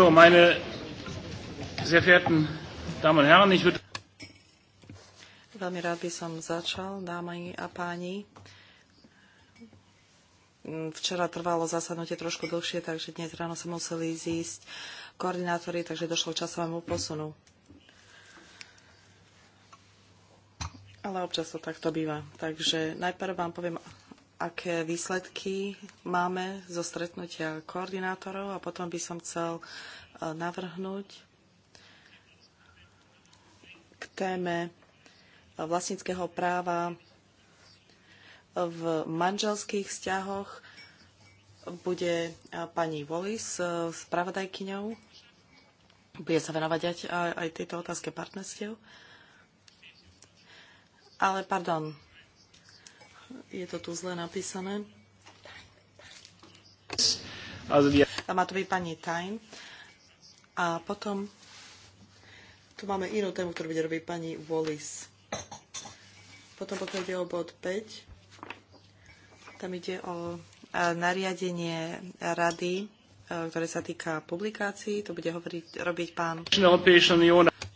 So, meine sehr verehrten Damen und Herren, ich würde... Veľmi rád by som začal, dámy a páni. Včera trvalo zasadnutie trošku dlhšie, takže dnes ráno sa museli zísť koordinátori, takže došlo k časovému posunu. Ale občas to takto býva. Takže najprv vám poviem, aké výsledky máme zo stretnutia koordinátorov a potom by som chcel e, navrhnúť k téme e, vlastníckého práva v manželských vzťahoch bude e, pani Wallis s pravodajkyňou. Bude sa venovať aj, aj tejto otázke partnerstiev. Ale pardon, je to tu zle napísané. A má to byť pani Time. A potom tu máme inú tému, ktorú bude robiť pani Wallis. Potom pokiaľ ide o bod 5, tam ide o e, nariadenie rady, e, ktoré sa týka publikácií. To bude hovoriť, robiť pán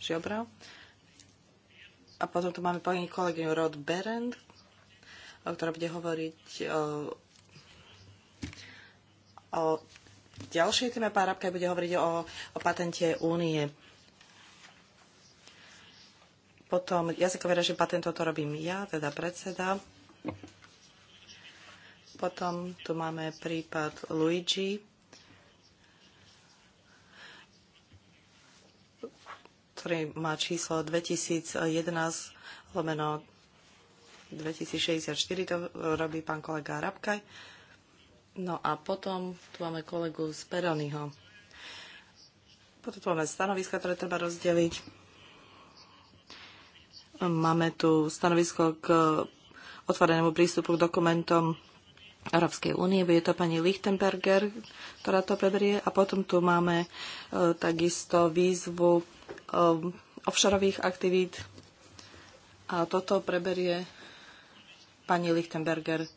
Žiobra. A potom tu máme pani kolegyňu Rod Berend, ktorá bude hovoriť o, o ďalšej téme. párabke, bude hovoriť o, o patente únie. Potom jazykové režim patentov to robím ja, teda predseda. Potom tu máme prípad Luigi. ktorý má číslo 2011 lomeno 2064 to robí pán kolega Rabkaj. No a potom tu máme kolegu z Peronyho. Potom tu máme stanoviska, ktoré treba rozdeliť. Máme tu stanovisko k otvorenému prístupu k dokumentom Európskej únie. Bude to pani Lichtenberger, ktorá to preberie. A potom tu máme e, takisto výzvu e, offshore aktivít. A toto preberie pani Lichtenberger.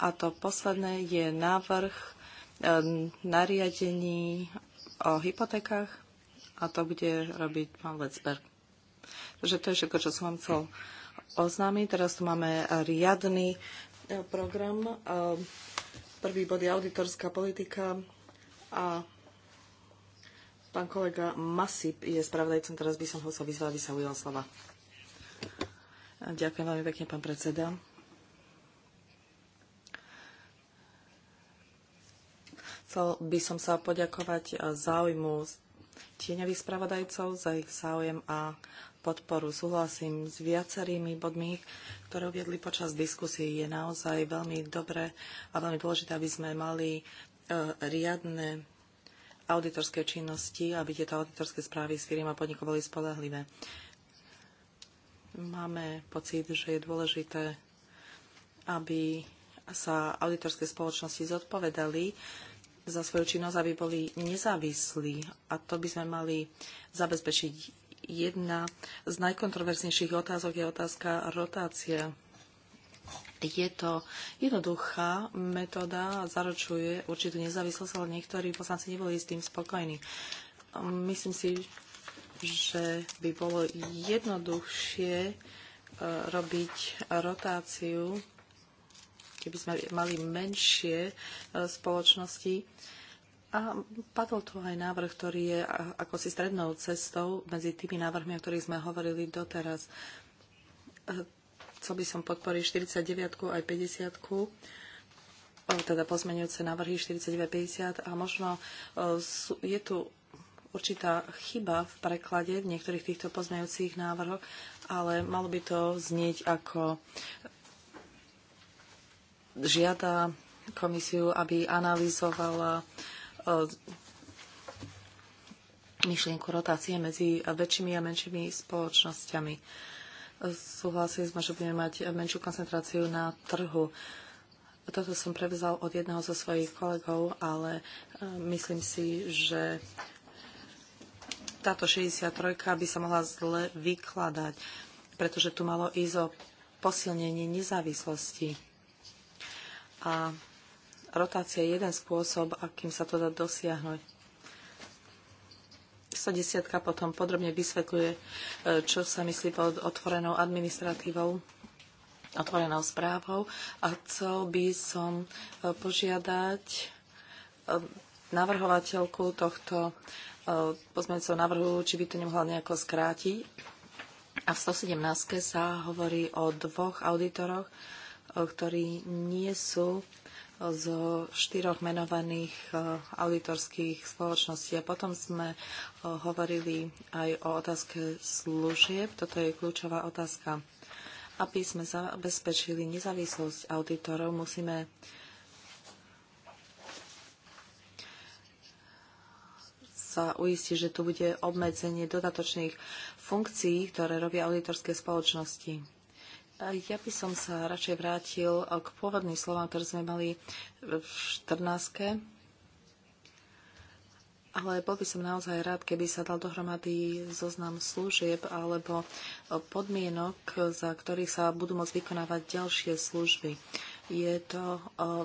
A to posledné je návrh nariadení o hypotékach a to bude robiť pán Lecberg. Takže to je všetko, čo som vám chcel oznámiť. Teraz tu máme riadny e, program. Prvý bod je auditorská politika a pán kolega Masip je spravodajcom. Teraz by som ho chcel vyzvať, aby sa ujal slova. Ďakujem veľmi pekne, pán predseda. Chcel by som sa poďakovať záujmu tieňových spravodajcov za ich záujem a podporu. Súhlasím s viacerými bodmi, ktoré uviedli počas diskusie. Je naozaj veľmi dobré a veľmi dôležité, aby sme mali e, riadne auditorské činnosti, aby tieto auditorské správy s firiem a podnikov boli spolahlivé. Máme pocit, že je dôležité, aby sa auditorské spoločnosti zodpovedali za svoju činnosť, aby boli nezávislí. A to by sme mali zabezpečiť. Jedna z najkontroverznejších otázok je otázka rotácia. Je to jednoduchá metóda, zaručuje určitú nezávislosť, ale niektorí poslanci neboli s tým spokojní. Myslím si, že by bolo jednoduchšie e, robiť rotáciu, keby sme mali menšie e, spoločnosti. A padol tu aj návrh, ktorý je ako si strednou cestou medzi tými návrhmi, o ktorých sme hovorili doteraz. E, chcel by som podporiť 49 aj 50 teda pozmeňujúce návrhy 49-50 a možno je tu určitá chyba v preklade v niektorých týchto pozmejúcich návrhoch, ale malo by to znieť ako žiada komisiu, aby analyzovala e, myšlienku rotácie medzi väčšími a menšími spoločnosťami. Súhlasili sme, že budeme mať menšiu koncentráciu na trhu. Toto som prevzal od jedného zo svojich kolegov, ale e, myslím si, že táto 63 by sa mohla zle vykladať, pretože tu malo ísť o posilnenie nezávislosti. A rotácia je jeden spôsob, akým sa to dá dosiahnuť. 110 potom podrobne vysvetľuje, e, čo sa myslí pod otvorenou administratívou otvorenou správou a chcel by som e, požiadať e, navrhovateľku tohto pozmeňujúceho návrhu, či by to nemohla nejako skrátiť. A v 117. sa hovorí o dvoch auditoroch, ktorí nie sú zo štyroch menovaných auditorských spoločností. A potom sme hovorili aj o otázke služieb. Toto je kľúčová otázka. Aby sme zabezpečili nezávislosť auditorov, musíme sa uistí, že tu bude obmedzenie dodatočných funkcií, ktoré robia auditorské spoločnosti. Ja by som sa radšej vrátil eh, k pôvodným slovám, ktoré sme mali v 14. Ale bol by som naozaj rád, keby sa dal dohromady zoznam služieb alebo eh, podmienok, za ktorých sa budú môcť vykonávať ďalšie služby. Je to eh,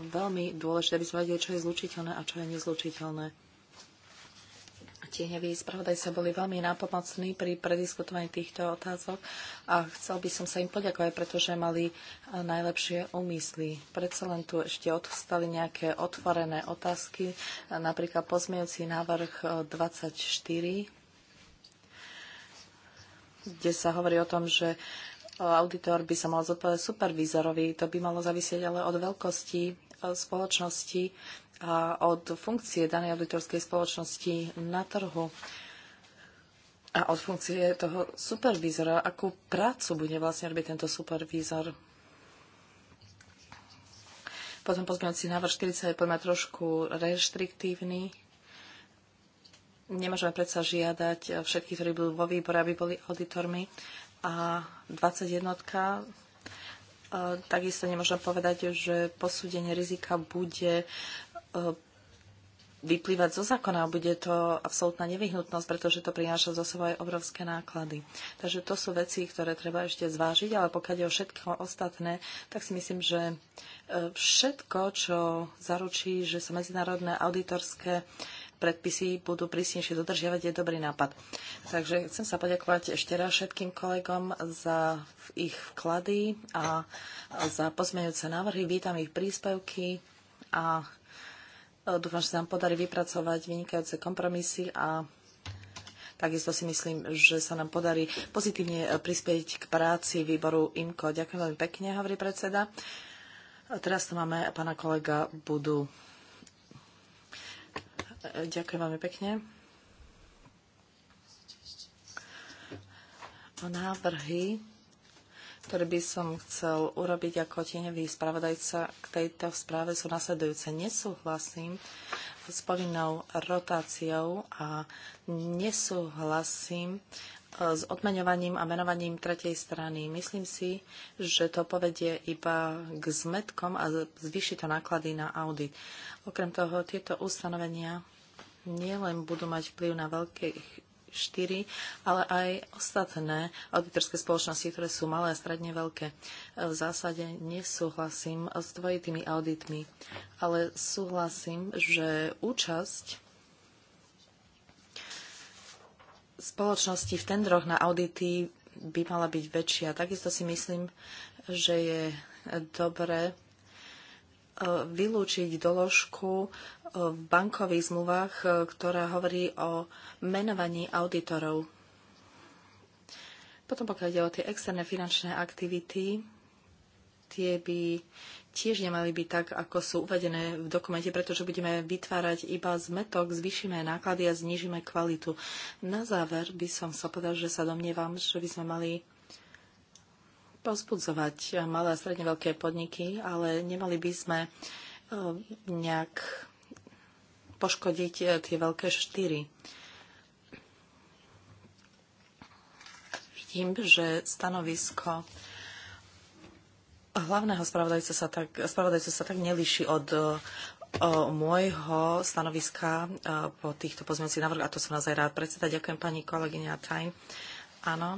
veľmi dôležité, aby sme vedeli, čo je zlučiteľné a čo je nezlučiteľné tieňoví spravodajca boli veľmi nápomocní pri prediskutovaní týchto otázok a chcel by som sa im poďakovať, pretože mali eh, najlepšie úmysly. Predsa len tu ešte odstali nejaké otvorené otázky, eh, napríklad pozmejúci návrh 24, eh, kde sa hovorí o tom, že auditor by sa mal zodpovedať supervízorovi. To by malo zavisieť ale od veľkosti spoločnosti, od funkcie danej auditorskej spoločnosti na trhu a od funkcie toho supervízora. Akú prácu bude vlastne robiť tento supervízor? Potom pozmeňujúci návrh 40 je poďme trošku reštriktívny. Nemôžeme predsa žiadať všetkých, ktorí budú vo výbore, aby boli auditormi. A 21 e, takisto nemôžem povedať, že posúdenie rizika bude E, vyplývať zo zákona, bude to absolútna nevyhnutnosť, pretože to prináša zo sebou aj obrovské náklady. Takže to sú veci, ktoré treba ešte zvážiť, ale pokiaľ je o všetko ostatné, tak si myslím, že e, všetko, čo zaručí, že sa medzinárodné auditorské predpisy budú prísnejšie dodržiavať, je dobrý nápad. Takže chcem sa poďakovať ešte raz všetkým kolegom za ich vklady a za pozmeňujúce návrhy. Vítam ich príspevky a E, dúfam, že sa nám podarí vypracovať vynikajúce kompromisy a takisto si myslím, že sa nám podarí pozitívne e, prispieť k práci výboru IMKO. Ďakujem veľmi pekne, hovorí predseda. Teraz tu máme pána kolega Budu. E, ďakujem veľmi pekne. Návrhy ktoré by som chcel urobiť ako tieňový spravodajca k tejto správe sú nasledujúce. Nesúhlasím s povinnou rotáciou a nesúhlasím e, s odmeňovaním a menovaním tretej strany. Myslím si, že to povedie iba k zmetkom a zvýši to náklady na audit. Okrem toho, tieto ustanovenia nielen budú mať vplyv na veľkých ale aj ostatné auditorské spoločnosti, ktoré sú malé a stredne veľké. V zásade nesúhlasím s dvojitými auditmi, ale súhlasím, že účasť spoločnosti v tendroch na audity by mala byť väčšia. Takisto si myslím, že je dobré vylúčiť doložku e, v bankových zmluvách, e, ktorá hovorí o menovaní auditorov. Potom pokiaľ ide o tie externé finančné aktivity, tie by tiež nemali byť tak, ako sú uvedené v dokumente, pretože budeme vytvárať iba zmetok, zvýšime náklady a znížime kvalitu. Na záver by som sa povedal, že sa domnievam, že by sme mali pozbudzovať malé a stredne veľké podniky, ale nemali by sme e, nejak poškodiť e, tie veľké štyri. Vidím, že stanovisko hlavného spravodajca sa tak, spravodajca sa tak neliší od e, o môjho stanoviska po týchto pozmeňujúcich návrhoch, a to som naozaj rád predseda. Ďakujem pani kolegyňa Tajn. Áno,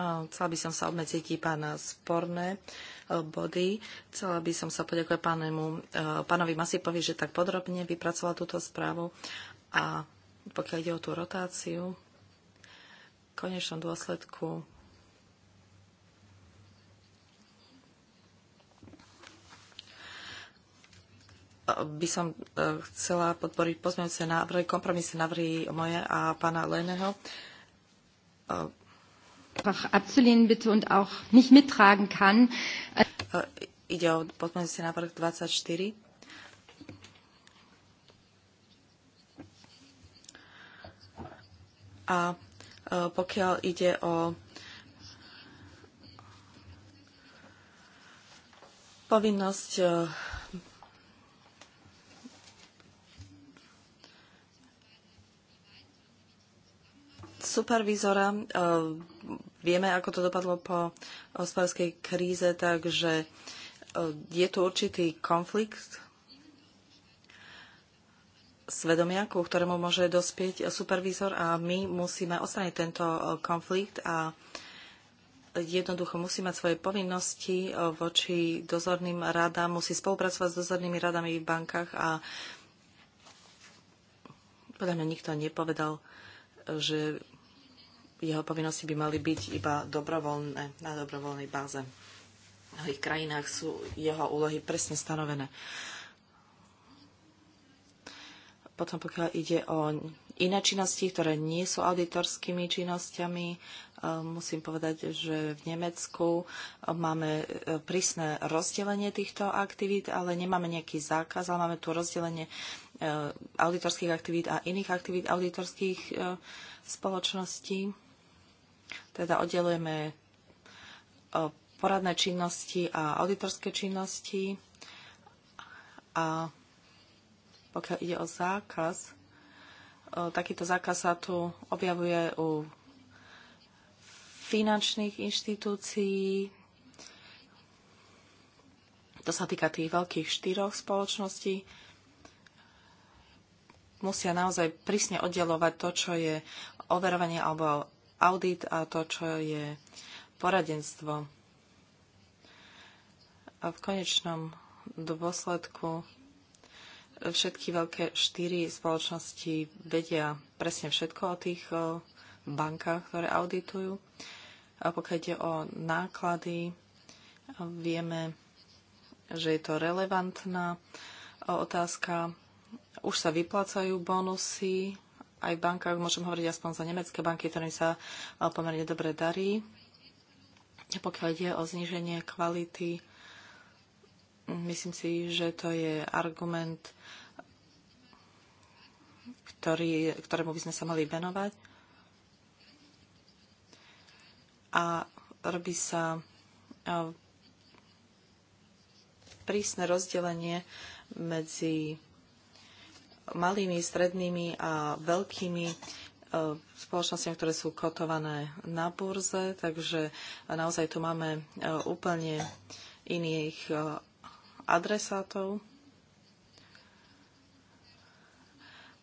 Chcela by som sa obmedziť iba na sporné e, body. Chcela by som sa poďakovať pánemu, e, pánovi Masipovi, že tak podrobne vypracoval túto správu. A pokiaľ ide o tú rotáciu, v konečnom dôsledku by som e, chcela podporiť pozmeňujúce návrhy, kompromisné návrhy moje a pána Leného abzulehnen bitte und auch nicht mittragen kann. Äh, ide o pozmeňujúci návrh 24. A e, pokiaľ ide o povinnosť e, supervízora. E, vieme, ako to dopadlo po hospodárskej kríze, takže e, je tu určitý konflikt svedomia, ku ktorému môže dospieť supervízor a my musíme odstrániť tento e, konflikt a jednoducho musí mať svoje povinnosti voči dozorným radám, musí spolupracovať s dozornými radami v bankách a podľa mňa nikto nepovedal, že jeho povinnosti by mali byť iba dobrovoľné, na dobrovoľnej báze. V mnohých krajinách sú jeho úlohy presne stanovené. Potom pokiaľ ide o iné činnosti, ktoré nie sú auditorskými činnosťami, e, musím povedať, že v Nemecku máme e, prísne rozdelenie týchto aktivít, ale nemáme nejaký zákaz, ale máme tu rozdelenie e, auditorských aktivít a iných aktivít auditorských spoločností teda oddelujeme e, poradné činnosti a auditorské činnosti. A pokiaľ ide o zákaz, e, takýto zákaz sa tu objavuje u finančných inštitúcií. To sa týka tých veľkých štyroch spoločností. Musia naozaj prísne oddelovať to, čo je overovanie alebo audit a to, čo je poradenstvo. A v konečnom dôsledku všetky veľké štyri spoločnosti vedia presne všetko o tých bankách, ktoré auditujú. A pokiaľ ide o náklady, vieme, že je to relevantná otázka. Už sa vyplácajú bonusy aj v bankách, môžem hovoriť aspoň za nemecké banky, ktorým sa eh, pomerne dobre darí. Pokiaľ ide o zníženie kvality, myslím si, že to je argument, ktorý, ktorému by sme sa mali venovať. A robí sa eh, prísne rozdelenie medzi malými, strednými a veľkými e, spoločnostiami, ktoré sú kotované na burze, takže naozaj tu máme e, úplne iných e, adresátov.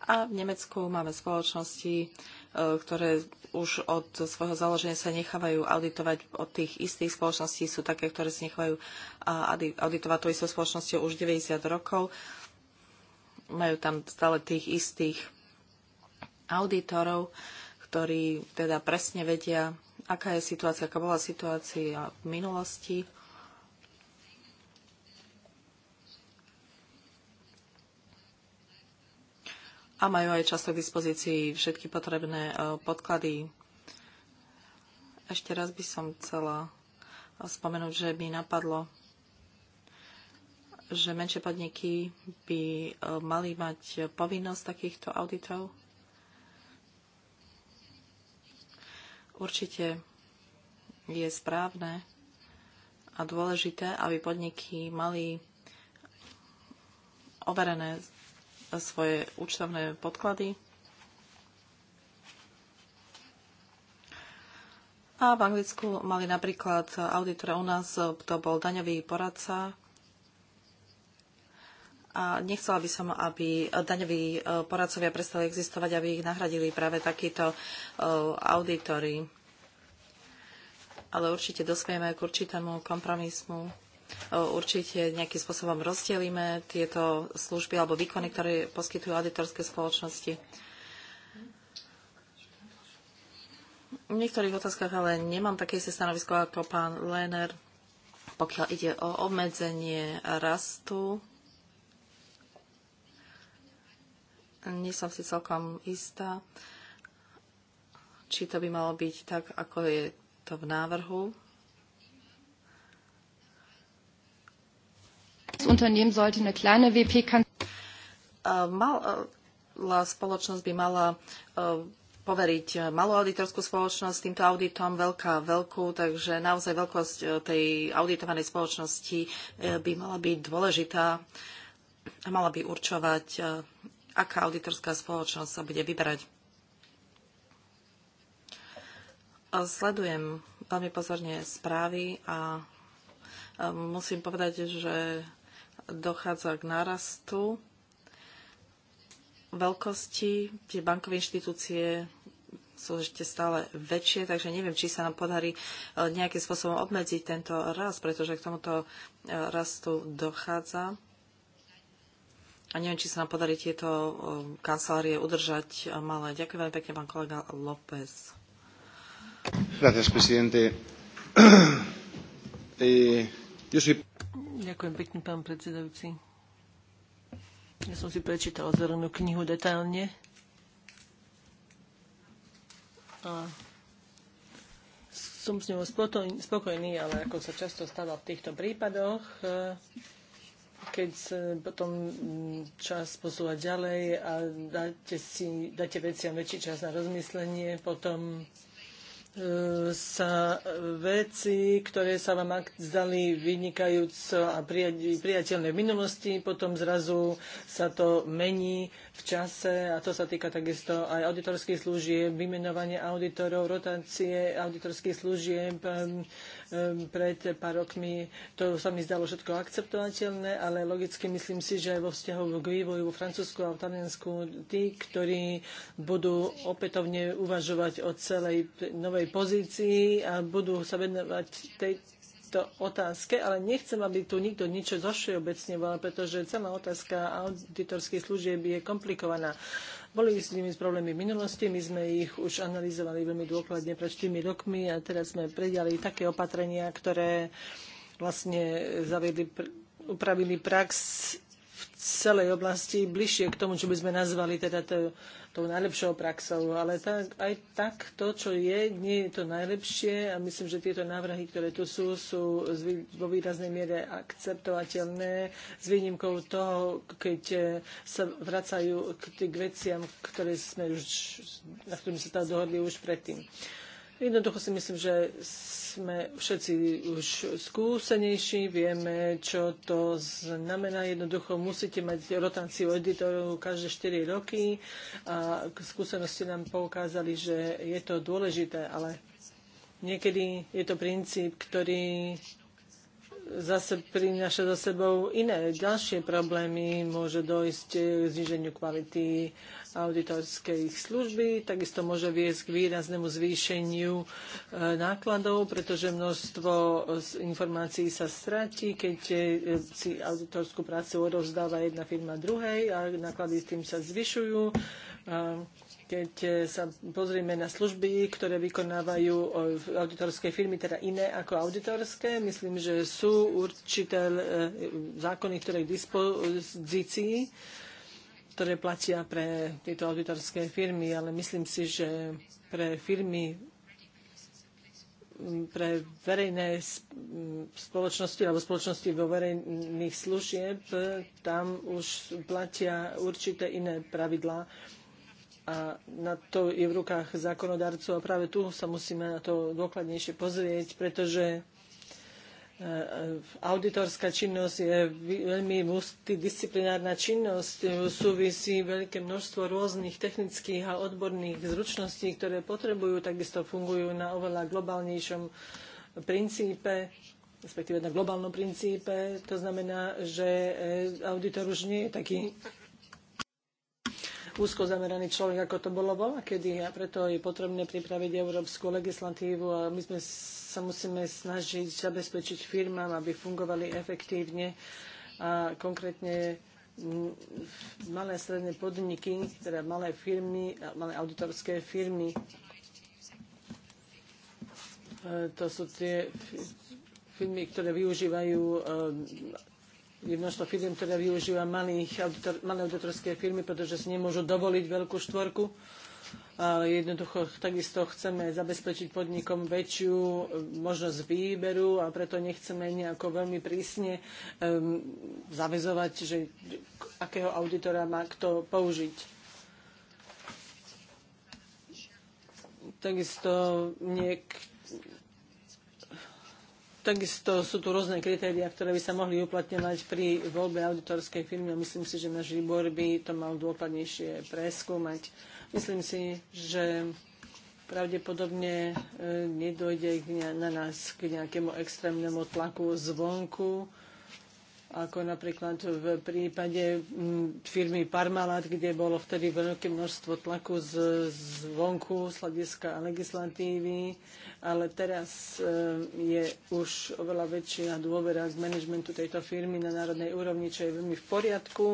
A v Nemecku máme spoločnosti, ktoré už od svojho založenia sa nechávajú auditovať od tých istých spoločností. Sú také, ktoré si nechávajú auditovať tou istou spoločnosťou už 90 rokov majú tam stále tých istých auditorov, ktorí teda presne vedia, aká je situácia, aká bola situácia v minulosti. A majú aj často k dispozícii všetky potrebné e, podklady. Ešte raz by som chcela spomenúť, že by napadlo že menšie podniky by e, mali mať povinnosť takýchto auditov? Určite je správne a dôležité, aby podniky mali overené svoje účtovné podklady. A v Anglicku mali napríklad auditora u nás, to bol daňový poradca, a nechcela by som, aby eh, daňoví eh, poradcovia prestali existovať, aby ich nahradili práve takíto eh, auditory. Ale určite dospieme k určitému kompromismu. Určite nejakým spôsobom rozdelíme tieto služby alebo výkony, ktoré poskytujú auditorské spoločnosti. V niektorých otázkach ale nemám také isté stanovisko ako pán Lehner, pokiaľ ide o obmedzenie rastu nie som si celkom istá, či to by malo byť tak, ako je to v návrhu. Äh, mala spoločnosť by mala äh, poveriť malú auditorskú spoločnosť týmto auditom, veľká veľkú, takže naozaj veľkosť äh, tej auditovanej spoločnosti by mala byť dôležitá a mala by určovať aká auditorská spoločnosť sa bude vyberať. Sledujem veľmi pozorne správy a musím povedať, že dochádza k nárastu veľkosti. Tie bankové inštitúcie sú ešte stále väčšie, takže neviem, či sa nám podarí e, nejakým spôsobom obmedziť tento rast, pretože k tomuto e, rastu dochádza a neviem, či sa nám podarí tieto um, kancelárie udržať uh, malé. Ďakujem veľmi pekne, pán kolega López. Eh, Ďakujem pekne, pán predsedajúci. Ja som si prečítala zelenú knihu detailne. A som s ňou spokojný, ale ako sa často stáva v týchto prípadoch, eh, keď potom mm, čas posúvať ďalej a dáte, si, dáte veciam väčší čas na rozmyslenie, potom e, sa veci, ktoré sa vám zdali vynikajúco a priateľné v minulosti, potom zrazu sa to mení v čase a to sa týka takisto aj auditorských služieb, vymenovanie auditorov, rotácie auditorských služieb, Ehm, pred pár rokmi to sa mi zdalo všetko akceptovateľné, ale logicky myslím si, že vo vzťahu k vývoju vo Francúzsku a v Taliansku tí, ktorí budú opätovne uvažovať o celej novej pozícii a budú sa venovať tej, tejto otázke, ale nechcem, aby tu nikto niečo bol, pretože celá otázka auditorských služieb je komplikovaná. Boli s nimi problémy v minulosti, my sme ich už analyzovali veľmi dôkladne pred 4 rokmi a teraz sme predali také opatrenia, ktoré vlastne zaviedli, upravili prax celej oblasti bližšie k tomu, čo by sme nazvali teda to, tou najlepšou praxou. Ale tak, aj tak to, čo je, nie je to najlepšie a myslím, že tieto návrhy, ktoré tu sú, sú vo výraznej miere akceptovateľné s výnimkou toho, keď eh, sa vracajú k tým veciam, ktoré sme už, na ktorým sa tam dohodli už predtým. Uh, Jednoducho si myslím, že sme všetci už skúsenejší, vieme, čo to znamená. Jednoducho musíte mať rotáciu auditorov každé 4 roky a skúsenosti nám poukázali, že je to dôležité, ale niekedy je to princíp, ktorý zase prináša za sebou iné ďalšie problémy. Môže dojsť k zniženiu kvality auditorskej služby. Takisto môže viesť k výraznému zvýšeniu e, nákladov, pretože množstvo informácií sa stratí, keď e, si auditorskú prácu odovzdáva jedna firma druhej a náklady s tým sa zvyšujú. E, keď sa pozrieme na služby, ktoré vykonávajú auditorské firmy, teda iné ako auditorské, myslím, že sú určité zákony, ktoré k dispozícii ktoré platia pre tieto auditorské firmy, ale myslím si, že pre firmy pre verejné spoločnosti alebo spoločnosti vo verejných služieb, e, tam už platia určité iné pravidlá a na to je v rukách zákonodarcov a práve tu sa musíme na to dôkladnejšie pozrieť, pretože E, e, auditorská činnosť je veľmi multidisciplinárna činnosť, e, súvisí veľké množstvo rôznych technických a odborných zručností, ktoré potrebujú, takisto fungujú na oveľa globálnejšom princípe respektíve na globálnom princípe. To znamená, že auditor už nie je taký úzko zameraný človek, ako to bolo bola kedy a preto je potrebné pripraviť európsku legislatívu a my sme sa musíme snažiť zabezpečiť firmám, aby fungovali efektívne a konkrétne malé a stredné podniky, teda malé firmy, malé auditorské firmy. E, to sú tie firmy, ktoré využívajú e, je množstvo firm, ktoré využíva malých auditor, malé auditorské firmy, pretože si nemôžu dovoliť veľkú štvorku. Ale jednoducho takisto chceme zabezpečiť podnikom väčšiu e, možnosť výberu a preto nechceme nejako veľmi prísne um, zavezovať, že akého auditora má kto použiť. Takisto niekto Takisto sú tu rôzne kritéria, ktoré by sa mohli uplatňovať pri voľbe auditorskej firmy a myslím si, že náš výbor by to mal dôkladnejšie preskúmať. Myslím si, že pravdepodobne e, nedojde na nás k nejakému extrémnemu tlaku zvonku, ako napríklad v prípade mm, firmy Parmalat, kde bolo vtedy veľké množstvo tlaku z, zvonku, z hľadiska legislatívy, ale teraz eh, je už oveľa väčšia dôvera k manažmentu tejto firmy na národnej úrovni, čo je veľmi v poriadku.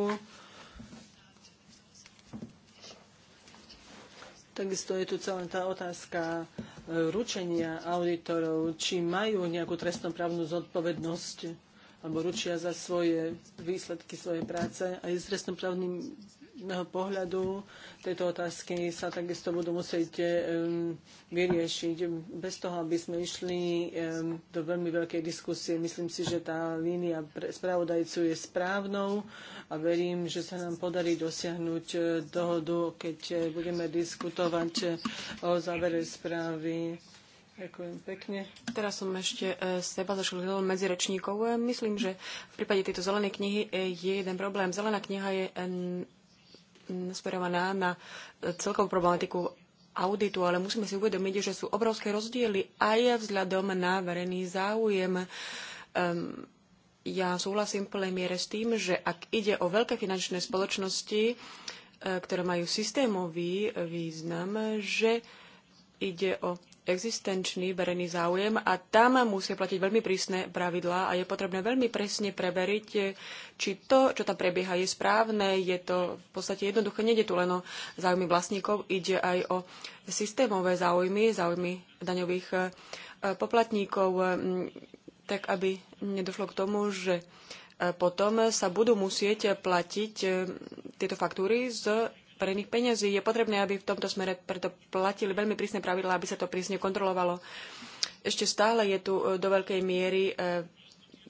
Takisto je tu celá tá otázka eh, ručenia auditorov, či majú nejakú trestnoprávnu zodpovednosť alebo ručia za svoje výsledky svojej práce. Aj z trestnoprávneho pohľadu tejto otázky sa takisto budú musieť um, vyriešiť. Bez toho, aby sme išli um, do veľmi veľkej diskusie, myslím si, že tá línia pre spravodajcu je správnou a verím, že sa nám podarí dosiahnuť eh, dohodu, keď eh, budeme diskutovať eh, o závere správy. Ďakujem pekne. Teraz som ešte e, seba zašiel medzi rečníkov. E, myslím, že v prípade tejto zelenej knihy e, je jeden problém. Zelená kniha je nasmerovaná na celkovú problematiku auditu, ale musíme si uvedomiť, že sú obrovské rozdiely aj vzhľadom na verejný záujem. Um, ja súhlasím v plnej miere s tým, že ak ide o veľké finančné spoločnosti, ktoré majú systémový význam, že ide o existenčný verejný záujem a tam musia platiť veľmi prísne pravidlá a je potrebné veľmi presne preveriť, či to, čo tam prebieha, je správne, je to v podstate jednoduché, nede tu len o záujmy vlastníkov, ide aj o systémové záujmy, záujmy daňových eh, poplatníkov, mm, tak aby nedošlo k tomu, že eh, potom sa budú musieť platiť eh, tieto faktúry z verejných peňazí. Je potrebné, aby v tomto smere preto platili veľmi prísne pravidlá, aby sa to prísne kontrolovalo. Ešte stále je tu e, do veľkej miery e,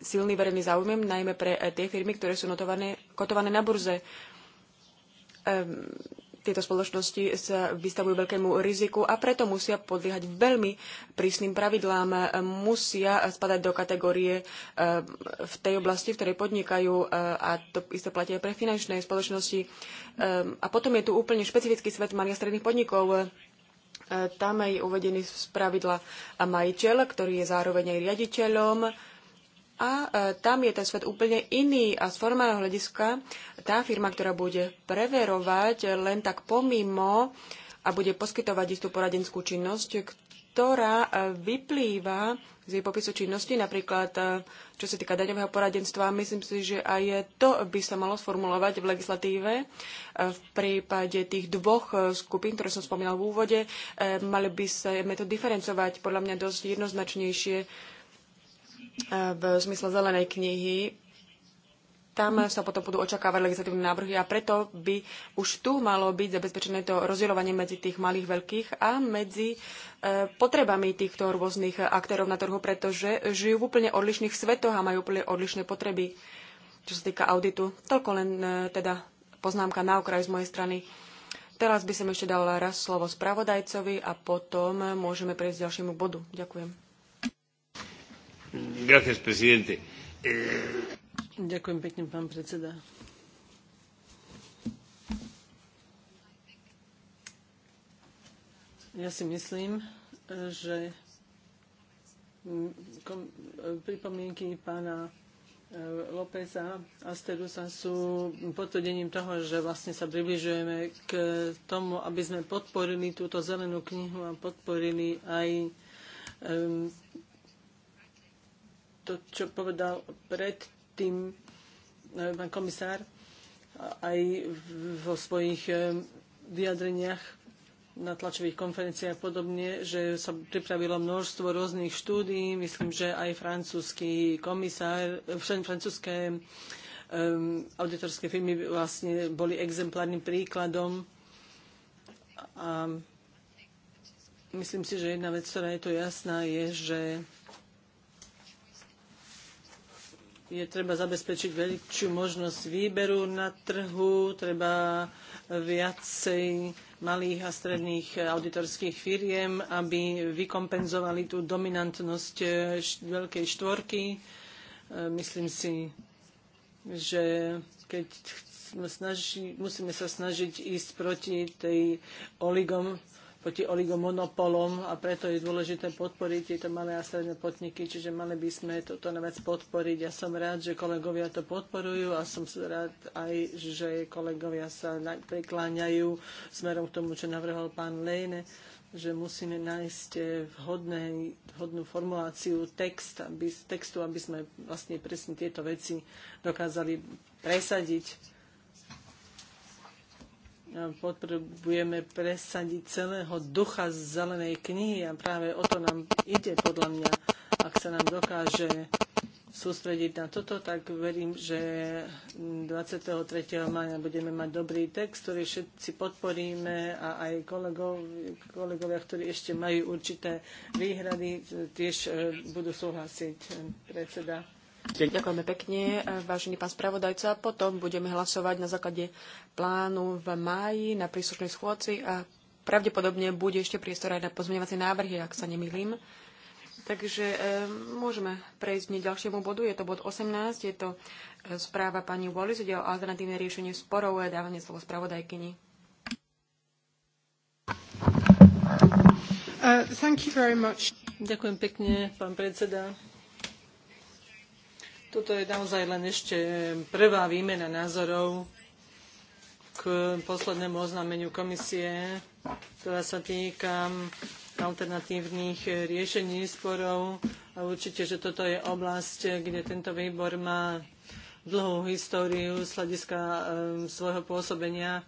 silný verejný záujem, najmä pre e, tie firmy, ktoré sú notované, kotované na burze. Ehm, tieto spoločnosti sa vystavujú veľkému riziku a preto musia podliehať veľmi prísnym pravidlám, musia spadať do kategórie e, v tej oblasti, v ktorej podnikajú e, a to isté platí aj pre finančné spoločnosti. E, a potom je tu úplne špecifický svet malých a stredných podnikov, tam je uvedený z pravidla majiteľ, ktorý je zároveň aj riaditeľom, a e, tam je ten svet úplne iný a z formálneho hľadiska tá firma, ktorá bude preverovať len tak pomimo a bude poskytovať istú poradenskú činnosť, ktorá e, vyplýva z jej popisu činnosti, napríklad e, čo sa týka daňového poradenstva. Myslím si, že aj to by sa malo sformulovať v legislatíve. V prípade tých dvoch skupín, ktoré som spomínal v úvode, mali by sa to diferencovať podľa mňa dosť jednoznačnejšie v zmysle zelenej knihy. Tam sa potom budú očakávať legislatívne návrhy a preto by už tu malo byť zabezpečené to rozdielovanie medzi tých malých veľkých a medzi e, potrebami týchto rôznych aktérov na trhu, pretože žijú v úplne odlišných svetoch a majú úplne odlišné potreby, čo sa týka auditu. Toľko len e, teda poznámka na okraj z mojej strany. Teraz by som ešte dala raz slovo spravodajcovi a potom môžeme prejsť k ďalšiemu bodu. Ďakujem. Gracias, presidente. Eh, Ďakujem pekne, pán predseda. Ja si myslím, že pripomienky pána e, Lópeza a Sterusa sú potvrdením toho, že vlastne sa približujeme k tomu, aby sme podporili túto zelenú knihu a podporili aj to, čo povedal predtým e, pán komisár aj vo svojich e, vyjadreniach na tlačových konferenciách a podobne, že sa pripravilo množstvo rôznych štúdí. Myslím, že aj francúzsky komisár, e, francúzske um, auditorské firmy vlastne boli exemplárnym príkladom. A myslím si, že jedna vec, ktorá je to jasná, je, že je treba zabezpečiť väčšiu možnosť výberu na trhu, treba viacej malých a stredných auditorských firiem, aby vykompenzovali tú dominantnosť eh, veľkej štvorky. Eh, myslím si, že keď musíme sa snažiť ísť proti tej oligom proti oligomonopolom a preto je dôležité podporiť tieto malé a stredné podniky, čiže mali by sme toto vec podporiť. Ja som rád, že kolegovia to podporujú a som rád aj, že kolegovia sa prikláňajú smerom k tomu, čo navrhol pán Lejne že musíme nájsť vhodné, vhodnú formuláciu text, aby, textu, aby sme vlastne presne tieto veci dokázali presadiť potrebujeme presadiť celého ducha zelenej knihy a práve o to nám ide podľa mňa. Ak sa nám dokáže sústrediť na toto, tak verím, že 23. maja budeme mať dobrý text, ktorý všetci podporíme a aj kolegov, kolegovia, ktorí ešte majú určité výhrady, tiež eh, budú súhlasiť eh, predseda. Ďakujeme pekne, eh, vážený pán spravodajca. Potom budeme hlasovať na základe plánu v máji na príslušnej schôdci a pravdepodobne bude ešte priestor aj na pozmeňovacie návrhy, ak sa nemýlim. Takže e, môžeme prejsť k ďalšiemu bodu. Je to bod 18, je to eh, správa pani Wallis, ide o alternatívne riešenie sporov a dávanie slovo spravodajkyni. Uh, thank you very much. Ďakujem pekne, pán predseda. Toto je naozaj len ešte prvá výmena názorov k poslednému oznámeniu komisie, ktorá sa týka alternatívnych eh, riešení sporov. A určite, že toto je oblasť, eh, kde tento výbor má dlhú históriu z hľadiska svojho pôsobenia,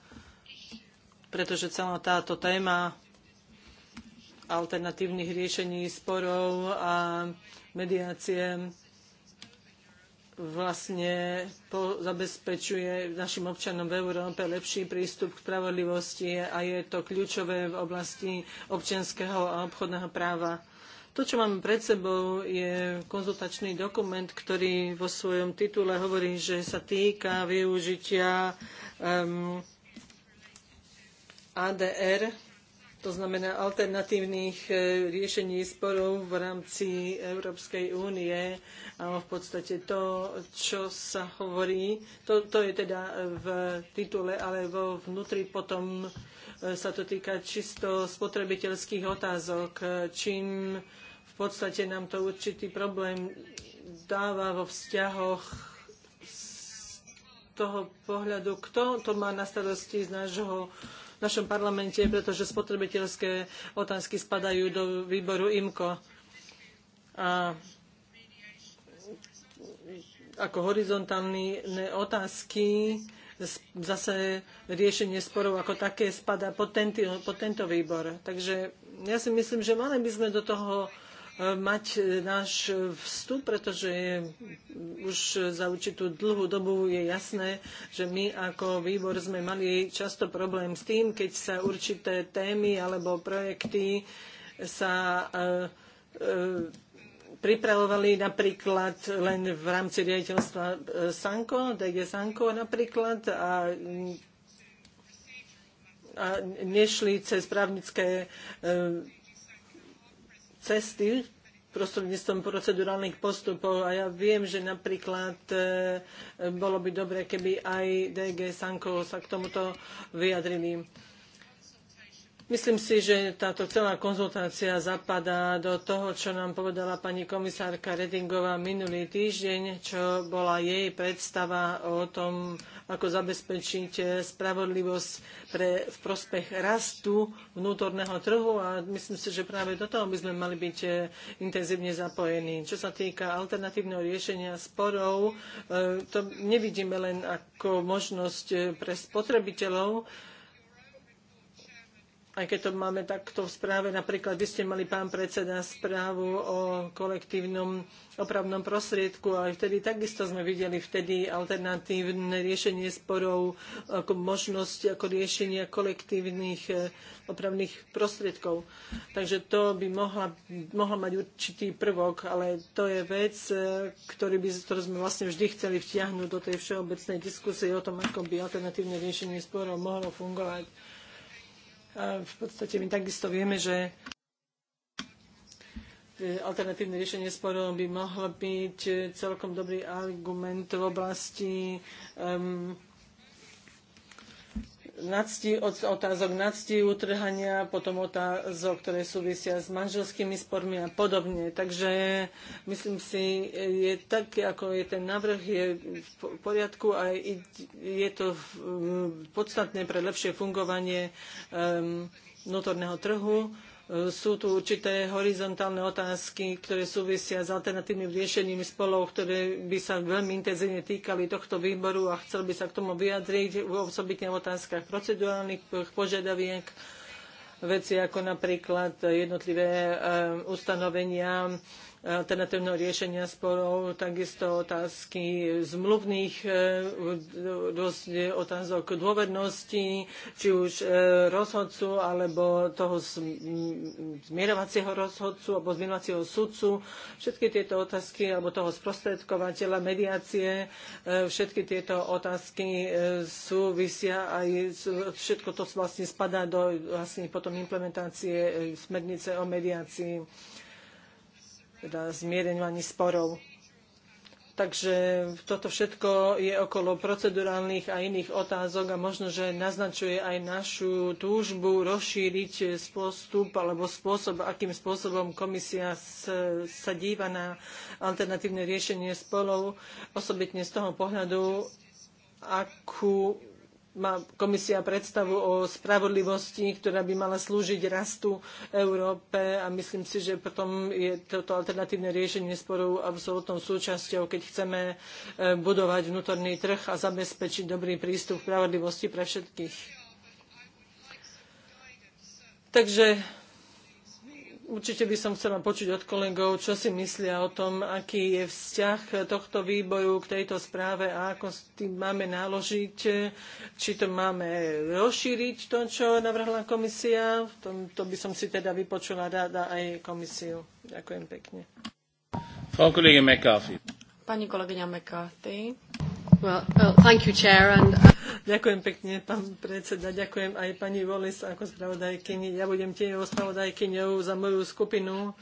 pretože celá táto téma alternatívnych riešení sporov a mediácie vlastne po, zabezpečuje našim občanom v Európe lepší prístup k spravodlivosti a je to kľúčové v oblasti občianského a obchodného práva. To, čo máme pred sebou, je konzultačný dokument, ktorý vo svojom titule hovorí, že sa týka využitia um, ehm, ADR to znamená alternatívnych e, riešení sporov v rámci Európskej únie. A v podstate to, čo sa hovorí, to, to je teda v titule, ale vo vnútri potom e, sa to týka čisto spotrebiteľských otázok, e, čím v podstate nám to určitý problém dáva vo vzťahoch z toho pohľadu, kto to má na starosti z nášho v našom parlamente, pretože spotrebiteľské otázky spadajú do výboru IMCO. A ako horizontálne otázky zase riešenie sporov ako také spadá pod, tento, pod tento výbor. Takže ja si myslím, že mali by sme do toho mať e, náš e, vstup, pretože už za určitú dlhú dobu je jasné, že my ako výbor sme mali často problém s tým, keď sa určité témy alebo projekty sa e, pripravovali napríklad len v rámci riaditeľstva Sanko, DG Sanko napríklad a a nešli cez právnické cesty prostredníctvom procedurálnych postupov a ja viem, že napríklad e, e, bolo by dobre, keby aj DG Sanko sa k tomuto vyjadrili. Myslím si, že táto celá konzultácia zapadá do toho, čo nám povedala pani komisárka Redingová minulý týždeň, čo bola jej predstava o tom, ako zabezpečiť spravodlivosť pre, v prospech rastu vnútorného trhu a myslím si, že práve do toho by sme mali byť intenzívne zapojení. Čo sa týka alternatívneho riešenia sporov, e, to nevidíme len ako možnosť pre spotrebiteľov, aj keď to máme takto v správe, napríklad vy ste mali, pán predseda, správu o kolektívnom opravnom prostriedku a aj vtedy takisto sme videli vtedy alternatívne riešenie sporov ako možnosť ako riešenia kolektívnych e, opravných prostriedkov. Takže to by mohla, mohla mať určitý prvok, ale to je vec, e, ktorý by, ktorú sme vlastne vždy chceli vtiahnuť do tej všeobecnej diskusie o tom, ako by alternatívne riešenie sporov mohlo fungovať v podstate my takisto vieme, že e, alternatívne riešenie sporov by mohlo byť e, celkom dobrý argument v oblasti um, otázok nadstí, utrhania, potom otázok, ktoré súvisia s manželskými spormi a podobne. Takže myslím si, je tak, ako je ten návrh, je v poriadku a je to podstatné pre lepšie fungovanie vnútorného trhu E, sú tu určité horizontálne otázky, ktoré súvisia s alternatívnym riešením spolov, ktoré by sa veľmi intenzívne týkali tohto výboru a chcel by sa k tomu vyjadriť osobitne v otázkach procedurálnych požiadaviek veci ako napríklad jednotlivé e, ustanovenia alternatívneho riešenia sporov, takisto otázky zmluvných e, otázok dôvernosti, či už e, rozhodcu alebo toho zmierovacieho rozhodcu alebo zmierovacieho sudcu. Všetky tieto otázky alebo toho sprostredkovateľa mediácie, e, všetky tieto otázky súvisia aj všetko to vlastne spadá do vlastne potom implementácie smernice o mediácii teda zmierňovaní sporov. Takže toto všetko je okolo procedurálnych a iných otázok a možno, že naznačuje aj našu túžbu rozšíriť spôsob alebo spôsob, akým spôsobom komisia sa díva na alternatívne riešenie spolov, osobitne z toho pohľadu, akú má komisia predstavu o spravodlivosti, ktorá by mala slúžiť rastu Európe a myslím si, že potom je toto alternatívne riešenie sporov absolútnou súčasťou, keď chceme e, budovať vnútorný trh a zabezpečiť dobrý prístup k spravodlivosti pre všetkých. Takže Určite by som chcela počuť od kolegov, čo si myslia o tom, aký je vzťah tohto výboju k tejto správe a ako s tým máme náložiť, či to máme rozšíriť, to, čo navrhla komisia. To, to by som si teda vypočula ráda aj komisiu. Ďakujem pekne. Pani kolegyňa McCarthy. Well, well, thank you, Chair, and, uh... Ďakujem pekne, pán predseda. Ďakujem aj pani Volis ako spravodajkyni. Ja budem tiež spravodajkyňou za moju skupinu.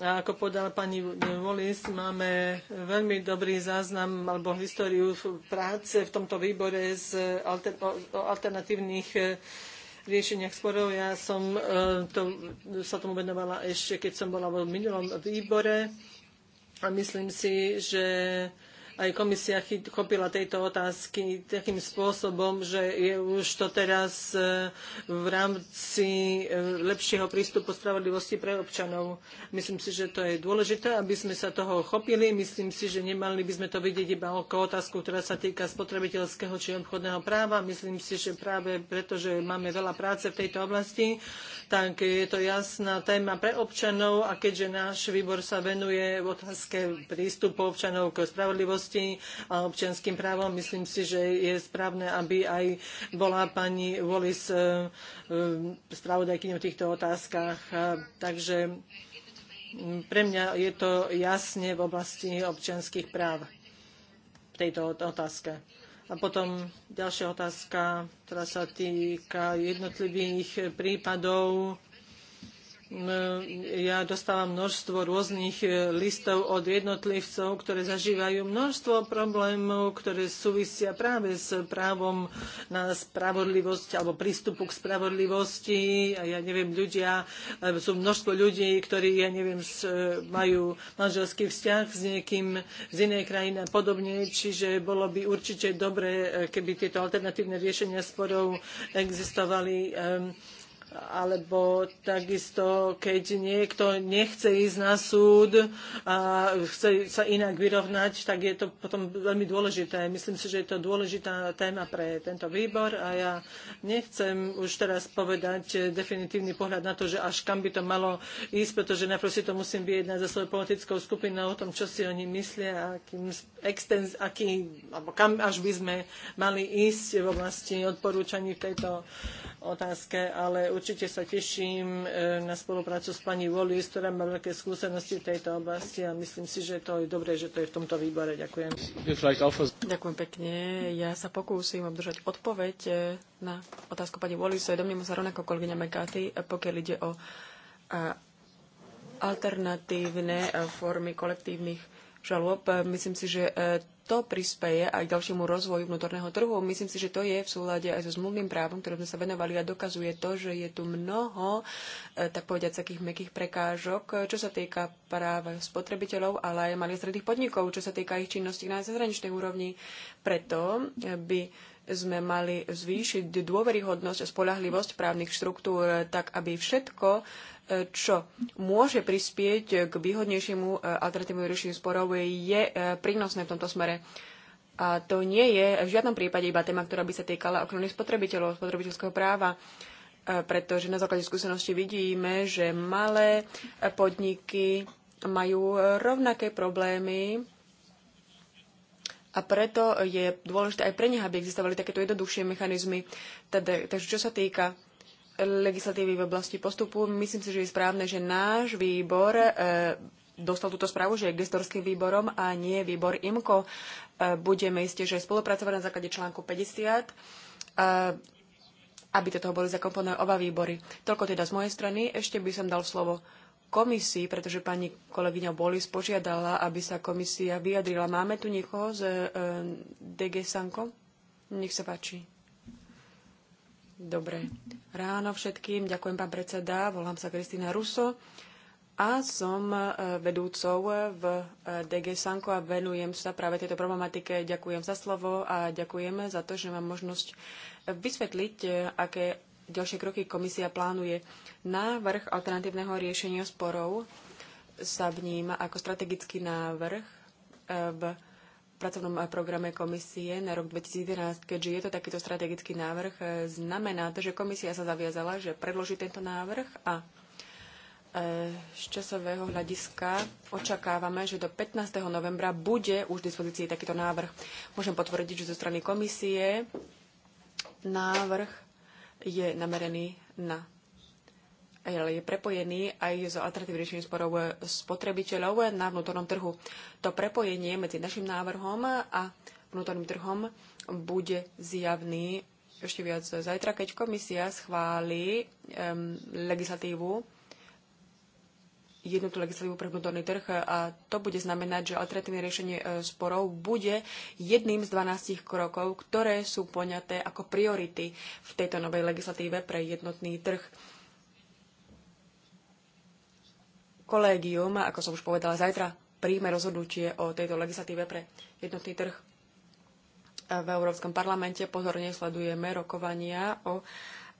A ako podal pani Volis, máme veľmi dobrý záznam alebo históriu práce v tomto výbore z alter, o alternatívnych e, riešeniach sporov. Ja som e, to, sa tomu venovala ešte, keď som bola vo minulom výbore a myslím si, že aj komisia chopila tejto otázky takým spôsobom, že je už to teraz e, v rámci e, lepšieho prístupu spravodlivosti pre občanov. Myslím si, že to je dôležité, aby sme sa toho chopili. Myslím si, že nemali by sme to vidieť iba ako otázku, ktorá sa týka spotrebiteľského či obchodného práva. Myslím si, že práve preto, že máme veľa práce v tejto oblasti, tak je to jasná téma pre občanov a keďže náš výbor sa venuje v otázke prístupu občanov k spravodlivosti, spoločnosti a občianským právom. Myslím si, že je správne, aby aj bola pani Wallis e, e, spravodajkyňou v týchto otázkach. Takže pre mňa je to jasne v oblasti občianských práv v tejto otázke. A potom ďalšia otázka, ktorá sa týka jednotlivých prípadov Ehm, ja dostávam množstvo rôznych e, listov od jednotlivcov, ktoré zažívajú množstvo problémov, ktoré súvisia práve s právom na spravodlivosť alebo prístupu k spravodlivosti. A ja neviem, ľudia, e, sú množstvo ľudí, ktorí, ja neviem, e, majú manželský vzťah s niekým z inej krajiny a podobne, čiže bolo by určite dobré, keby tieto alternatívne riešenia sporov existovali ehm, alebo takisto, keď niekto nechce ísť na súd a chce sa inak vyrovnať, tak je to potom veľmi dôležité. Myslím si, že je to dôležitá téma pre tento výbor a ja nechcem už teraz povedať definitívny pohľad na to, že až kam by to malo ísť, pretože najprv si to musím vyjednať za svojou politickou skupinou o tom, čo si oni myslia a akým extens, aký, alebo kam až by sme mali ísť v oblasti odporúčaní v tejto otázke, ale určite sa teším e, na spoluprácu s pani Wallis, ktorá má veľké skúsenosti v tejto oblasti a myslím si, že to je dobré, že to je v tomto výbore. Ďakujem. Ďakujem pekne. Ja sa pokúsim obdržať odpoveď e, na otázku pani Wallis. E, domnievam sa rovnako kolegyňa Mekáty, pokiaľ ide o alternatívne formy kolektívnych žalob. E, myslím si, že e, to prispeje aj k ďalšiemu rozvoju vnútorného trhu. Myslím si, že to je v súlade aj so zmluvným právom, ktoré sme sa venovali a dokazuje to, že je tu mnoho, e, tak povediať, takých mekých prekážok, čo sa týka práv spotrebiteľov, ale aj malých stredných podnikov, čo sa týka ich činnosti na zahraničnej úrovni. Preto by sme mali zvýšiť dôveryhodnosť a spolahlivosť právnych štruktúr tak, aby všetko čo môže prispieť k výhodnejšiemu e, alternatívnemu riešeniu sporov, je e, prínosné v tomto smere. A to nie je v žiadnom prípade iba téma, ktorá by sa týkala ochrany spotrebiteľov, spotrebiteľského práva, e, pretože na základe skúsenosti vidíme, že malé podniky majú rovnaké problémy a preto je dôležité aj pre nich, aby existovali takéto jednoduchšie mechanizmy. Teda, takže čo sa týka legislatívy v oblasti postupu. Myslím si, že je správne, že náš výbor e, dostal túto správu, že je gestorským výborom a nie výbor IMKO. E, budeme isté, že spolupracovať na základe článku 50, e, aby do toho boli zakomponované oba výbory. Toľko teda z mojej strany. Ešte by som dal slovo komisii, pretože pani kolegyňa Bolis požiadala, aby sa komisia vyjadrila. Máme tu niekoho z DG Sanko? Nech sa páči. Dobre. Ráno všetkým. Ďakujem, pán predseda. Volám sa Kristýna Ruso a som e, vedúcou v e, DG Sanko a venujem sa práve tejto problematike. Ďakujem za slovo a ďakujem za to, že mám možnosť e, vysvetliť, aké ďalšie kroky komisia plánuje. Návrh alternatívneho riešenia sporov sa vníma ako strategický návrh v pracovnom programe komisie na rok 2011, keďže je to takýto strategický návrh, e, znamená to, že komisia sa zaviazala, že predloží tento návrh a e, z časového hľadiska očakávame, že do 15. novembra bude už v dispozícii takýto návrh. Môžem potvrdiť, že zo strany komisie návrh je namerený na ale je prepojený aj s alternatívnym riešením sporov spotrebiteľov na vnútornom trhu. To prepojenie medzi našim návrhom a vnútorným trhom bude zjavný ešte viac zajtra, keď komisia schváli um, legislatívu, jednotnú legislatívu pre vnútorný trh a to bude znamenať, že alternatívne riešenie e, sporov bude jedným z 12 krokov, ktoré sú poňaté ako priority v tejto novej legislatíve pre jednotný trh. Kolégium, ako som už povedala, zajtra príjme rozhodnutie o tejto legislatíve pre jednotný trh v Európskom parlamente. Pozorne sledujeme rokovania o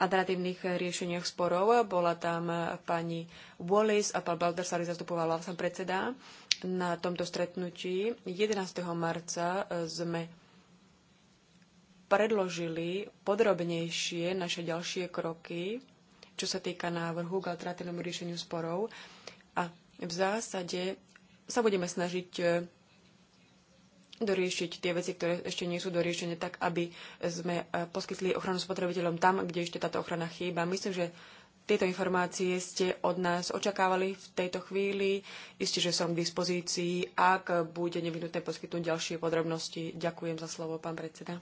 alternatívnych riešeniach sporov. Bola tam pani Wallis a pán Baldassari zastupovala som predseda. Na tomto stretnutí 11. marca sme predložili podrobnejšie naše ďalšie kroky, čo sa týka návrhu k alternatívnemu riešeniu sporov. A v zásade sa budeme snažiť e, doriešiť tie veci, ktoré ešte nie sú doriešené, tak aby sme e, poskytli ochranu spotrebiteľom tam, kde ešte táto ochrana chýba. Myslím, že tieto informácie ste od nás očakávali v tejto chvíli. Isté, že som k dispozícii, ak bude nevyhnutné poskytnúť ďalšie podrobnosti. Ďakujem za slovo, pán predseda.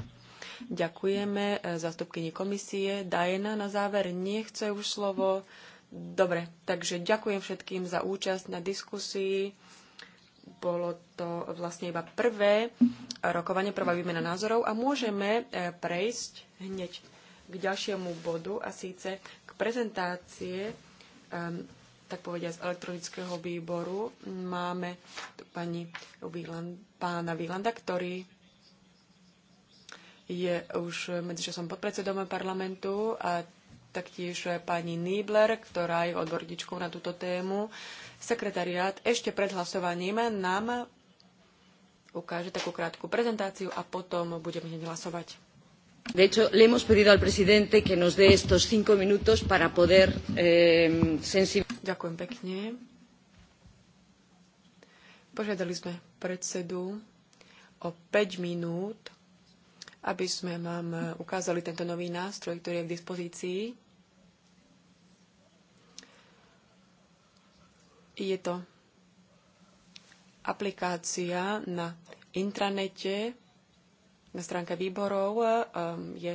Ďakujeme e, zastupkyni komisie. Dajena na záver nechce už slovo. Dobre, takže ďakujem všetkým za účasť na diskusii. Bolo to vlastne iba prvé rokovanie, prvá výmena názorov a môžeme e, prejsť hneď k ďalšiemu bodu a síce k prezentácie tak povedia z elektronického výboru. Máme tu pani Wieland, pána Výlanda, ktorý je už medzičasom podpredsedom parlamentu a taktiež pani Niebler, ktorá je odborníčkou na túto tému. Sekretariát ešte pred hlasovaním nám ukáže takú krátku prezentáciu a potom budeme hneď hlasovať. De hecho, le hemos pedido al presidente que nos dé estos cinco minutos para poder eh, sensibilizar. Ďakujem pekne. Požiadali sme predsedu o 5 minút aby sme vám ukázali tento nový nástroj, ktorý je k dispozícii. Je to aplikácia na intranete, na stránke výborov, ehm, je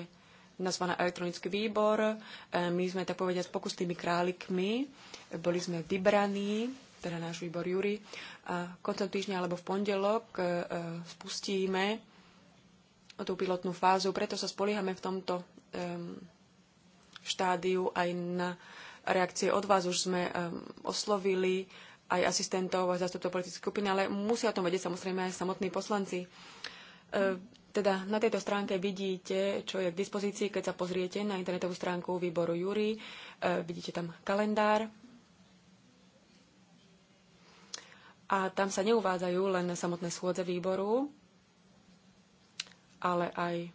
nazvaná elektronický výbor. Ehm, my sme, tak povediať, pokusnými králikmi. Boli sme vybraní, teda náš výbor Júri. A koncom týždňa alebo v pondelok ehm, spustíme tú pilotnú fázu, preto sa spoliehame v tomto um, štádiu aj na reakcie od vás. Už sme um, oslovili aj asistentov, a zastupcov politických skupín, ale musia o tom vedieť samozrejme aj samotní poslanci. Um, teda na tejto stránke vidíte, čo je k dispozícii, keď sa pozriete na internetovú stránku výboru Júri. E, vidíte tam kalendár. A tam sa neuvádzajú len samotné schôdze výboru, ale aj e,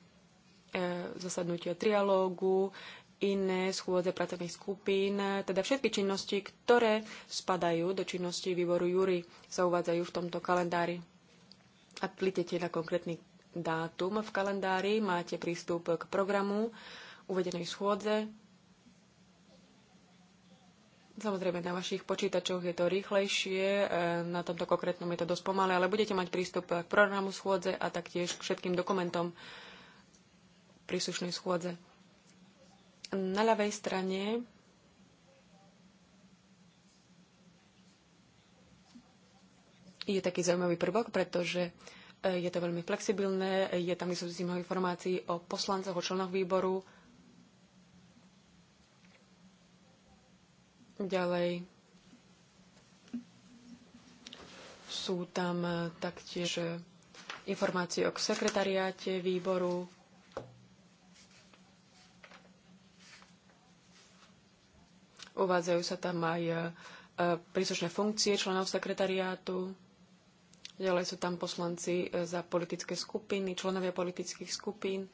zasadnutia trialógu, iné schôdze pracovných skupín, teda všetky činnosti, ktoré spadajú do činnosti výboru Júry, sa uvádzajú v tomto kalendári. a kliknete na konkrétny dátum v kalendári, máte prístup k programu uvedenej schôdze Samozrejme, na vašich počítačoch je to rýchlejšie, e, na tomto konkrétnom je to dosť pomalé, ale budete mať prístup k programu schôdze a taktiež k všetkým dokumentom príslušnej schôdze. Na ľavej strane je taký zaujímavý prvok, pretože e, je to veľmi flexibilné, je tam vysúcim informácií o poslancoch, o členoch výboru, Ďalej sú tam eh, taktiež eh, informácie o sekretariáte výboru, Uvádzajú sa tam aj eh, príslušné funkcie členov sekretariátu. Ďalej sú tam poslanci za politické skupiny, členovia politických skupín.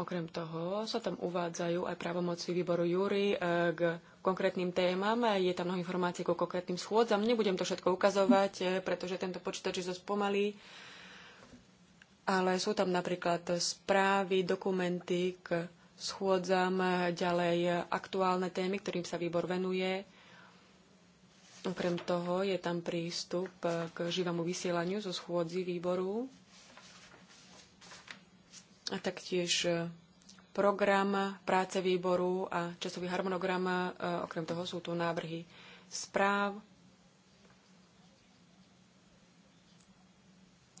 Okrem toho sa tam uvádzajú aj právomoci výboru Júry eh, k konkrétnym témam. Je tam mnoho informácií ku konkrétnym schôdzam. Nebudem to všetko ukazovať, eh, pretože tento počítač je spomalý. Ale sú tam napríklad správy, dokumenty k schôdzam, eh, ďalej aktuálne témy, ktorým sa výbor venuje. Okrem toho je tam prístup k živému vysielaniu zo schôdzi výboru a taktiež e, program práce výboru a časový harmonogram. E, okrem toho sú tu návrhy správ.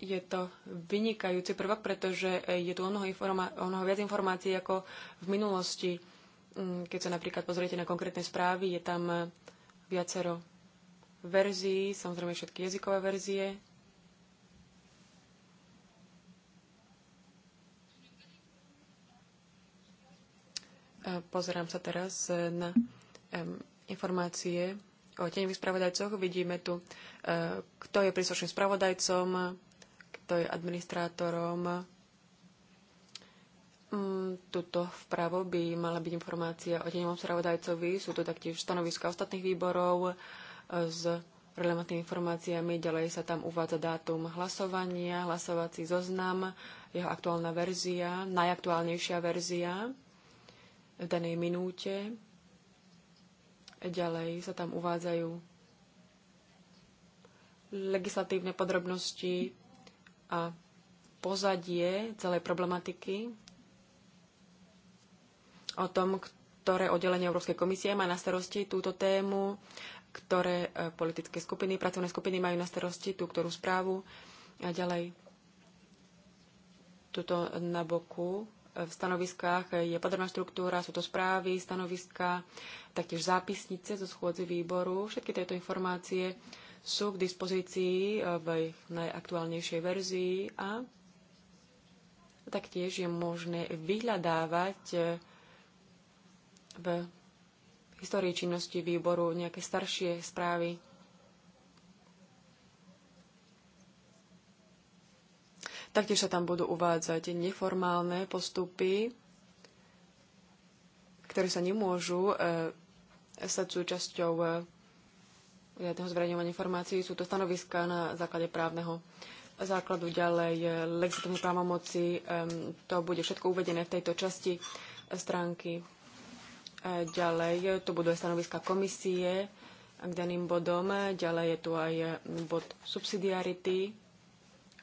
Je to vynikajúci prvok, pretože e, je tu o mnoho, informa- o mnoho viac informácií ako v minulosti. Mm, keď sa napríklad pozriete na konkrétne správy, je tam viacero verzií, samozrejme všetky jazykové verzie, Pozerám sa teraz e, na informácie o tenových spravodajcoch. Vidíme tu, e, kto je príslušným spravodajcom, kto je administrátorom. Mm, tuto vpravo by mala byť informácia o tenovom spravodajcovi. Sú tu taktiež stanoviska ostatných výborov e, s relevantnými informáciami. Ďalej sa tam uvádza dátum hlasovania, hlasovací zoznam, jeho aktuálna verzia, najaktuálnejšia verzia v danej minúte. Ďalej sa tam uvádzajú legislatívne podrobnosti a pozadie celej problematiky o tom, ktoré oddelenie Európskej komisie má na starosti túto tému, ktoré e, politické skupiny, pracovné skupiny majú na starosti tú ktorú správu a ďalej. Tuto na boku v stanoviskách je podrobná štruktúra, sú to správy, stanoviska, taktiež zápisnice zo schôdze výboru. Všetky tieto informácie sú k dispozícii v najaktuálnejšej verzii a taktiež je možné vyhľadávať v histórii činnosti výboru nejaké staršie správy Taktiež sa tam budú uvádzať neformálne postupy, ktoré sa nemôžu e, stať súčasťou e, riadneho zverejňovania informácií. Sú to stanoviska na základe právneho základu ďalej e, legislatívne právomoci. E, to bude všetko uvedené v tejto časti stránky. E, ďalej e, to budú aj stanoviska komisie k daným bodom. E, ďalej je tu aj bod subsidiarity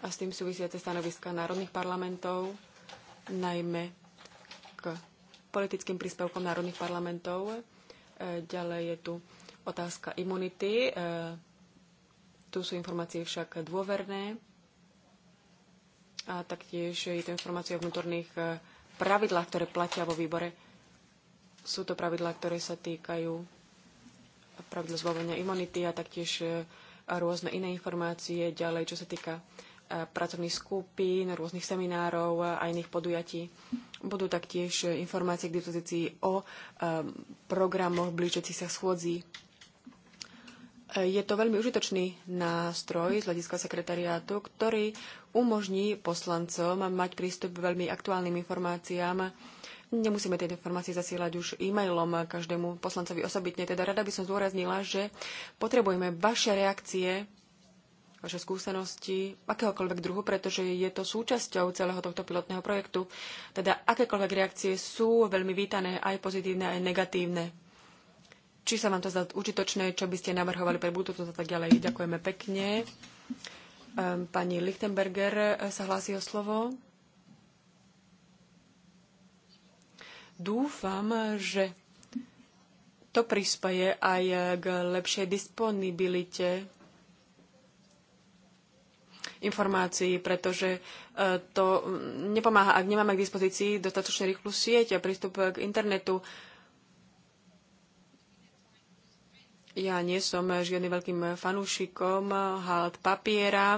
a s tým súvisiace stanoviska národných parlamentov, najmä k politickým príspevkom národných parlamentov. E, ďalej je tu otázka imunity. E, tu sú informácie však dôverné a taktiež je to informácia o vnútorných e, pravidlách, ktoré platia vo výbore. Sú to pravidlá, ktoré sa týkajú pravidla zbavenia imunity a taktiež rôzne iné informácie ďalej, čo sa týka E, pracovných skupín, rôznych seminárov a iných podujatí. Budú taktiež informácie k dispozícii o e, programoch blížiacich sa schôdzi. E, je to veľmi užitočný nástroj z hľadiska sekretariátu, ktorý umožní poslancom mať prístup k veľmi aktuálnym informáciám. Nemusíme tie informácie zasielať už e-mailom každému poslancovi osobitne. Teda rada by som zdôraznila, že potrebujeme vaše reakcie vaše skúsenosti akéhokoľvek druhu, pretože je to súčasťou celého tohto pilotného projektu. Teda akékoľvek reakcie sú veľmi vítané, aj pozitívne, aj negatívne. Či sa vám to zdá užitočné, čo by ste navrhovali pre budúcnosť a tak ďalej. Ďakujeme pekne. Ehm, pani Lichtenberger e, sa hlási o slovo. Dúfam, že to prispieje aj k lepšej disponibilite informácií, pretože e, to mm, nepomáha, ak nemáme k dispozícii dostatočne rýchlu sieť a prístup k internetu. Ja nie som žiadnym veľkým fanúšikom hald papiera,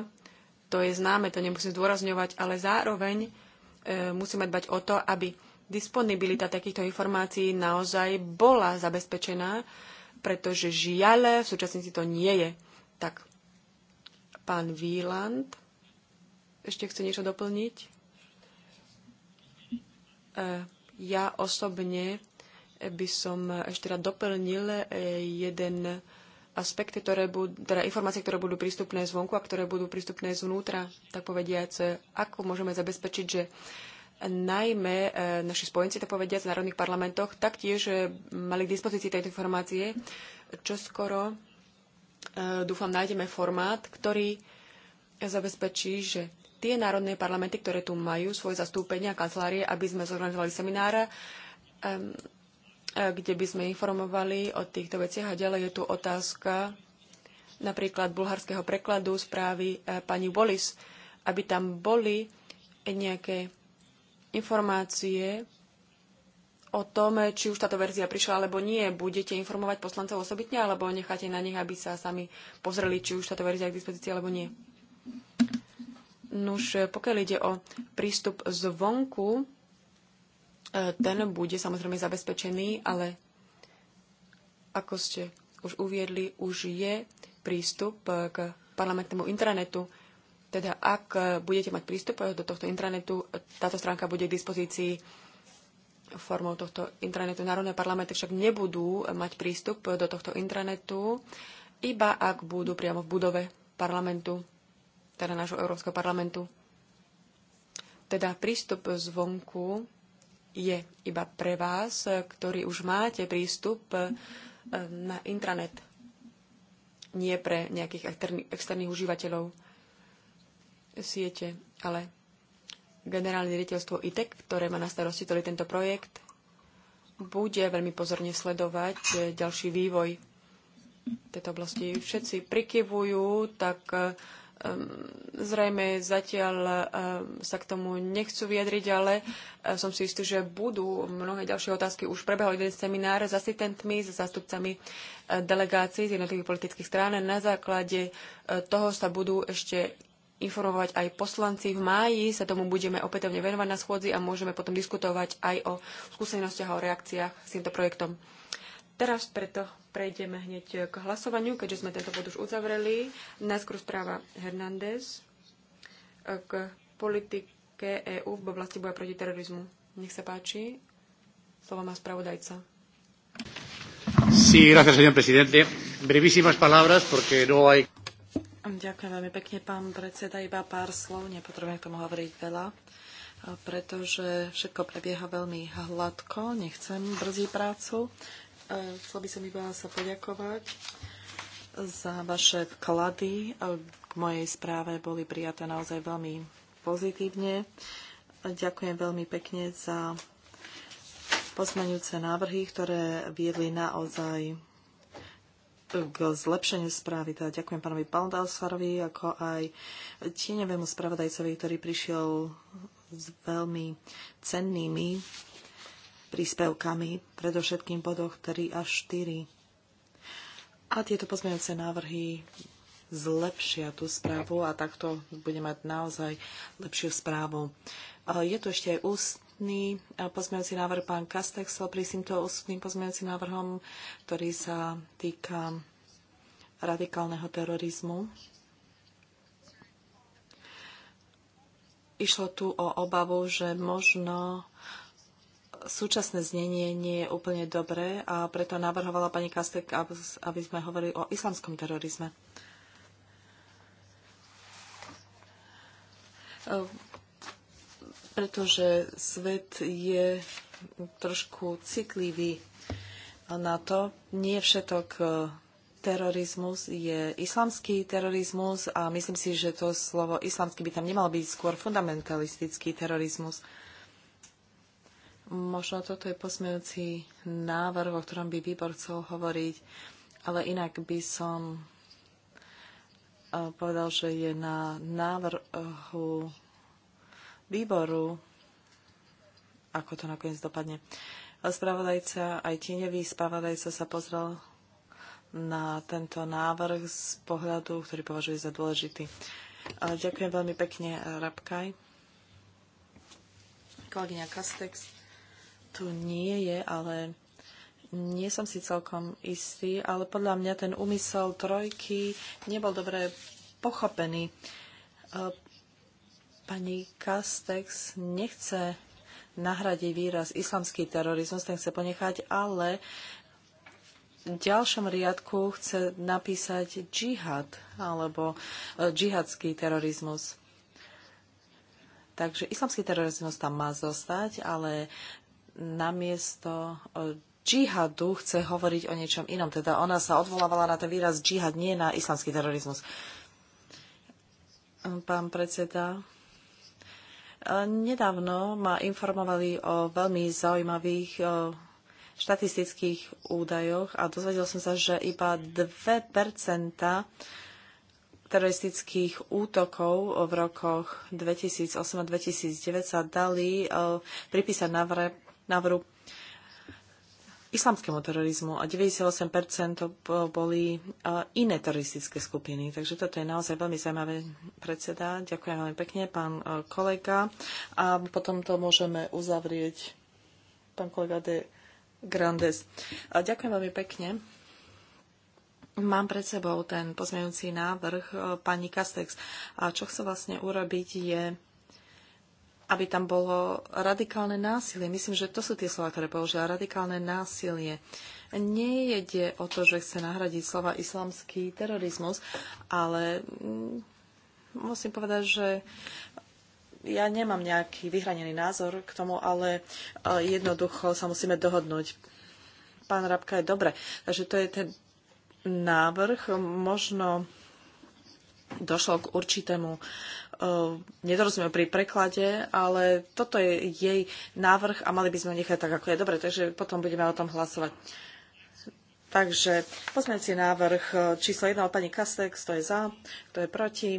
to je známe, to nemusím zdôrazňovať, ale zároveň e, musíme dbať o to, aby disponibilita takýchto informácií naozaj bola zabezpečená, pretože žiaľ v súčasnosti to nie je. Tak Pán Víland ešte chce niečo doplniť? E, ja osobne by som ešte rád doplnil e, jeden aspekty, ktoré budú, teda informácie, ktoré budú prístupné zvonku a ktoré budú prístupné zvnútra, tak povediac, ako môžeme zabezpečiť, že najmä e, naši spojenci, tak povediac, v národných parlamentoch, taktiež mali k dispozícii tejto informácie, čo skoro E, dúfam, nájdeme formát, ktorý zabezpečí, že tie národné parlamenty, ktoré tu majú svoje zastúpenia a kancelárie, aby sme zorganizovali seminára, e, kde by sme informovali o týchto veciach. A ďalej je tu otázka napríklad bulharského prekladu správy e, pani Wallis, aby tam boli nejaké informácie o tom, či už táto verzia prišla alebo nie. Budete informovať poslancov osobitne alebo necháte na nich, aby sa sami pozreli, či už táto verzia je k dispozícii alebo nie? Nuž, pokiaľ ide o prístup zvonku, e, ten bude samozrejme zabezpečený, ale ako ste už uviedli, už je prístup e, k parlamentnému intranetu. Teda ak e, budete mať prístup do tohto intranetu, táto stránka bude k dispozícii formou tohto intranetu. Národné parlamenty však nebudú mať prístup do tohto intranetu, iba ak budú priamo v budove parlamentu, teda nášho Európskeho parlamentu. Teda prístup zvonku je iba pre vás, ktorí už máte prístup eh, na intranet, nie pre nejakých externých užívateľov siete, ale generálne riaditeľstvo ITEC, ktoré má na starosti celý tento projekt, bude veľmi pozorne sledovať eh, ďalší vývoj v tejto oblasti. Všetci prikyvujú, tak eh, mm, zrejme zatiaľ eh, sa k tomu nechcú vyjadriť, ale som si istý, že budú mnohé ďalšie otázky. Už prebehol jeden seminár s asistentmi, s zástupcami delegácií z jednotlivých politických strán. Na základe toho sa budú ešte informovať aj poslanci. V máji sa tomu budeme opätovne venovať na schôdzi a môžeme potom diskutovať aj o skúsenostiach a o reakciách s týmto projektom. Teraz preto prejdeme hneď k hlasovaniu, keďže sme tento bod už uzavreli. Najskôr správa Hernández k politike EÚ v oblasti boja proti terorizmu. Nech sa páči. Slovo má spravodajca. Sí, gracias, señor presidente. Brevísimas palabras, porque no hay... Ďakujem veľmi pekne, pán predseda. Iba pár slov, nepotrebujem k tomu hovoriť veľa, eh, pretože všetko prebieha veľmi hladko, nechcem brzí prácu. Eh, chcel by som iba sa poďakovať za vaše vklady. K mojej správe boli prijaté naozaj veľmi pozitívne. Ďakujem veľmi pekne za pozmeňujúce návrhy, ktoré viedli naozaj k zlepšeniu správy. Teda ďakujem pánovi Paldalsarovi, ako aj tieňovému spravodajcovi, ktorý prišiel s veľmi cennými príspevkami, predovšetkým bodoch 3 a 4. A tieto pozmeňujúce návrhy zlepšia tú správu a takto bude mať naozaj lepšiu správu. Je tu ešte aj úst ústny eh, pozmeňujúci návrh pán Kastexel pri týmto ústnym pozmeňujúcim návrhom, ktorý sa týka radikálneho terorizmu. Išlo tu o obavu, že možno súčasné znenie nie je úplne dobré a preto navrhovala pani Kastek, aby sme hovorili o islamskom terorizme. Eh, pretože svet je trošku citlivý na to. Nie všetok e, terorizmus je islamský terorizmus a myslím si, že to slovo islamský by tam nemal byť skôr fundamentalistický terorizmus. Možno toto je posmejúci návrh, o ktorom by výbor chcel hovoriť, ale inak by som e, povedal, že je na návrhu výboru, ako to nakoniec dopadne. Spravodajca, aj tieňový spravodajca sa pozrel na tento návrh z pohľadu, ktorý považuje za dôležitý. Ďakujem veľmi pekne, Rabkaj. Kolegyňa Kastex tu nie je, ale nie som si celkom istý, ale podľa mňa ten úmysel trojky nebol dobre pochopený. Pani Kastex nechce nahradiť výraz islamský terorizmus, ten chce ponechať, ale v ďalšom riadku chce napísať džihad alebo e, džihadský terorizmus. Takže islamský terorizmus tam má zostať, ale namiesto e, džihadu chce hovoriť o niečom inom. Teda ona sa odvolávala na ten výraz džihad, nie na islamský terorizmus. Pán predseda, Nedávno ma informovali o veľmi zaujímavých štatistických údajoch a dozvedel som sa, že iba 2 teroristických útokov v rokoch 2008 a 2009 sa dali pripísať návrhu islamskému terorizmu a 98% boli iné teroristické skupiny. Takže toto je naozaj veľmi zaujímavé predseda. Ďakujem veľmi pekne, pán e, kolega. A potom to môžeme uzavrieť, pán kolega de Grandes. A ďakujem veľmi pekne. Mám pred sebou ten pozmeňujúci návrh e, pani Kastex. A čo chcem vlastne urobiť je aby tam bolo radikálne násilie. Myslím, že to sú tie slova, ktoré použila. radikálne násilie. Nejde o to, že chce nahradiť slova islamský terorizmus, ale mm, musím povedať, že ja nemám nejaký vyhranený názor k tomu, ale e, jednoducho sa musíme dohodnúť. Pán Rabka je dobre. Takže to je ten návrh. Možno došlo k určitému Eh, nedorozumiem pri preklade, ale toto je jej návrh a mali by sme nechať tak, ako je. Dobre, takže potom budeme o tom hlasovať. Takže pozmeňujúci návrh eh, číslo 1 od pani Kastex, to je za, kto je proti.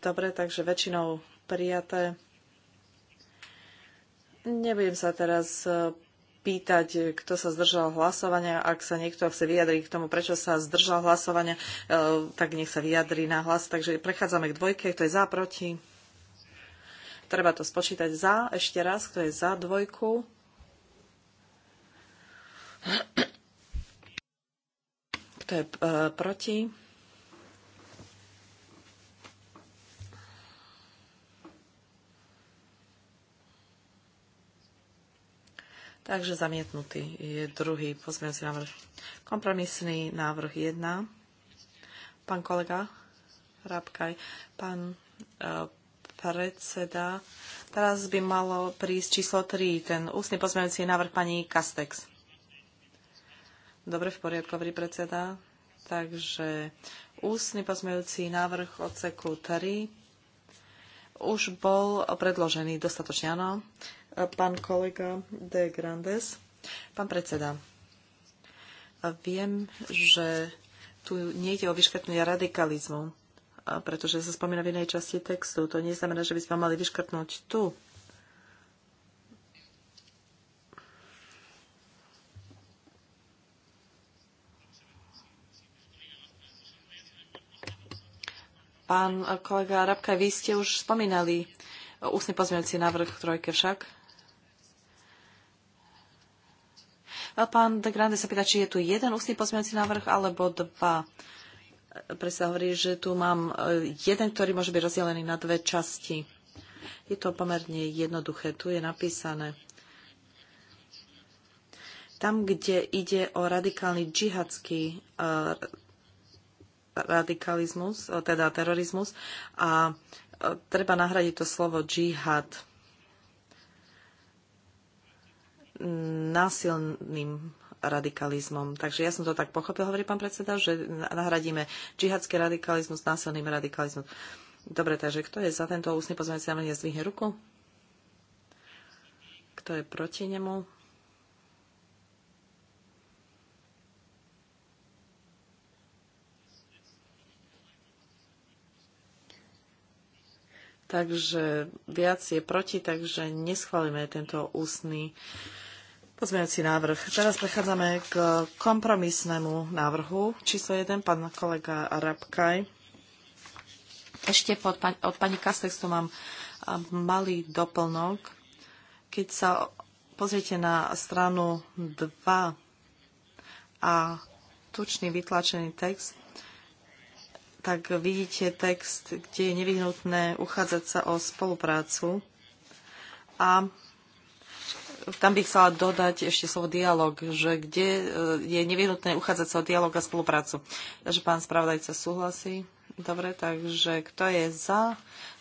Dobre, takže väčšinou prijaté. Nebudem sa teraz eh, pýtať, e, kto sa zdržal hlasovania. Ak sa niekto chce vyjadriť k tomu, prečo sa zdržal hlasovania, e, tak nech sa vyjadri na hlas. Takže prechádzame k dvojke, kto je za, proti. Treba to spočítať za, ešte raz, kto je za dvojku. Kto je e, proti? Takže zamietnutý je druhý pozmeňujúci návrh. Kompromisný návrh 1. Pán kolega Rabkaj, pán e, predseda, teraz by malo prísť číslo 3, ten ústny pozmeňujúci návrh pani Kastex. Dobre, v poriadku, pri predseda. Takže ústny pozmeňujúci návrh odseku 3 už bol predložený dostatočne, áno. Pán kolega De Grandes. Pán predseda, viem, že tu nejde o vyškrtnutie radikalizmu, pretože sa spomína v inej časti textu. To neznamená, že by sme mali vyškrtnúť tu. Pán kolega Rabka, vy ste už spomínali ústny pozmeňujúci návrh trojke však. Pán De Grande sa pýta, či je tu jeden ústny pozmeňovací návrh alebo dva. sa hovorí, že tu mám e, jeden, ktorý môže byť rozdelený na dve časti. Je to pomerne jednoduché. Tu je napísané. Tam, kde ide o radikálny džihadský e, radikalizmus, e, teda terorizmus a treba nahradiť to slovo džihad násilným radikalizmom. Takže ja som to tak pochopil, hovorí pán predseda, že nahradíme džihadský radikalizmus násilným radikalizmom. Dobre, takže kto je za tento ústny sa návrh, zdvihne ruku. Kto je proti nemu? Takže viac je proti, takže neschválime tento ústny Pozmeňujúci návrh. Teraz prechádzame k kompromisnému návrhu. Číslo 1, pán kolega Rabkaj. Ešte pod, od pani tu mám malý doplnok. Keď sa pozriete na stranu 2 a tučný vytlačený text, tak vidíte text, kde je nevyhnutné uchádzať sa o spoluprácu. A tam by chcela dodať ešte slovo dialog, že kde e, je nevyhnutné uchádzať sa o dialog a spoluprácu. Takže pán spravodajca súhlasí. Dobre, takže kto je za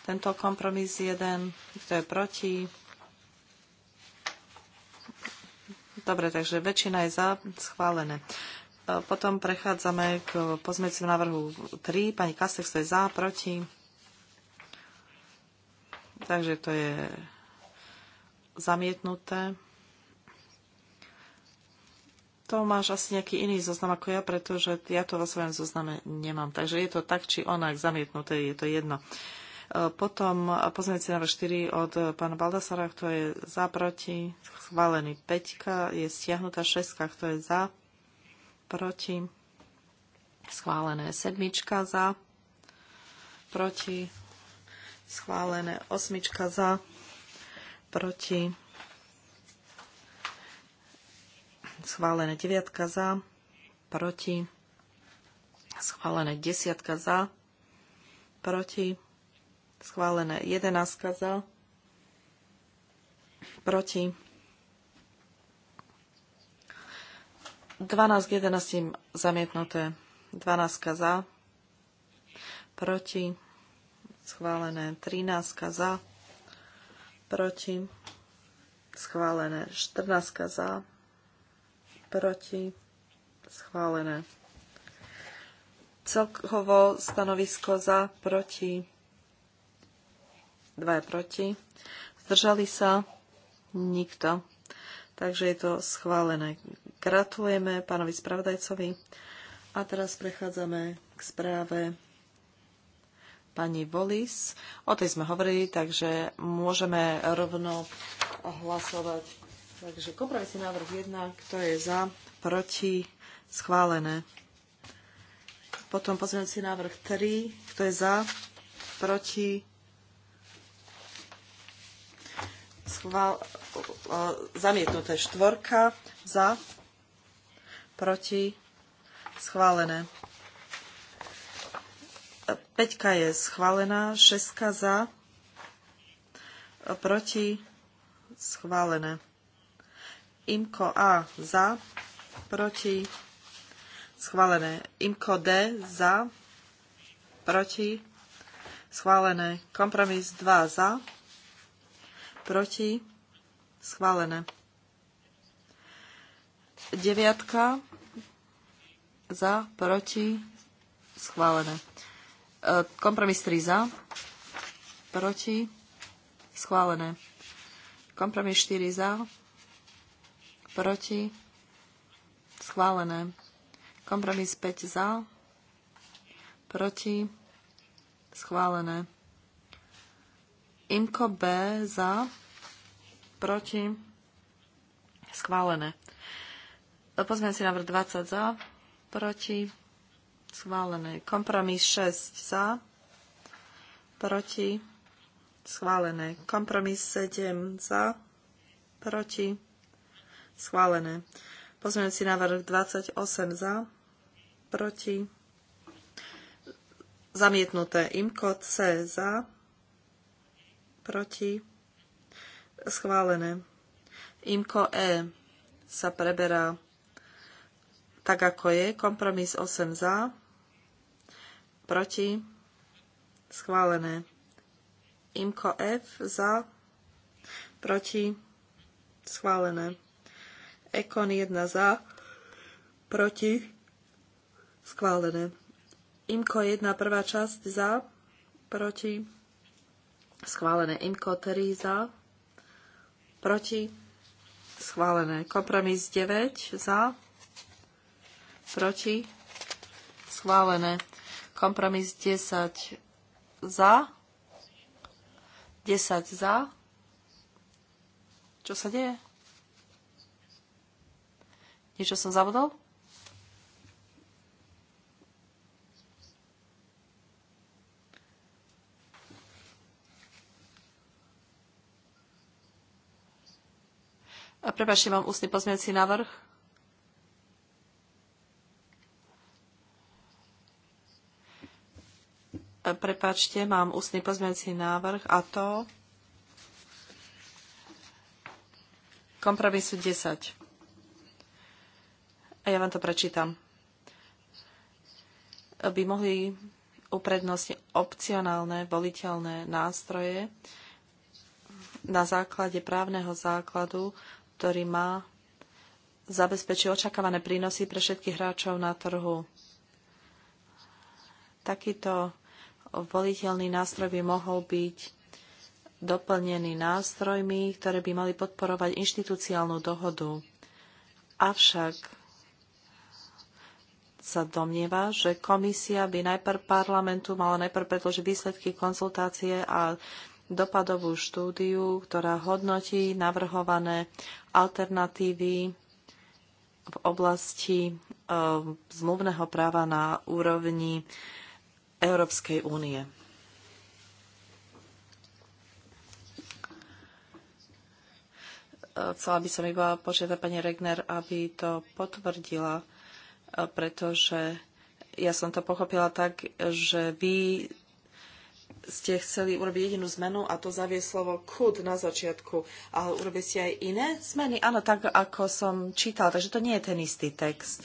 tento kompromis jeden, kto je proti? Dobre, takže väčšina je za schválené. E, potom prechádzame k pozmeňujúcim návrhu 3. Pani Kastex, to je za, proti. Takže to je zamietnuté. To máš asi nejaký iný zoznam ako ja, pretože ja to vo svojom zozname nemám. Takže je to tak či onak zamietnuté, je to jedno. E, potom pozmeňujúci návrh 4 od pána Baldasara, kto je za, proti, schválený 5, je stiahnutá 6, kto je za, proti, schválené 7 za, proti, schválené 8 za, proti, schválené 9 za, proti, schválené 10 za, proti, schválené 11 za, proti, 12 k 11 zamietnuté, 12 za, proti, schválené 13 za, proti, schválené. 14 za, proti, schválené. Celkovo stanovisko za, proti, dva je proti. Zdržali sa nikto. Takže je to schválené. Gratulujeme pánovi spravodajcovi. A teraz prechádzame k správe pani Volis. O tej sme hovorili, takže môžeme rovno hlasovať. Takže kompromisný návrh 1, kto je za, proti, schválené. Potom pozmeňujúci návrh 3, kto je za, proti, schvál, zamietnuté štvorka, za, proti, schválené. Peťka je schválená, šestka za, proti, schválené. Imko A za, proti, schválené. Imko D za, proti, schválené. Kompromis 2 za, proti, schválené. Deviatka za, proti, schválené. E, kompromis 3 za, proti, schválené. Kompromis 4 za, proti, schválené. Kompromis 5 za, proti, schválené. Imko B za, proti, schválené. Pozmeň si návrh 20 za, proti, Schválené. Kompromis 6 za. Proti. Schválené. Kompromis 7 za. Proti. Schválené. Pozmeňujúci návrh 28 za. Proti. Zamietnuté. Imko C za. Proti. Schválené. Imko E sa preberá tak, ako je. Kompromis 8 za proti, schválené. Imko F za, proti, schválené. Ekon 1 za, proti, schválené. Imko 1 prvá časť za, proti, schválené. Imko 3 za, proti, schválené. Kompromis 9 za, proti, schválené. Kompromis 10 za. 10 za. Čo sa deje? Niečo som zabudol? A prepačte, mám ústny pozmeňujúci návrh. E, prepačte, mám ústny pozmeňací návrh a to kompromisu 10. A ja vám to prečítam. By mohli uprednostniť opcionálne voliteľné nástroje na základe právneho základu, ktorý má zabezpečiť očakávané prínosy pre všetkých hráčov na trhu. Takýto voliteľný nástroj by mohol byť doplnený nástrojmi, ktoré by mali podporovať inštitúciálnu dohodu. Avšak sa domnieva, že komisia by najprv parlamentu mala najprv predložiť výsledky konzultácie a dopadovú štúdiu, ktorá hodnotí navrhované alternatívy v oblasti e, zmluvného práva na úrovni Európskej únie. E, chcela by som iba požiadať pani Regner, aby to potvrdila, e, pretože ja som to pochopila tak, že vy ste chceli urobiť jedinú zmenu a to zavie slovo kud na začiatku, ale urobili ste aj iné zmeny? Áno, tak ako som čítala, takže to nie je ten istý text.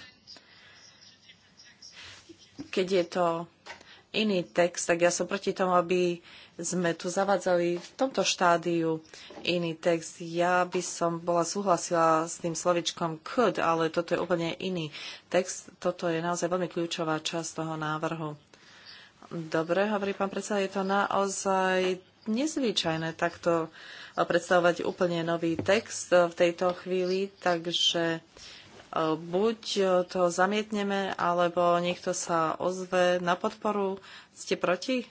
Keď je to iný text, tak ja som proti tomu, aby sme tu zavadzali v tomto štádiu iný text. Ja by som bola súhlasila s tým slovičkom could, ale toto je úplne iný text. Toto je naozaj veľmi kľúčová časť toho návrhu. Dobre, hovorí pán predseda, je to naozaj nezvyčajné takto predstavovať úplne nový text v tejto chvíli, takže Buď e, to zamietneme, alebo niekto sa ozve na podporu. Ste proti?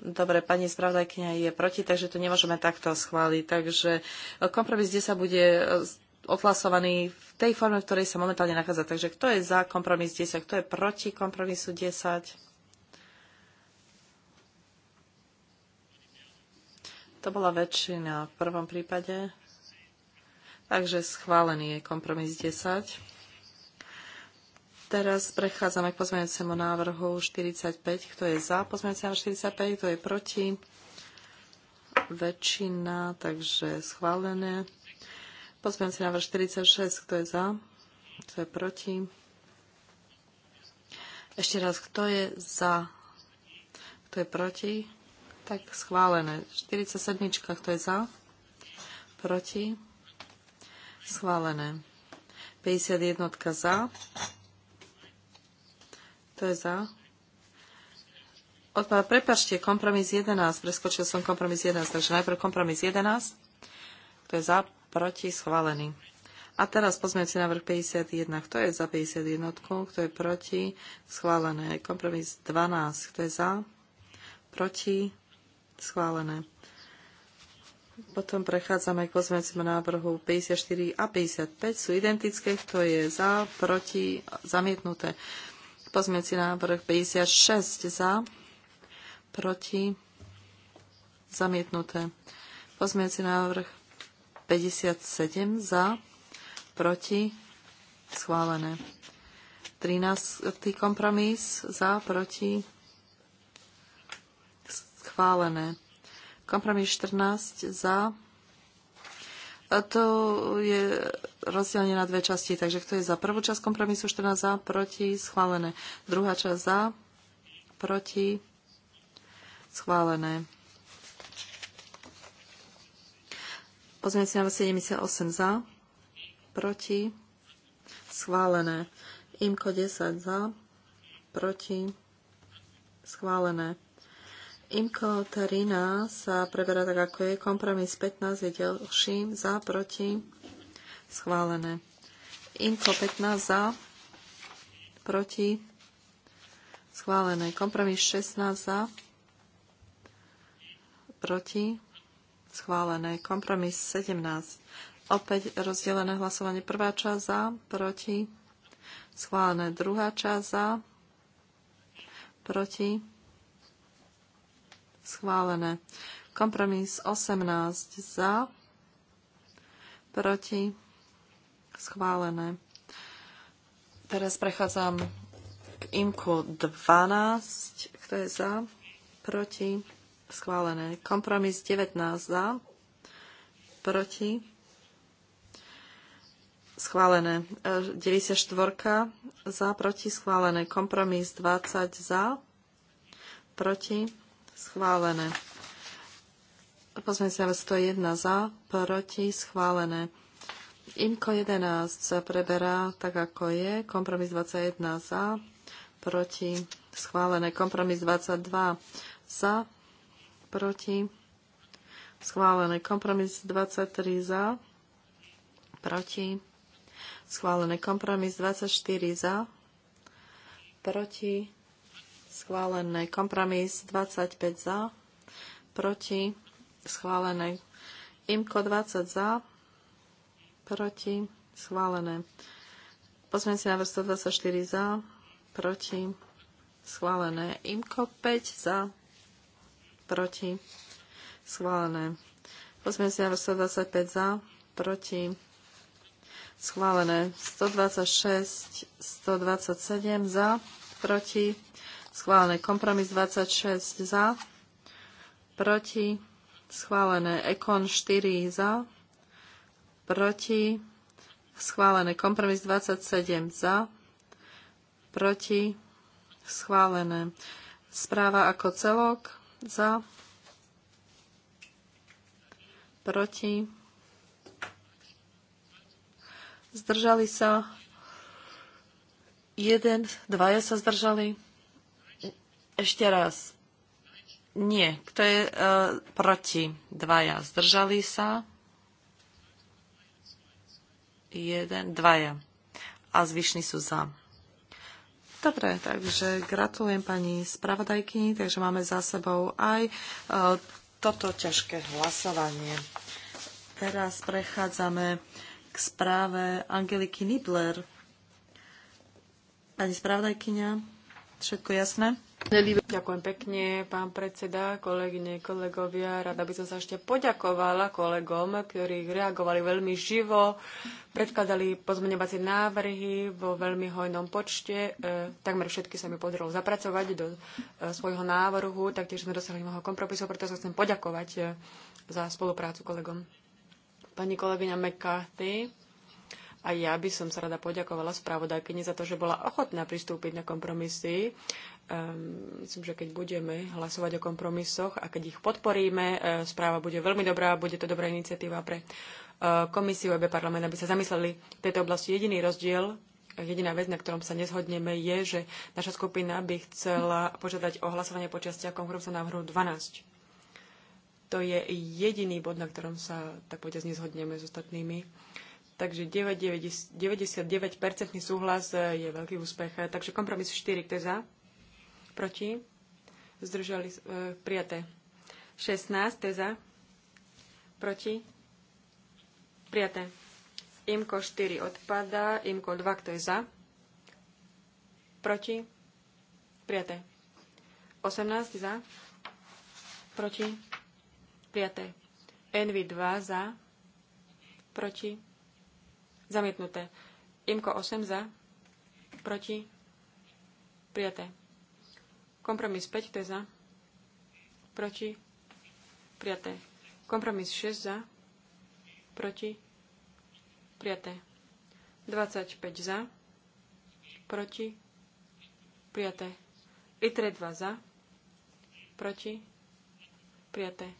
Dobre, pani spravodajkňa je proti, takže to nemôžeme takto schváliť. Takže e, kompromis 10 bude e, odhlasovaný v tej forme, v ktorej sa momentálne nachádza. Takže kto je za kompromis 10, kto je proti kompromisu 10? To bola väčšina v prvom prípade. Takže schválený je kompromis 10. Teraz prechádzame k pozmeňujúcemu návrhu 45. Kto je za pozmeňujúci návrh 45? Kto je proti? Väčšina, takže schválené. Pozmeňujúci návrh 46. Kto je za? Kto je proti? Ešte raz, kto je za? Kto je proti? Tak schválené. 47. Kto je za? Proti? Schválené. 51 za. To je za. Odpad, prepačte, kompromis 11. Preskočil som kompromis 11, takže najprv kompromis 11. To je za, proti, schválený. A teraz pozmeňujúci návrh 51. Kto je za 51? Kto je proti? Schválené. Kompromis 12. Kto je za? Proti? Schválené. Potom prechádzame k pozmeňujúcemu návrhu 54 a 55. Sú identické, kto je za, proti, zamietnuté. Pozmeňujúci návrh 56 za, proti, zamietnuté. Pozmeňujúci návrh 57 za, proti, schválené. 13. kompromis za, proti, schválené. Kompromis 14 za. A to je rozdielne na dve časti, takže kto je za prvú časť kompromisu 14 za, proti, schválené. Druhá časť za, proti, schválené. Pozmeňujúci návrh 78 za, proti, schválené. Imko 10 za, proti, schválené. Imko Tarina sa preberá tak, ako je. Kompromis 15 je ďalším. Za, proti. Schválené. Imko 15 za, proti. Schválené. Kompromis 16 za, proti. Schválené. Kompromis 17. Opäť rozdelené hlasovanie. Prvá časť za, proti. Schválené. Druhá časť za, proti schválené. Kompromis 18 za, proti, schválené. Teraz prechádzam k imku 12, kto je za, proti, schválené. Kompromis 19 za, proti, schválené. 94 e, za, proti, schválené. Kompromis 20 za, proti, schválené. Pozmeň sa 101 za, proti, schválené. Imko 11 sa preberá tak, ako je. Kompromis 21 za, proti, schválené. Kompromis 22 za, proti, schválené. Kompromis 23 za, proti, schválené. Kompromis 24 za, proti, schválené. Kompromis 25 za, proti, schválené. Imko 20 za, proti, schválené. Pozmeňujúci návrh 124 za, proti, schválené. Imko 5 za, proti, schválené. Pozmeňujúci návrh 125 za, proti, schválené. 126, 127 za, proti, schválené. Kompromis 26 za, proti, schválené. Ekon 4 za, proti, schválené. Kompromis 27 za, proti, schválené. Správa ako celok za, proti, zdržali sa, jeden, dvaja sa zdržali. Ešte raz. Nie. Kto je e, proti? Dvaja. Zdržali sa? Jeden, dvaja. A zvyšní sú za. Dobre, takže gratulujem pani spravodajkyni, takže máme za sebou aj e, toto ťažké hlasovanie. Teraz prechádzame k správe Angeliky Nibler. Pani spravodajkynia, Všetko jasné? Ďakujem pekne, pán predseda, kolegyne, kolegovia. Rada by som sa ešte poďakovala kolegom, ktorí reagovali veľmi živo, predkladali pozmeňovacie návrhy vo veľmi hojnom počte. E, takmer všetky sa mi podarilo zapracovať do e, svojho návrhu, taktiež sme dosahli mnoho kompromisov, preto sa chcem poďakovať e, za spoluprácu kolegom. Pani kolegyňa McCarthy, a ja by som sa rada poďakovala spravodajkyni za to, že bola ochotná pristúpiť na kompromisy. Um, myslím, že keď budeme hlasovať o kompromisoch a keď ich podporíme, e, správa bude veľmi dobrá, bude to dobrá iniciatíva pre e, komisiu EB parlament, aby sa zamysleli v tejto oblasti. Jediný rozdiel jediná vec, na ktorom sa nezhodneme, je, že naša skupina by chcela požiadať o hlasovanie po častiach konkursu návrhu 12. To je jediný bod, na ktorom sa, tak povedať, nezhodneme s ostatnými. Takže 99% súhlas eh, je veľký úspech. Eh, takže kompromis 4, kto je za? Proti? Zdržali e, prijaté. 16, kto je za? Proti? Prijaté. Imko 4 odpada. Imko 2, kto je za? Proti? Prijaté. 18 za? Proti? Prijaté. NV2 za? Proti? Zamietnuté. Imko 8 za. Proti. Prijaté. Kompromis 5, to je za. Proti. Prijaté. Kompromis 6 za. Proti. Prijaté. 25 za. Proti. Prijaté. ITRE 2 za. Proti. Prijaté.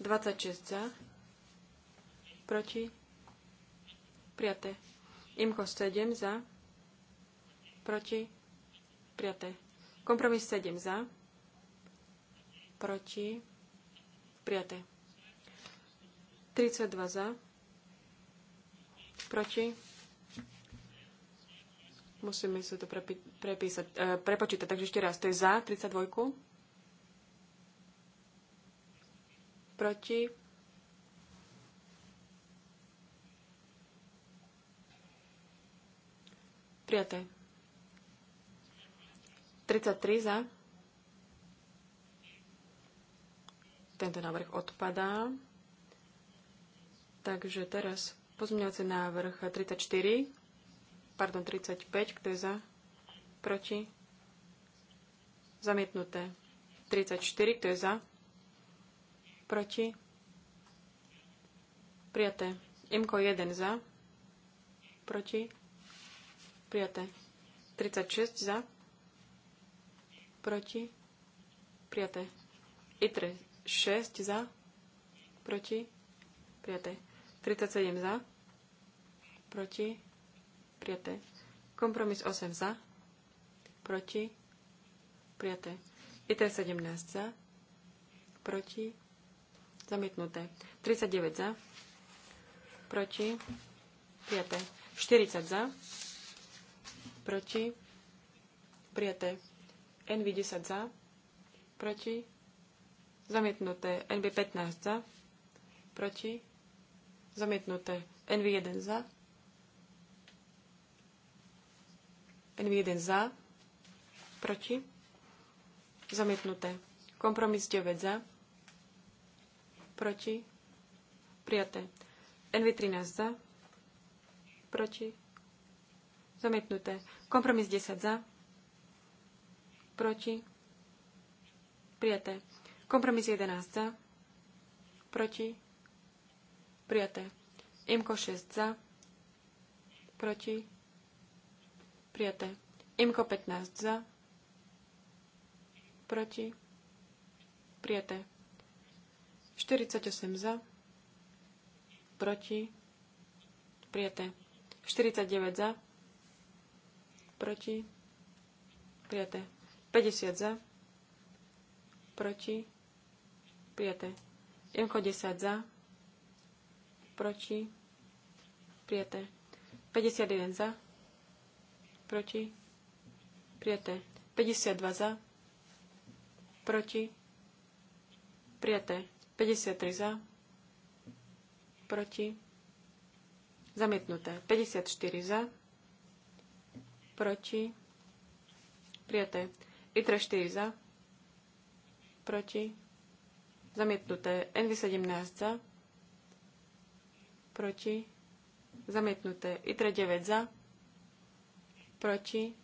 26 za. Proti prijaté. Imko 7 za, proti, prijaté. Kompromis 7 za, proti, prijaté. 32 za, proti, musíme si to prepi- prepísať, e, prepočítať, takže ešte raz, to je za 32, proti, Prijaté. 33 za. Tento návrh odpadá. Takže teraz pozmeňovací návrh 34, pardon 35, kto je za, proti, zamietnuté. 34, kto je za, proti, prijaté. Imko 1 za, proti, Prijaté. 36 za. Proti. Prijaté. I3. 6 za. Proti. Prijaté. 37 za. Proti. Prijaté. Kompromis 8 za. Proti. Prijaté. I3. 17 za. Proti. Zamietnuté. 39 za. Proti. Prijaté. 40 za proti, prijaté. NV10 za, proti, zamietnuté. NV15 za, proti, zamietnuté. NV1 za, NV1 za, proti, zamietnuté. Kompromis 9 za, proti, prijaté. NV13 za, proti, Zamietnuté. Kompromis 10 za. Proti. Prijaté. Kompromis 11 za. Proti. Prijaté. Imko 6 za. Proti. Prijaté. Imko 15 za. Proti. Prijaté. 48 za. Proti. Prijaté. 49 za proti, prijaté. 50 za, proti, prijaté. Janko 10 za, proti, prijaté. 51 za, proti, prijaté. 52 za, proti, prijaté. 53 za, proti, zamietnuté. 54 za, proti, prijaté. ITRE 4 za, proti, zamietnuté. NV17 za, proti, zamietnuté. Itra 9 za, proti,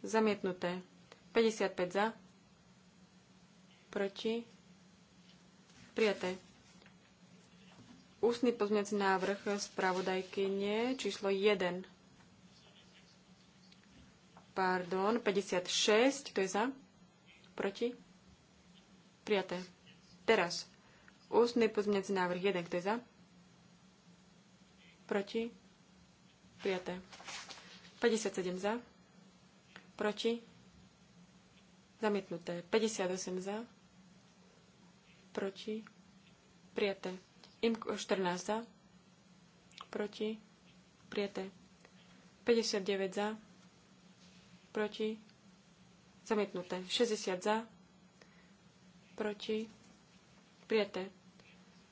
zamietnuté. 55 za, proti, prijaté. Ústny pozmeňací návrh spravodajky nie číslo 1 Pardon, 56, kto je za? Proti? Prijaté. Teraz. Ústny pozmeňací návrh 1, kto je za? Proti? Prijaté. 57 za. Proti? Zamietnuté. 58 za. Proti? Prijaté. Imko 14 za. Proti? Prijaté. 59 za proti, zamietnuté. 60 za, proti, prijaté.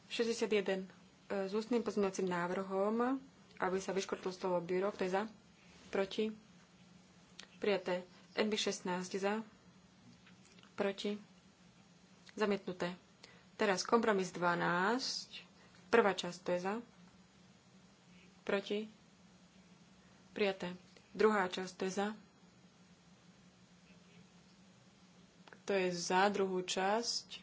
61 e, s ústnym pozmeňovacím návrhom, aby sa vyškrtlo slovo byro, kto je za, proti, prijaté. NB16 za, proti, zamietnuté. Teraz kompromis 12, prvá časť, to je za, proti, prijaté. Druhá časť, to je za, To je za druhú časť?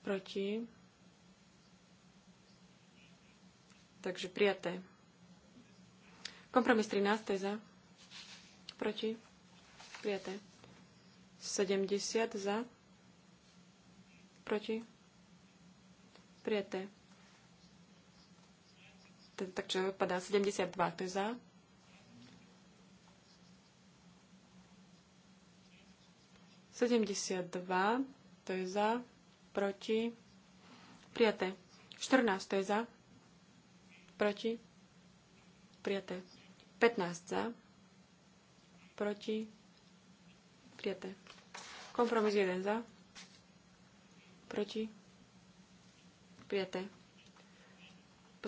Proti? Takže prijaté. Kompromis 13, je za. Proti? Prijaté. 70 za. Proti? Prijaté. Takže vypadá 72, to je za. 72, to je za, proti, prijaté. 14, to je za, proti, prijaté. 15 za, proti, prijaté. Kompromis 1 za, proti, prijaté.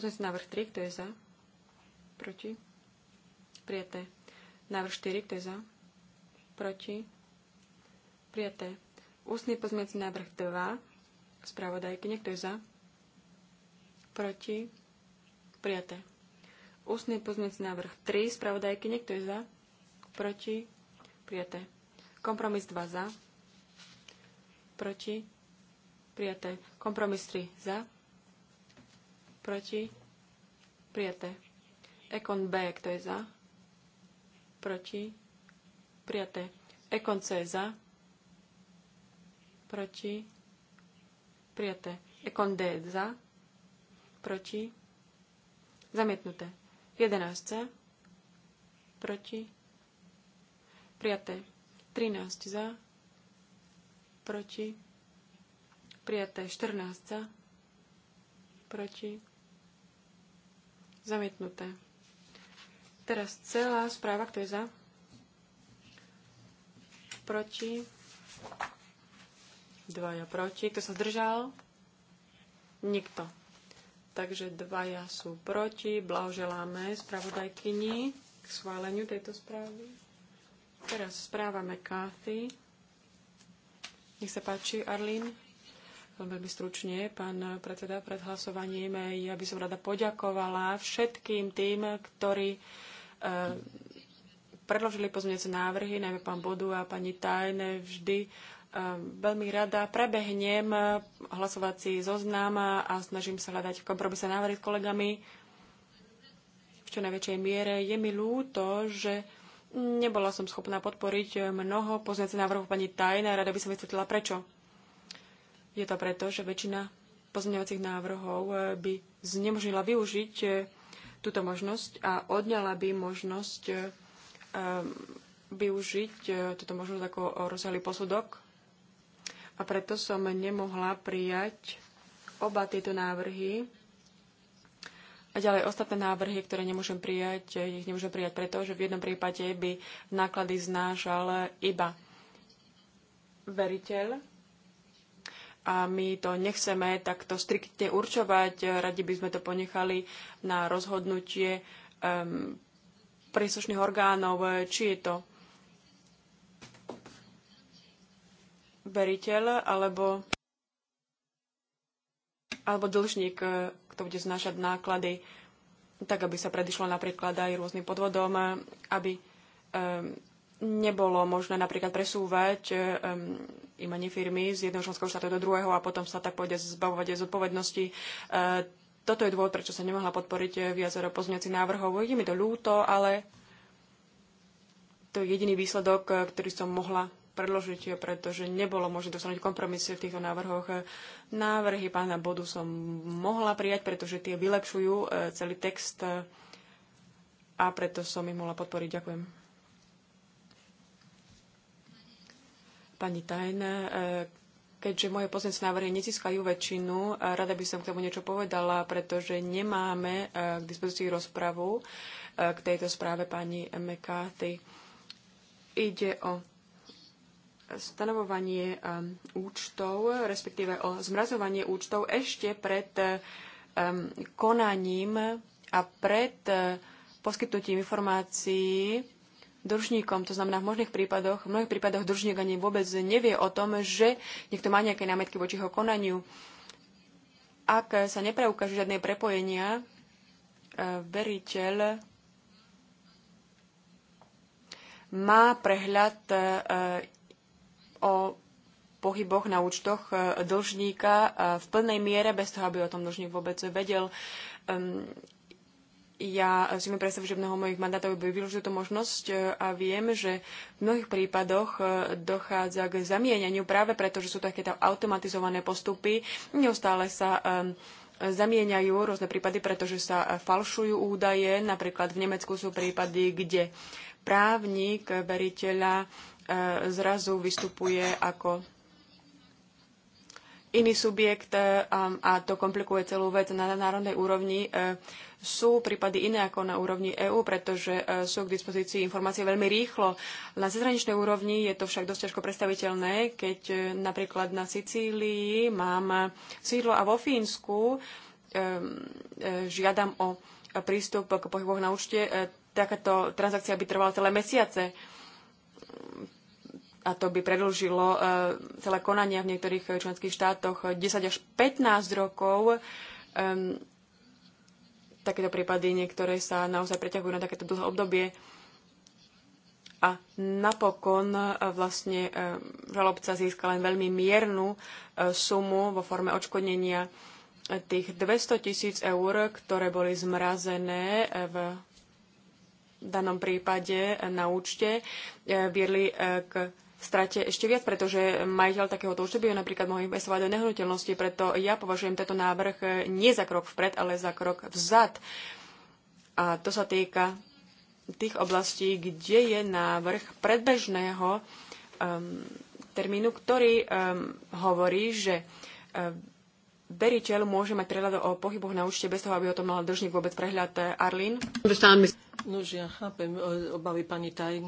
si návrh 3, kto je za, proti, prijaté. Návrh 4, kto je za, proti, prijaté Prijaté. Ústny pozmiaci návrh 2. Spravodajky. Niekto je za? Proti? Prijaté. Ústny pozmiaci návrh 3. Spravodajky. Niekto je za? Proti? Prijaté. Kompromis 2 za. Proti? Prijaté. Kompromis 3 za. Proti? Prijaté. Ekon B. Kto je za? Proti? Prijaté. Ekon C za proti, prijaté. Ekon za, proti, zamietnuté. 11 za, proti, prijaté. 13 za, proti, prijaté. 14 za, proti, zamietnuté. Teraz celá správa, kto je za, proti, dvaja proti. Kto sa zdržal? Nikto. Takže dvaja sú proti. Blahoželáme spravodajkyni k schváleniu tejto správy. Teraz správa McCarthy. Nech sa páči, Arlín. Veľmi stručne, pán predseda, pred hlasovaním ja by som rada poďakovala všetkým tým, ktorí e, predložili pozmeňujúce návrhy, najmä pán Bodu a pani Tajne vždy veľmi rada prebehnem eh, hlasovací zoznam a snažím sa hľadať kompromise návrhy s kolegami v čo najväčšej miere. Je mi ľúto, že nebola som schopná podporiť mnoho pozmeňujúcich návrhov pani Tajna. Rada by som vysvetlila prečo. Je to preto, že väčšina pozmeňovacích návrhov eh, by znemožnila využiť eh, túto možnosť a odňala by možnosť využiť túto možnosť ako rozhľadý posudok a preto som nemohla prijať oba tieto návrhy. A ďalej ostatné návrhy, ktoré nemôžem prijať, ich nemôžem prijať preto, že v jednom prípade by náklady znášal iba veriteľ. A my to nechceme takto striktne určovať, radi by sme to ponechali na rozhodnutie um, príslušných orgánov, či je to Veriteľ alebo, alebo dlžník, e, kto bude znášať náklady, tak aby sa predišlo napríklad aj rôznym podvodom, e, aby um, nebolo možné napríklad presúvať um, imanie firmy z jedného členského štátu do druhého a potom sa tak pôjde zbavovať aj zodpovednosti. Uh, toto je dôvod, prečo sa nemohla podporiť viacero pozmeňovacích návrhov. Je mi to ľúto, ale to je jediný výsledok, ktorý som mohla predložiť, pretože nebolo možné dosiahnuť kompromisy v týchto návrhoch. Návrhy pána Bodu som mohla prijať, pretože tie vylepšujú e, celý text e, a preto som ich mohla podporiť. Ďakujem. Pani Tajn, e, keďže moje pozemské návrhy nezískajú väčšinu, rada by som k tomu niečo povedala, pretože nemáme k dispozícii rozpravu k tejto správe pani McCarthy. Ide o stanovovanie um, účtov, respektíve o zmrazovanie účtov ešte pred um, konaním a pred uh, poskytnutím informácií dlžníkom. To znamená, v možných prípadoch, v mnohých prípadoch dlžník ani vôbec nevie o tom, že niekto má nejaké námetky voči jeho konaniu. Ak sa nepreukáže žiadne prepojenia, uh, veriteľ má prehľad uh, o pohyboch na účtoch e, dlžníka e, v plnej miere, bez toho, aby o tom dlžník vôbec vedel. Ja si mi predstavujem, že mnoho mojich mandátov by využil tú možnosť e, a viem, že v mnohých prípadoch dochádza k zamieneniu práve preto, že sú takéto automatizované postupy. Neustále sa zamieňajú rôzne prípady, pretože sa falšujú údaje. Napríklad v Nemecku sú prípady, kde právnik veriteľa E, zrazu vystupuje ako iný subjekt e, a to komplikuje celú vec na národnej úrovni. E, sú prípady iné ako na úrovni EÚ, pretože sú k dispozícii informácie veľmi rýchlo. Na cezhraničnej úrovni je to však dosť ťažko predstaviteľné, keď napríklad na Sicílii mám sídlo a vo Fínsku žiadam o prístup k pohybu na účte. Takáto transakcia by trvala celé mesiace a to by predlžilo e, celé konania v niektorých členských štátoch 10 až 15 rokov. Takéto prípady niektoré sa naozaj preťahujú na takéto dlhé obdobie. A napokon e, vlastne e, žalobca získa len veľmi miernu sumu vo forme odškodnenia tých 200 tisíc eur, ktoré boli zmrazené v danom prípade na účte e, viedli e, k strate ešte viac, pretože majiteľ takéhoto účtu by napríklad mohol investovať do nehnuteľnosti, preto ja považujem tento návrh e, nie za krok vpred, ale za krok vzad. A to sa týka tých oblastí, kde je návrh predbežného um, termínu, ktorý um, hovorí, že um, veriteľ môže mať prehľad o pohyboch na účte bez toho, aby o tom mal držník vôbec prehľad. Eh, Arlín? No, ja chápem eh, obavy pani Tajn,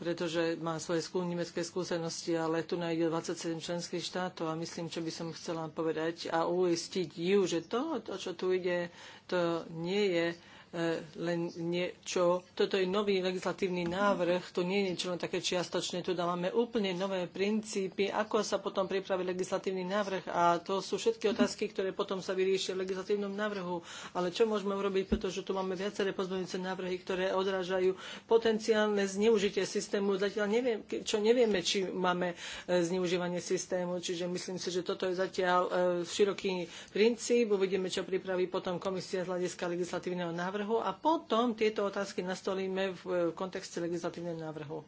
pretože má svoje skú, nemecké skúsenosti, ale tu nájde 27 členských štátov a myslím, čo by som chcela povedať a uistiť ju, že to, to čo tu ide, to nie je E, len niečo, toto je nový legislatívny návrh, to nie je niečo len také čiastočné, tu dávame úplne nové princípy, ako sa potom pripraví legislatívny návrh a to sú všetky otázky, ktoré potom sa vyriešia v legislatívnom návrhu. Ale čo môžeme urobiť, pretože tu máme viaceré pozmeňujúce návrhy, ktoré odrážajú potenciálne zneužitie systému. Zatiaľ neviem, čo nevieme, či máme e, zneužívanie systému, čiže myslím si, že toto je zatiaľ e, široký princíp. Uvidíme, čo pripraví potom komisia z hľadiska legislatívneho návrhu návrhu a potom tieto otázky nastolíme e, v kontexte legislatívneho návrhu.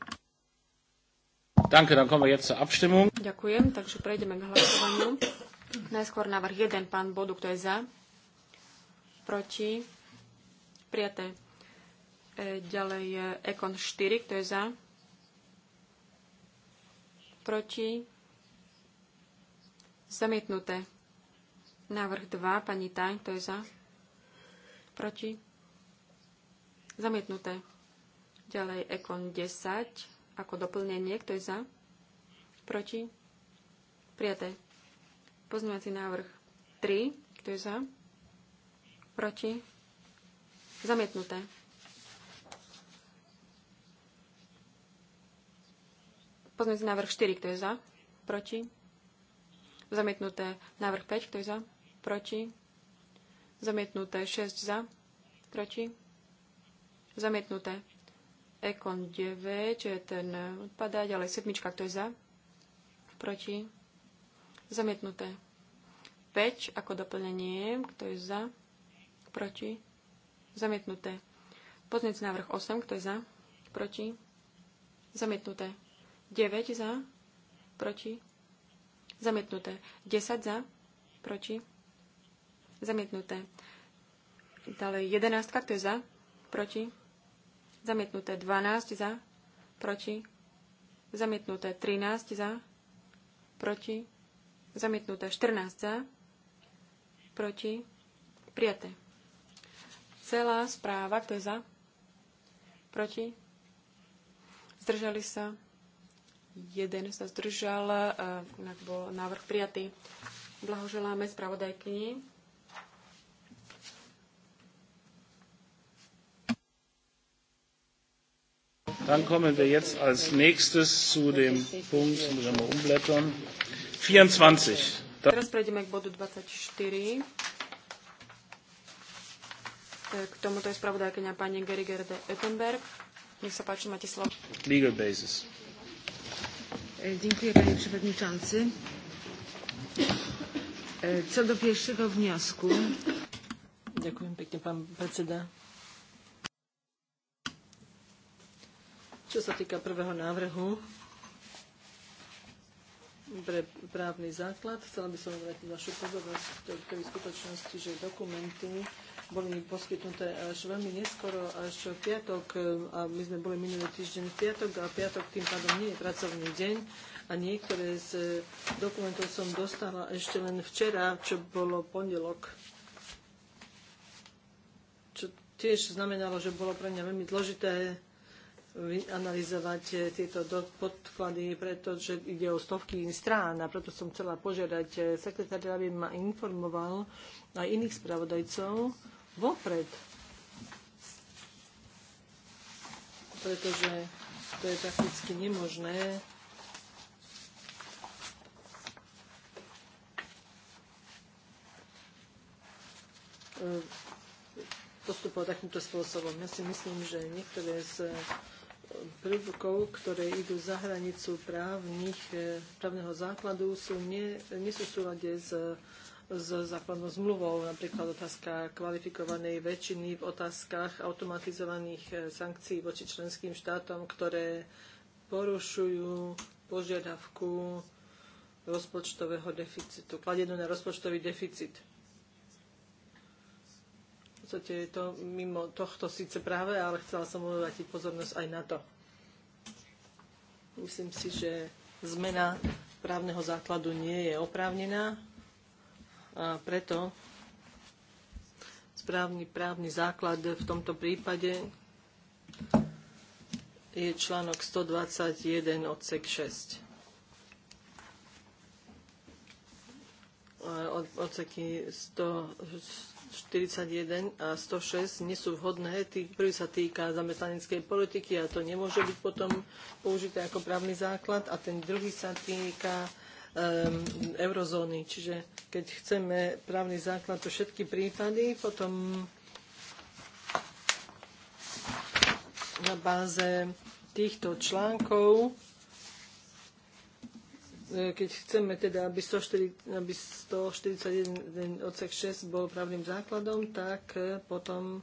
Danke, dann kommen wir jetzt zur Abstimmung. Ďakujem, takže prejdeme k hlasovaniu. Najskôr návrh 1, pán Bodu, kto je za? Proti? Prijaté. E, ďalej je Ekon 4, kto je za? Proti? Zamietnuté. Návrh 2, pani Taň, kto je za? Proti? Zamietnuté. Ďalej Ekon 10 ako doplnenie. Kto je za? Proti? Prijaté. Pozmeňovací návrh 3. Kto je za? Proti? Zamietnuté. Pozmeňovací návrh 4. Kto je za? Proti? Zamietnuté. Návrh 5. Kto je za? Proti? Zamietnuté 6 za. Proti? Zamietnuté. Ekon 9, čo je ten odpadá, ďalej sedmička, kto je za? Proti? Zamietnuté. 5 ako doplnenie, kto je za? Proti? Zamietnuté. Poznec návrh 8, kto je za? Proti? Zamietnuté. 9 za? Proti? Zamietnuté. 10 za? Proti? Zamietnuté. Ďalej 11, kto je za? Proti? Zamietnuté 12 za, proti. Zamietnuté 13 za, proti. Zamietnuté 14 za, proti. Prijaté. Celá správa, kto je za, proti. Zdržali sa. Jeden sa zdržal, eh, inak bol návrh prijatý. Blahoželáme spravodajkyni. Dann kommen wir jetzt als nächstes zu dem Punkt, muss ich mal umblättern, 24. Teraz prejdeme k bodu 24. E, k tomuto je spravodajkenia pani Geriger de Ettenberg. Nech sa páči, máte slovo. Legal basis. E, dziękuję panie przewodniczący. E, co do pierwszego wniosku. Ďakujem pekne, pán predseda. Čo sa týka prvého návrhu pre právny základ, chcela by som vrátiť vašu pozornosť k tej skutočnosti, že dokumenty boli poskytnuté až veľmi neskoro, až v piatok, a my sme boli minulý týždeň v piatok, a piatok tým pádom nie je pracovný deň a niektoré z dokumentov som dostala ešte len včera, čo bolo pondelok. Čo tiež znamenalo, že bolo pre mňa veľmi dôležité analyzovať eh, tieto podklady, pretože ide o stovky strán a preto som chcela požiadať eh, sekretára, aby ma informoval aj iných spravodajcov vopred. Pretože to je prakticky nemožné eh, postupovať takýmto spôsobom. Ja si myslím, že niektoré z prvkov, ktoré idú za hranicu právnych, eh, právneho základu, sú nie, nie sú s, s základnou zmluvou, napríklad otázka kvalifikovanej väčšiny v otázkach automatizovaných eh, sankcií voči členským štátom, ktoré porušujú požiadavku rozpočtového deficitu, kladenú na rozpočtový deficit podstate je to mimo tohto síce práve, ale chcela som obrátiť pozornosť aj na to. Myslím si, že zmena právneho základu nie je oprávnená a preto správny právny základ v tomto prípade je článok 121 odsek 6. odseky 100, 41 a 106 nie sú vhodné. Tý, prvý sa týka zamestnaneckej politiky a to nemôže byť potom použité ako právny základ. A ten druhý sa týka um, eurozóny. Čiže keď chceme právny základ pre všetky prípady, potom na báze týchto článkov E, keď chceme teda, aby, 104, aby 141 odsek 6 bol právnym základom, tak e, potom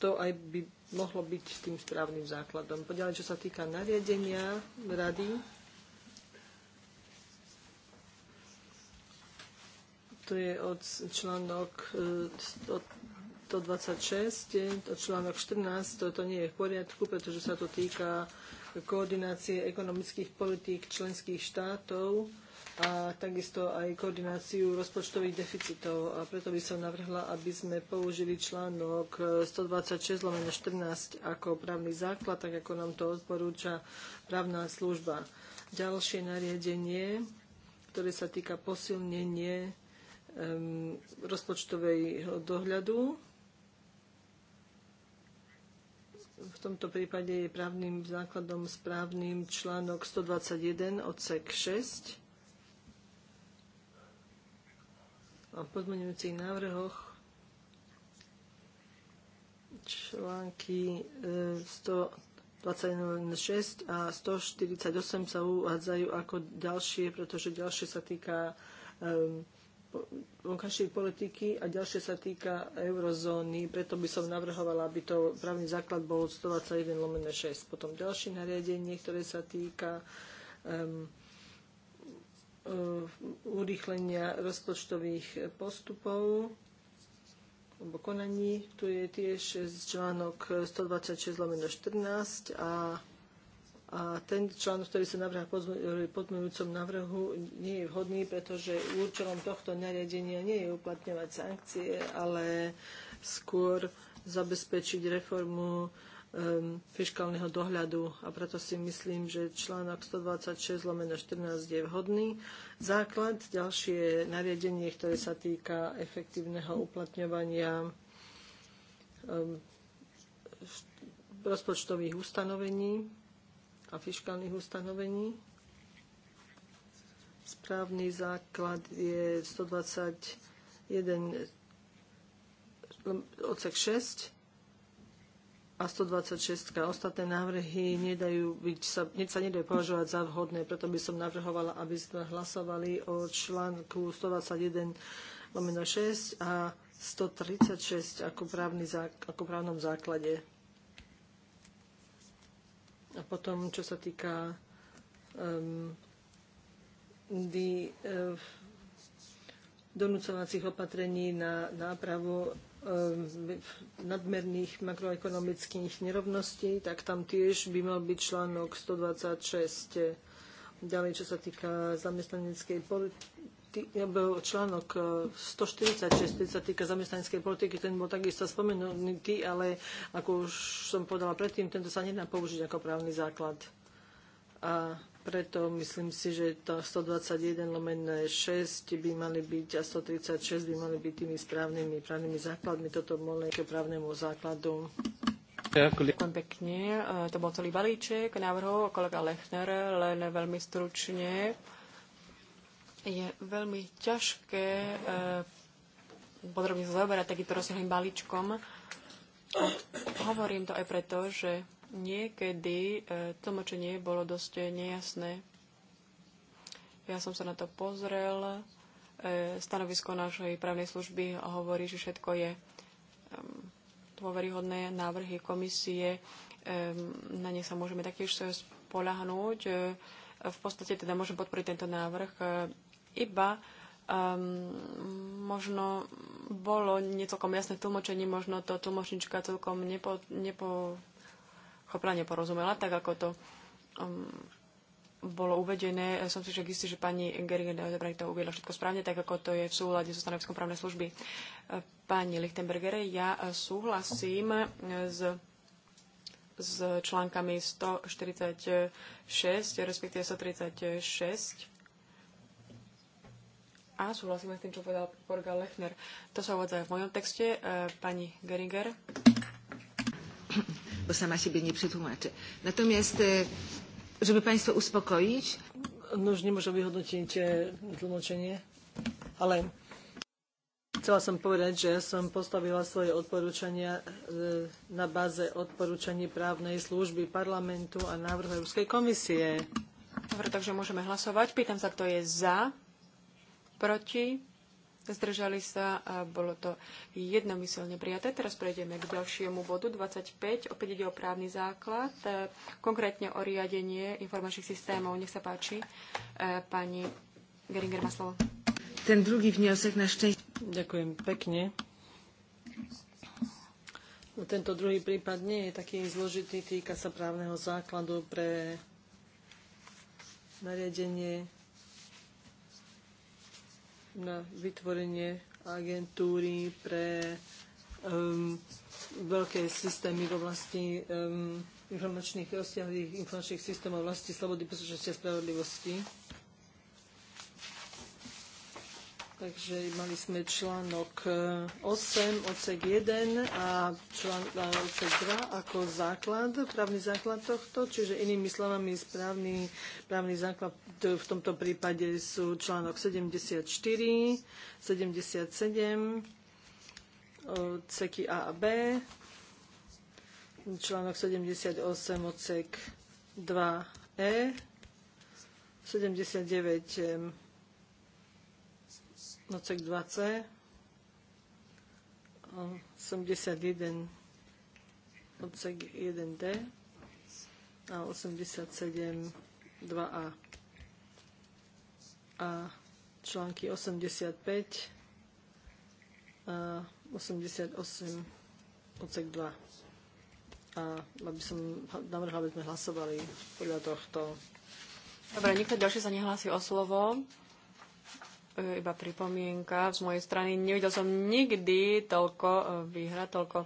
to aj by mohlo byť tým správnym základom. Poďalej, čo sa týka nariadenia rady, to je od článok 126, e, od článok 14, to, to nie je v poriadku, pretože sa to týka koordinácie ekonomických politík členských štátov a takisto aj koordináciu rozpočtových deficitov. A preto by som navrhla, aby sme použili článok 126 14 ako právny základ, tak ako nám to odporúča právna služba. Ďalšie nariadenie, ktoré sa týka posilnenie um, rozpočtovej dohľadu v tomto prípade je právnym základom správnym článok 121 odsek 6 o podmenujúcich návrhoch články 126 e, a 148 sa uvádzajú ako ďalšie, pretože ďalšie sa týka um, vonkajšej politiky a ďalšie sa týka eurozóny, preto by som navrhovala, aby to právny základ bol 121 lomene 6. Potom ďalšie nariadenie, ktoré sa týka um, urýchlenia rozpočtových postupov alebo konaní. Tu je tiež článok 126 lomeno 14 a a ten článok, ktorý sa navrhá podmienujúcom návrhu, nie je vhodný, pretože účelom tohto nariadenia nie je uplatňovať sankcie, ale skôr zabezpečiť reformu um, fiskálneho dohľadu a preto si myslím, že článok 126 lomeno 14 je vhodný. Základ, ďalšie nariadenie, ktoré sa týka efektívneho uplatňovania um, rozpočtových ustanovení a fiskálnych ustanovení. Správny základ je 121 odsek 6 a 126. Ostatné návrhy nedajú byť, sa, sa nedajú považovať za vhodné, preto by som navrhovala, aby sme hlasovali o článku 121 lomeno 6 a 136 ako, právny, ako právnom základe. A potom, čo sa týka um, di, uh, donúcovacích opatrení na nápravu nadmerných makroekonomických nerovností, tak tam tiež by mal byť článok 126. Ďalej, čo sa týka zamestnaneckej článok 146, e, ktorý sa týka zamestnaneckej politiky, ten bol takisto spomenutý, ale ako už som povedala predtým, tento sa nedá použiť ako právny základ. A preto myslím si, že to 121 lomené 6 by mali byť a 136 by mali byť tými správnymi právnymi základmi. Toto bolo nejaké právnemu základu. Ďakujem pekne. E, to bol celý balíček návrhov kolega Lechner, len veľmi stručne je veľmi ťažké e, podrobne sa zaoberať takýmto rozsiahlým balíčkom. hovorím to aj preto, že niekedy e, tlmočenie bolo dosť nejasné. Ja som sa na to pozrel. E, stanovisko našej právnej služby hovorí, že všetko je dôveryhodné návrhy komisie. Na ne sa môžeme taktiež spolahnúť. V podstate teda môžem podporiť tento návrh iba um, možno bolo necelkom jasné v tlmočení, možno to tlmočnička celkom nepo, nepo, chopra, neporozumela, tak ako to um, bolo uvedené. Som si však istý, že pani Geringer Odebraj to uviedla všetko správne, tak ako to je v súlade so stanoviskom právnej služby. E, pani Lichtenbergere, ja súhlasím s s článkami 146, respektíve 136 a súhlasíme s tým, čo povedal Porga Lechner. To sa uvádza aj v mojom texte. E, Pani Geringer. Bo sama siebie nie przetłumaczę. Natomiast, e, żeby Państwa uspokoić... No już nie może wyhodnotić e, tłumaczenie, ale Chcela som povedať, že som postavila svoje odporúčania e, na báze odporúčaní právnej služby parlamentu a návrhu Európskej komisie. Dobre, takže môžeme hlasovať. Pýtam sa, kto je za proti, zdržali sa a bolo to jednomyselne prijaté. Teraz prejdeme k ďalšiemu bodu 25. Opäť ide o právny základ, e, konkrétne o riadenie informačných systémov. Nech sa páči, e, pani Geringer má slovo. Ten druhý vniosek na šťastie. Ďakujem pekne. No, tento druhý prípad nie je taký zložitý, týka sa právneho základu pre nariadenie na vytvorenie agentúry pre um, veľké systémy v oblasti um, informačných rozsiahlých informačných systémov vlasti slobody, bezpečnosti a spravodlivosti. Takže mali sme článok 8, e, odsek 1 a článok e, odsek 2 ako základ, právny základ tohto. Čiže inými slovami, správny právny základ v tomto prípade sú článok 74, 77, odseky A a B, článok 78, odsek 2E, 79 nocek 2c, 81 odsek 1d a 87 2a a články 85 a 88 odsek 2. A aby som navrhla, aby sme hlasovali podľa tohto. Dobre, nikto ďalší sa nehlási o slovo iba pripomienka z mojej strany. Nevidel som nikdy toľko e, výhra, toľko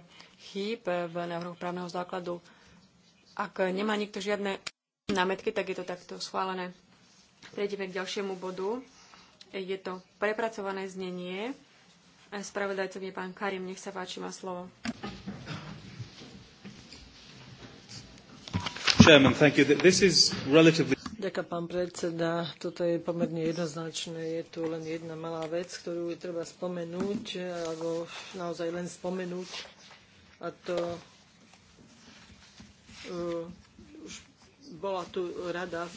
chýb e, v návrhu právneho základu. Ak nemá nikto žiadne námetky, tak je to takto schválené. Prejdeme k ďalšiemu bodu. Je to prepracované znenie. Spravodajcom je pán Karim. Nech sa páči, má slovo. Chairman, thank you. This is relatively pán predseda. Toto je pomerne jednoznačné. Je tu len jedna malá vec, ktorú je treba spomenúť, alebo naozaj len spomenúť. A to uh, už bola tu rada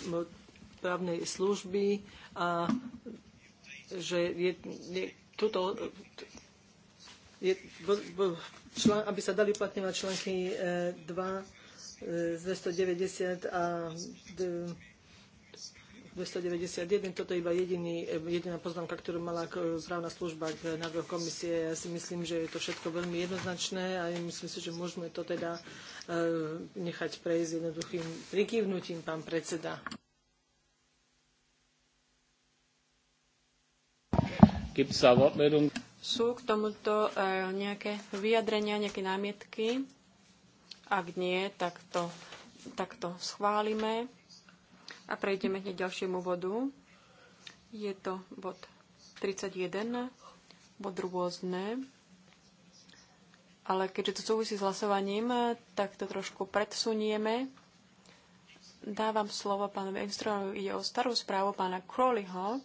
právnej služby a že je, je tuto, je, bo, bo, aby sa dali uplatňovať články 2, eh, 290 eh, a d, 291, toto je iba jediný, eh, jediná poznámka, ktorú mala zrávna služba k návrhu komisie. Ja si myslím, že je to všetko veľmi jednoznačné a myslím si, že môžeme to teda eh, nechať prejsť jednoduchým prikývnutím, pán predseda. Sú k tomuto eh, nejaké vyjadrenia, nejaké námietky? Ak nie, tak to, tak to schválime. A prejdeme hneď ďalšiemu bodu. Je to bod 31, bod rôzne. Ale keďže to súvisí s hlasovaním, tak to trošku predsunieme. Dávam slovo pánovi Engströmovi. Ide o starú správu pána Crowleyho,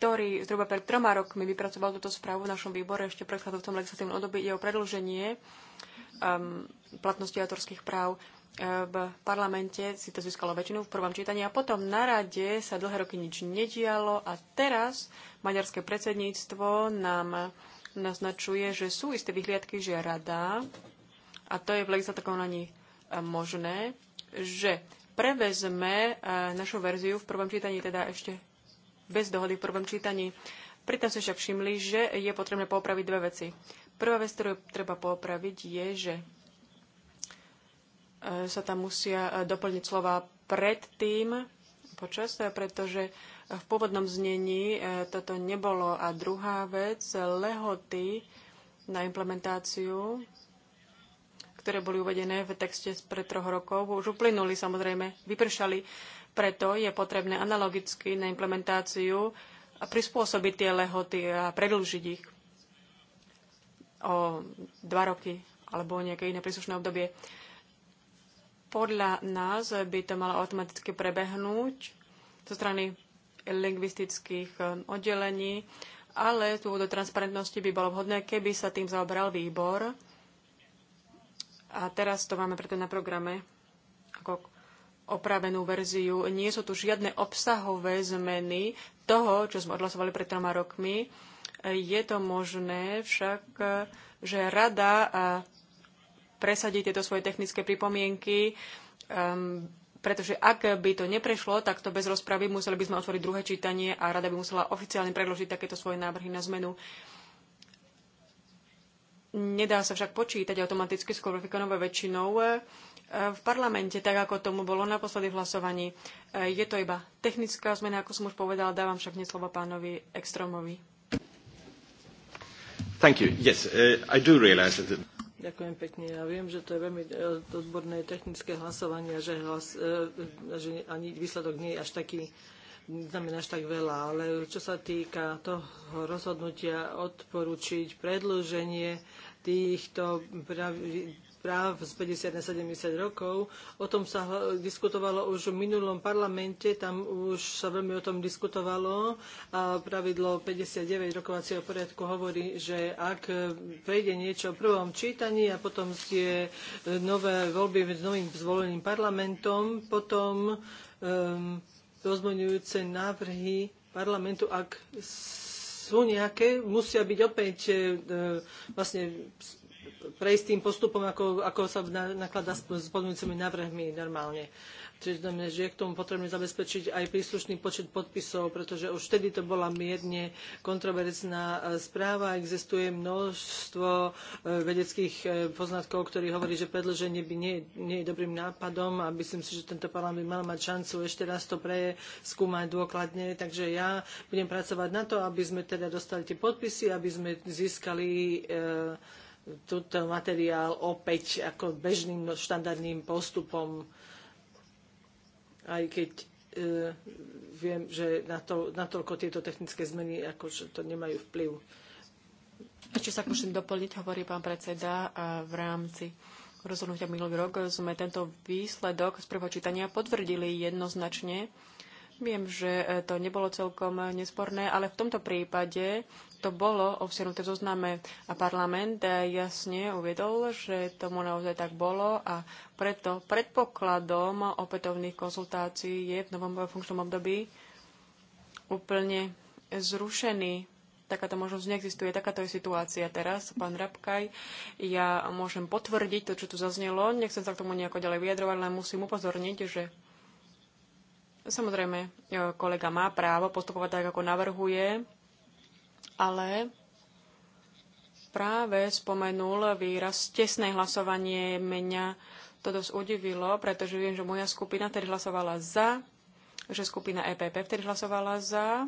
ktorý zhruba pred troma rokmi vypracoval túto správu v našom výbore ešte predchádzajúcom legislatívnom období. Je o predlženie um, platnosti autorských práv v parlamente si to získalo väčšinu v prvom čítaní a potom na rade sa dlhé roky nič nedialo a teraz maďarské predsedníctvo nám naznačuje, že sú isté vyhliadky, že rada, a to je v legislatívnom konaní e, možné, že prevezme e, našu verziu v prvom čítaní, teda ešte bez dohody v prvom čítaní. Pritom sme však všimli, že je potrebné popraviť dve veci. Prvá vec, ktorú treba popraviť, je, že E, sa tam musia e, doplniť slova predtým, počas, e, pretože v pôvodnom znení toto nebolo. A druhá vec, lehoty na implementáciu, ktoré boli uvedené v texte pre troch rokov, už uplynuli samozrejme, vypršali. Preto je potrebné analogicky na implementáciu a prispôsobiť tie lehoty a predlžiť ich o dva roky alebo nejaké iné príslušné obdobie. Uh, podľa nás by to malo automaticky prebehnúť zo strany lingvistických eh, oddelení, ale z dôvodu transparentnosti by bolo vhodné, keby sa tým zaoberal výbor. A teraz to máme preto na programe ako opravenú verziu. Nie sú tu žiadne obsahové zmeny toho, čo sme odhlasovali pred troma rokmi. Je to možné však, eh, že rada presadiť tieto svoje technické pripomienky, um, pretože ak by to neprešlo, tak to bez rozpravy museli by sme otvoriť druhé čítanie a rada by musela oficiálne predložiť takéto svoje návrhy na zmenu. Nedá sa však počítať automaticky s kvalifikovanou väčšinou e, v parlamente, tak ako tomu bolo naposledy v hlasovaní. E, je to iba technická zmena, ako som už povedala, dávam však dnes slovo pánovi Ekstromovi. Yes, uh, that... Ďakujem pekne. Ja viem, že to je veľmi e, odborné technické hlasovanie, že, hlas, e, že ani výsledok nie je až taký znamená až tak veľa, ale čo sa týka toho rozhodnutia odporúčiť predlženie týchto pravi, práv z 50 na 70 rokov. O tom sa diskutovalo už v minulom parlamente, tam už sa veľmi o tom diskutovalo a pravidlo 59 rokovacieho poriadku hovorí, že ak prejde niečo v prvom čítaní a potom tie nové voľby s novým zvoleným parlamentom, potom um, ehm, rozmoňujúce návrhy parlamentu, ak sú nejaké, musia byť opäť e, e vlastne prejsť tým postupom, ako, ako sa nakladá s podmienujúcimi návrhmi normálne. Čiže znamená, že je k tomu potrebné zabezpečiť aj príslušný počet podpisov, pretože už vtedy to bola mierne kontroverzná e, správa. Existuje množstvo e, vedeckých e, poznatkov, ktorí hovorí, že predlženie by nie, nie je dobrým nápadom a myslím si, že tento parlament mal mať šancu ešte raz to preskúmať dôkladne. Takže ja budem pracovať na to, aby sme teda dostali tie podpisy, aby sme získali e, túto materiál opäť ako bežným štandardným postupom, aj keď e, viem, že na to, natoľko tieto technické zmeny ako to nemajú vplyv. Ešte sa môžem doplniť, hovorí pán predseda, a v rámci rozhodnutia minulý rok sme tento výsledok z prvého čítania potvrdili jednoznačne Viem, že e, to nebolo celkom e, nesporné, ale v tomto prípade to bolo obsiahnuté zozname a parlament e, jasne uviedol, že tomu naozaj tak bolo a preto predpokladom opätovných konzultácií je v novom funkčnom období úplne zrušený. Takáto možnosť neexistuje, takáto je situácia teraz. Pán Rabkaj, ja môžem potvrdiť to, čo tu zaznelo. Nechcem sa k tomu nejako ďalej vyjadrovať, len musím upozorniť, že Samozrejme, e, kolega má právo postupovať tak, ako navrhuje, ale práve spomenul výraz tesné hlasovanie. Mňa to dosť udivilo, pretože viem, že moja skupina vtedy hlasovala za, že skupina EPP vtedy hlasovala za.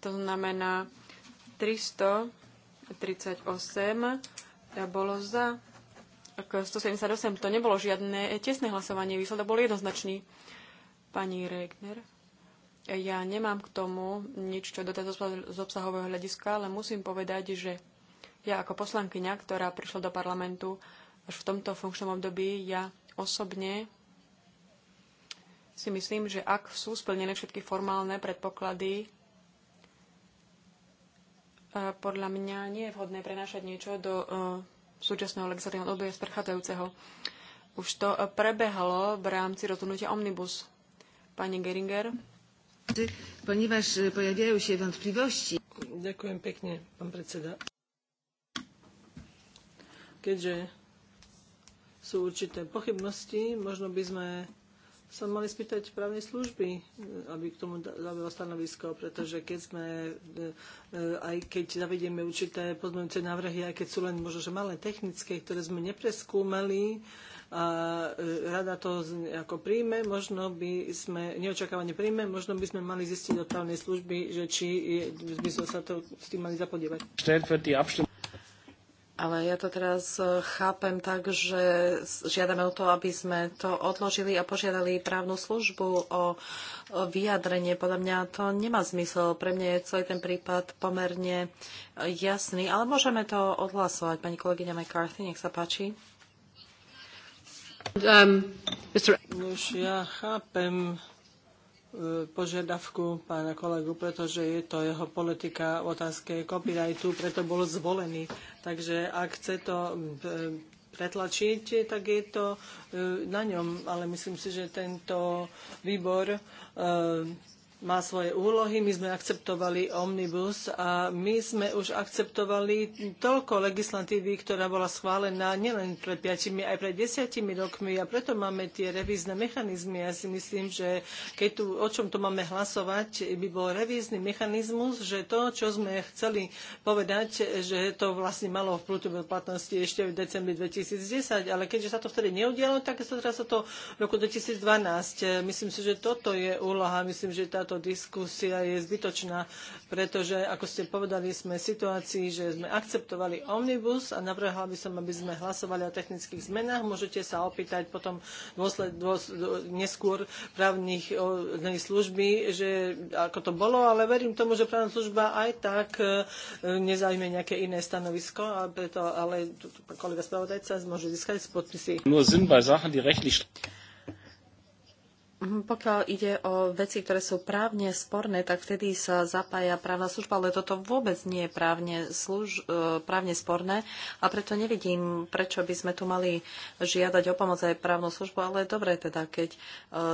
To znamená 338 e, bolo za 178. To nebolo žiadne tesné hlasovanie, výsledok bol jednoznačný. Pani Regner, ja nemám k tomu nič, čo dodať z obsahového hľadiska, ale musím povedať, že ja ako poslankyňa, ktorá prišla do parlamentu až v tomto funkčnom období, ja osobne si myslím, že ak sú splnené všetky formálne predpoklady, e, podľa mňa nie je vhodné prenášať niečo do e, súčasného legislatívneho obdobia z Už to prebehlo v rámci rozhodnutia Omnibus Pani Geringer. Ponieważ e, pojawiają się wątpliwości. Ďakujem pekne, pán predseda. Keďže sú určité pochybnosti, možno by sme sa mali spýtať právnej služby, e, aby k tomu zaujalo stanovisko, pretože keď sme, e, aj keď zavedieme určité pozmeňujúce návrhy, aj keď sú len možno, že malé technické, ktoré sme nepreskúmali, a e, rada to ako príjme, možno by sme, neočakávane príjme, možno by sme mali zistiť od právnej služby, že či by sme sa to s tým mali zapodievať. Ale ja to teraz e, chápem tak, že žiadame o to, aby sme to odložili a požiadali právnu službu o vyjadrenie. Podľa mňa to nemá zmysel. Pre mňa je celý ten prípad pomerne e, jasný, ale môžeme to odhlasovať. Pani kolegyňa McCarthy, nech sa páči. Um, Už ja chápem e, požiadavku pána kolegu, pretože je to jeho politika v otázke copyrightu, preto bol zvolený. Takže ak chce to e, pretlačiť, tak je to e, na ňom. Ale myslím si, že tento výbor má svoje úlohy, my sme akceptovali omnibus a my sme už akceptovali toľko legislatívy, ktorá bola schválená nielen pred piatimi, aj pred desiatimi rokmi a preto máme tie revízne mechanizmy. Ja si myslím, že keď tu, o čom tu máme hlasovať, by bol revízny mechanizmus, že to, čo sme chceli povedať, že to vlastne malo v prútu platnosti ešte v decembri 2010, ale keďže sa to vtedy neudialo, tak sa teraz sa to v roku 2012. Myslím si, že toto je úloha, myslím, že tá táto diskusia je zbytočná, pretože, ako ste povedali, sme v situácii, že sme akceptovali omnibus a navrhla by som, aby sme hlasovali o technických zmenách. Môžete sa opýtať potom dôsled, dôs, neskôr právnych služby, že ako to bolo, ale verím tomu, že právna služba aj tak e, nezaujme nejaké iné stanovisko, a preto, ale kolega spravodajca môže získať podpisy. Nur bei Sachen, die rechtlich Mhm, pokiaľ ide o veci, ktoré sú právne sporné, tak vtedy sa zapája právna služba, ale toto vôbec nie je právne, služ, e, právne sporné a preto nevidím, prečo by sme tu mali žiadať o pomoc aj právnu službu, ale dobre teda, keď e,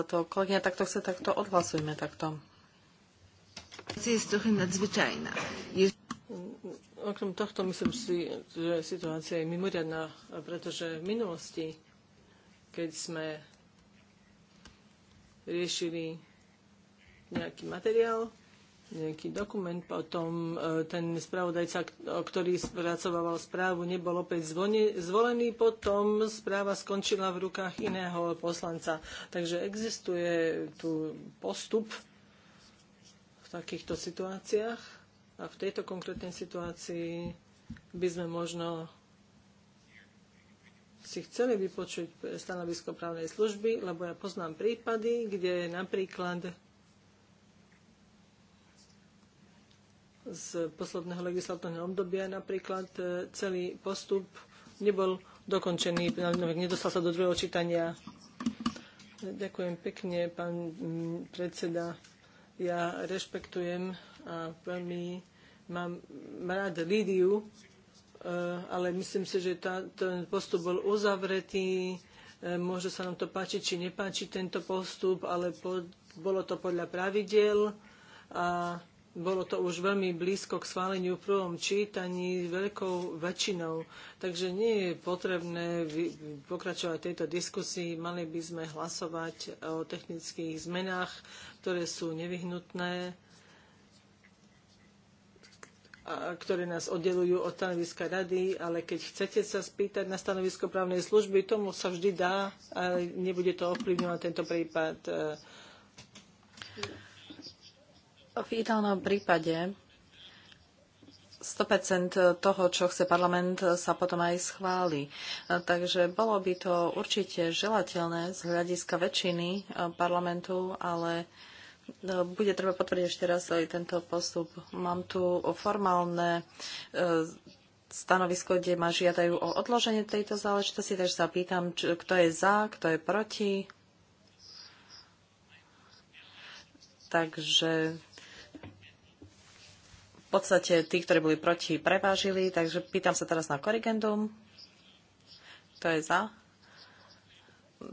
to kolegyňa takto chce, tak to odhlasujme takto. Okrem tohto myslím si, že situácia je mimoriadná, pretože v minulosti, keď sme riešili nejaký materiál, nejaký dokument, potom e, ten spravodajca, ktorý spracovával správu, nebol opäť zvolený, potom správa skončila v rukách iného poslanca. Takže existuje tu postup v takýchto situáciách a v tejto konkrétnej situácii by sme možno si chceli vypočuť stanovisko právnej služby, lebo ja poznám prípady, kde napríklad z posledného legislatívneho obdobia napríklad e, celý postup nebol dokončený, nedostal sa do druhého čítania. Ďakujem pekne, pán mm, predseda. Ja rešpektujem a veľmi mám rád Lídiu, Eh, ale myslím si, že tá, ten postup bol uzavretý. Eh, môže sa nám to páčiť či nepáčiť tento postup, ale po, bolo to podľa pravidel a bolo to už veľmi blízko k schváleniu v prvom čítaní veľkou väčšinou. Takže nie je potrebné pokračovať tejto diskusii. Mali by sme hlasovať o technických zmenách, ktoré sú nevyhnutné ktoré nás oddelujú od stanoviska rady, ale keď chcete sa spýtať na stanovisko právnej služby, tomu sa vždy dá, ale nebude to ovplyvňovať tento prípad. E. V ideálnom prípade 100% toho, čo chce parlament, sa potom aj schváli. E, takže bolo by to určite želateľné z hľadiska väčšiny e, parlamentu, ale E, bude treba potvrdiť ešte raz aj tento postup. Mám tu formálne e, stanovisko, kde ma žiadajú o odloženie tejto záležitosti, takže sa pýtam, či, kto je za, kto je proti. Takže v podstate tí, ktorí boli proti, prevážili, takže pýtam sa teraz na korigendum. Kto je za?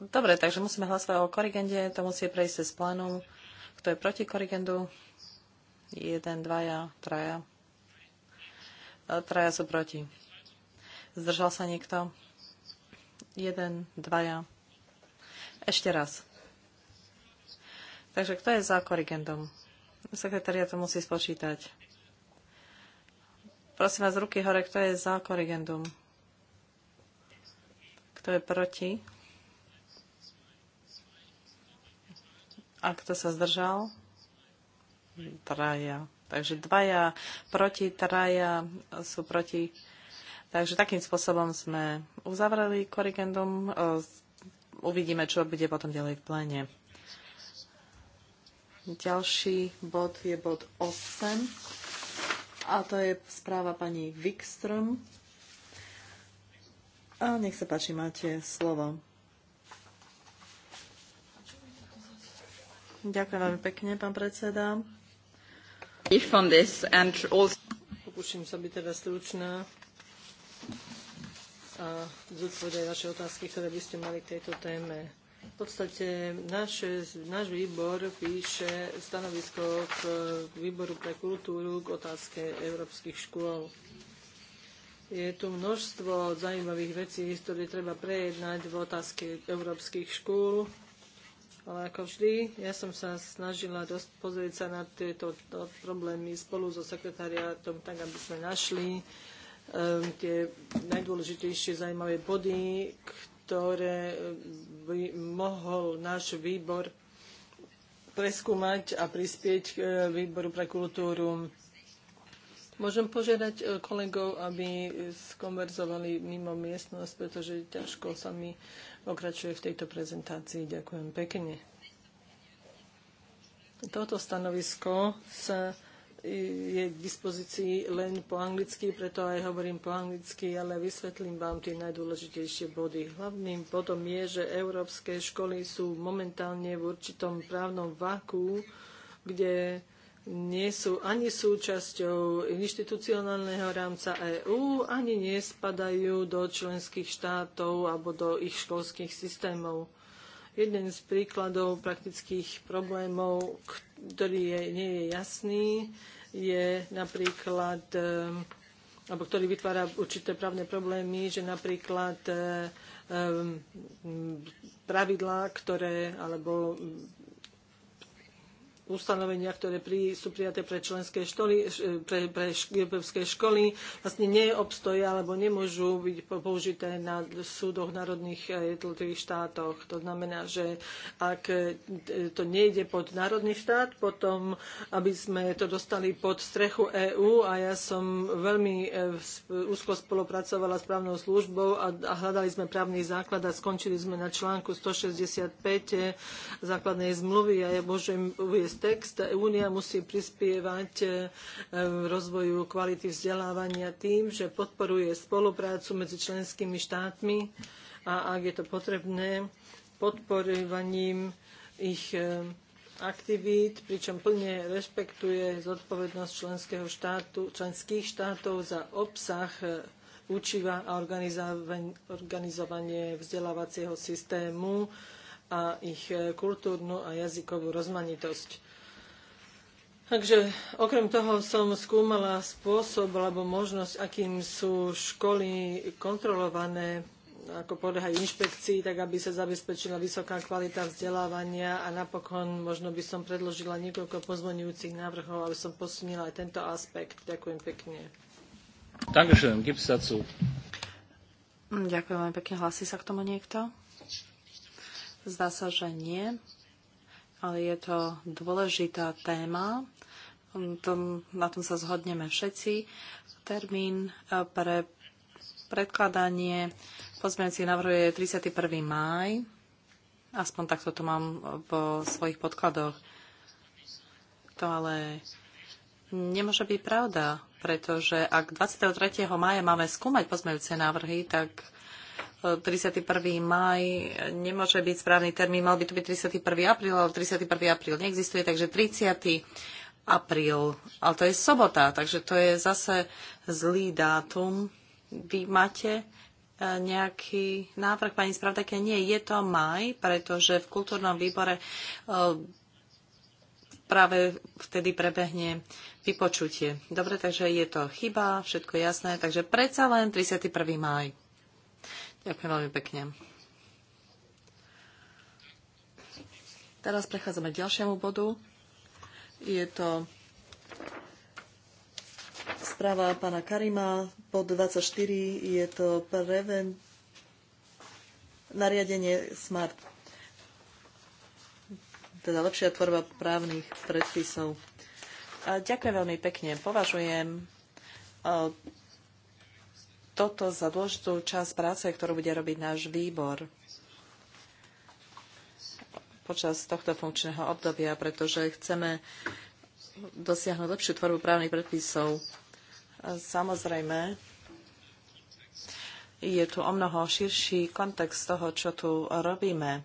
Dobre, takže musíme hlasovať o korigende, to musí prejsť cez plénum. Kto je proti korigendu? Jeden, dvaja, traja. E, traja sú proti. Zdržal sa niekto? Jeden, dvaja. Ešte raz. Takže kto je za korigendom? Sekretária to musí spočítať. Prosím vás, ruky hore, kto je za korigendum? Kto je proti? A kto sa zdržal? Traja. Takže dvaja proti, traja sú proti. Takže takým spôsobom sme uzavreli korigendum. E, uvidíme, čo bude potom ďalej v pléne. Ďalší bod je bod 8 a to je správa pani Wikström. A nech sa páči, máte slovo. Ďakujem veľmi pekne, pán predseda. Pokúsim sa byť teda stručná a zodpovedať vaše otázky, ktoré by ste mali k tejto téme. V podstate náš, náš výbor píše stanovisko k výboru pre kultúru k otázke európskych škôl. Je tu množstvo zaujímavých vecí, ktoré treba prejednať v otázke európskych škôl ale ako vždy, ja som sa snažila dosť pozrieť sa na tieto no, problémy spolu so sekretariátom, tak aby sme našli um, tie najdôležitejšie zaujímavé body, ktoré ehm, by mohol náš výbor preskúmať a prispieť k ehm, výboru pre kultúru Môžem požiadať e, kolegov, aby skonverzovali mimo miestnosť, pretože ťažko sa mi pokračuje v tejto prezentácii. Ďakujem pekne. Toto stanovisko sa e, je k dispozícii len po anglicky, preto aj hovorím po anglicky, ale vysvetlím vám tie najdôležitejšie body. Hlavným bodom je, že európske školy sú momentálne v určitom právnom vaku, kde nie sú ani súčasťou inštitucionálneho rámca EÚ, ani nespadajú do členských štátov alebo do ich školských systémov. Jeden z príkladov praktických problémov, ktorý je, nie je jasný, je napríklad, e, alebo ktorý vytvára určité právne problémy, že napríklad e, e, pravidlá, ktoré, alebo ustanovenia, ktoré pri, sú prijaté pre členské školy e, pre, pre európske školy, vlastne neobstoja alebo nemôžu byť použité na súdoch národných e, jednotlivých štátoch. To znamená, že ak e, to nejde pod národný štát, potom, aby sme to dostali pod strechu EÚ a ja som veľmi úzko spolupracovala s právnou službou a, a hľadali sme právny základ a skončili sme na článku 165 základnej zmluvy a ja môžem uviesť text. Únia musí prispievať e, v rozvoju kvality vzdelávania tým, že podporuje spoluprácu medzi členskými štátmi a ak je to potrebné, podporovaním ich e, aktivít, pričom plne rešpektuje zodpovednosť členského štátu, členských štátov za obsah e, učiva a organizovanie vzdelávacieho systému a ich kultúrnu a jazykovú rozmanitosť. Takže okrem toho som skúmala spôsob alebo možnosť, akým sú školy kontrolované ako podľahajú inšpekcii, tak aby sa zabezpečila vysoká kvalita vzdelávania a napokon možno by som predložila niekoľko pozvonujúcich návrhov, aby som posunila aj tento aspekt. Ďakujem pekne. Mm, ďakujem veľmi pekne. Hlasí sa k tomu niekto? Zdá sa, že nie, ale je to dôležitá téma Hm, tom, na tom sa zhodneme všetci. Termín e, pre predkladanie pozmeňujúcich návrhov je 31. máj. Aspoň takto to mám vo e, svojich podkladoch. To ale nemôže byť pravda, pretože ak 23. mája máme skúmať pozmeňujúce návrhy, tak 31. E, maj nemôže byť správny termín, mal by to byť 31. apríl, ale 31. apríl neexistuje, takže 30 apríl, ale to je sobota, takže to je zase zlý dátum. Vy máte e, nejaký návrh, pani spravodajka? Nie, je to maj, pretože v kultúrnom výbore e, práve vtedy prebehne vypočutie. Dobre, takže je to chyba, všetko jasné, takže predsa len 31. maj. Ďakujem veľmi pekne. Teraz prechádzame k ďalšiemu bodu. Je to správa pána Karima pod 24. Je to preven... nariadenie SMART. Teda lepšia tvorba právnych predpisov. Ďakujem veľmi pekne. Považujem e, toto za dôležitú časť práce, ktorú bude robiť náš výbor počas tohto funkčného obdobia, pretože chceme dosiahnuť lepšiu tvorbu právnych predpisov. Samozrejme, je tu o mnoho širší kontext toho, čo tu robíme.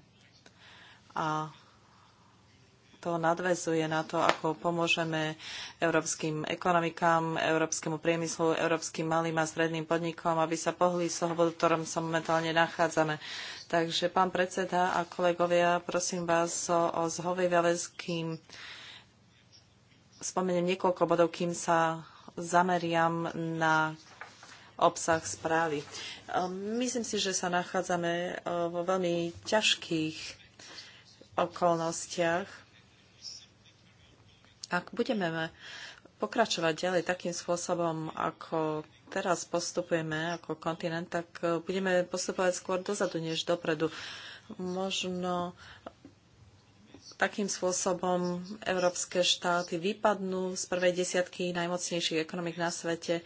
A to nadvezuje na to, ako pomôžeme európskym ekonomikám, európskemu priemyslu, európskym malým a stredným podnikom, aby sa pohli z toho, v ktorom sa momentálne nachádzame. Takže pán predseda a kolegovia, prosím vás o, o s kým spomeniem niekoľko bodov, kým sa zameriam na obsah správy. Ehm, myslím si, že sa nachádzame ehm, vo veľmi ťažkých okolnostiach. Ak budeme pokračovať ďalej takým spôsobom, ako teraz postupujeme ako kontinent, tak e, budeme postupovať skôr dozadu než dopredu. Možno takým spôsobom európske štáty vypadnú z prvej desiatky najmocnejších ekonomik na svete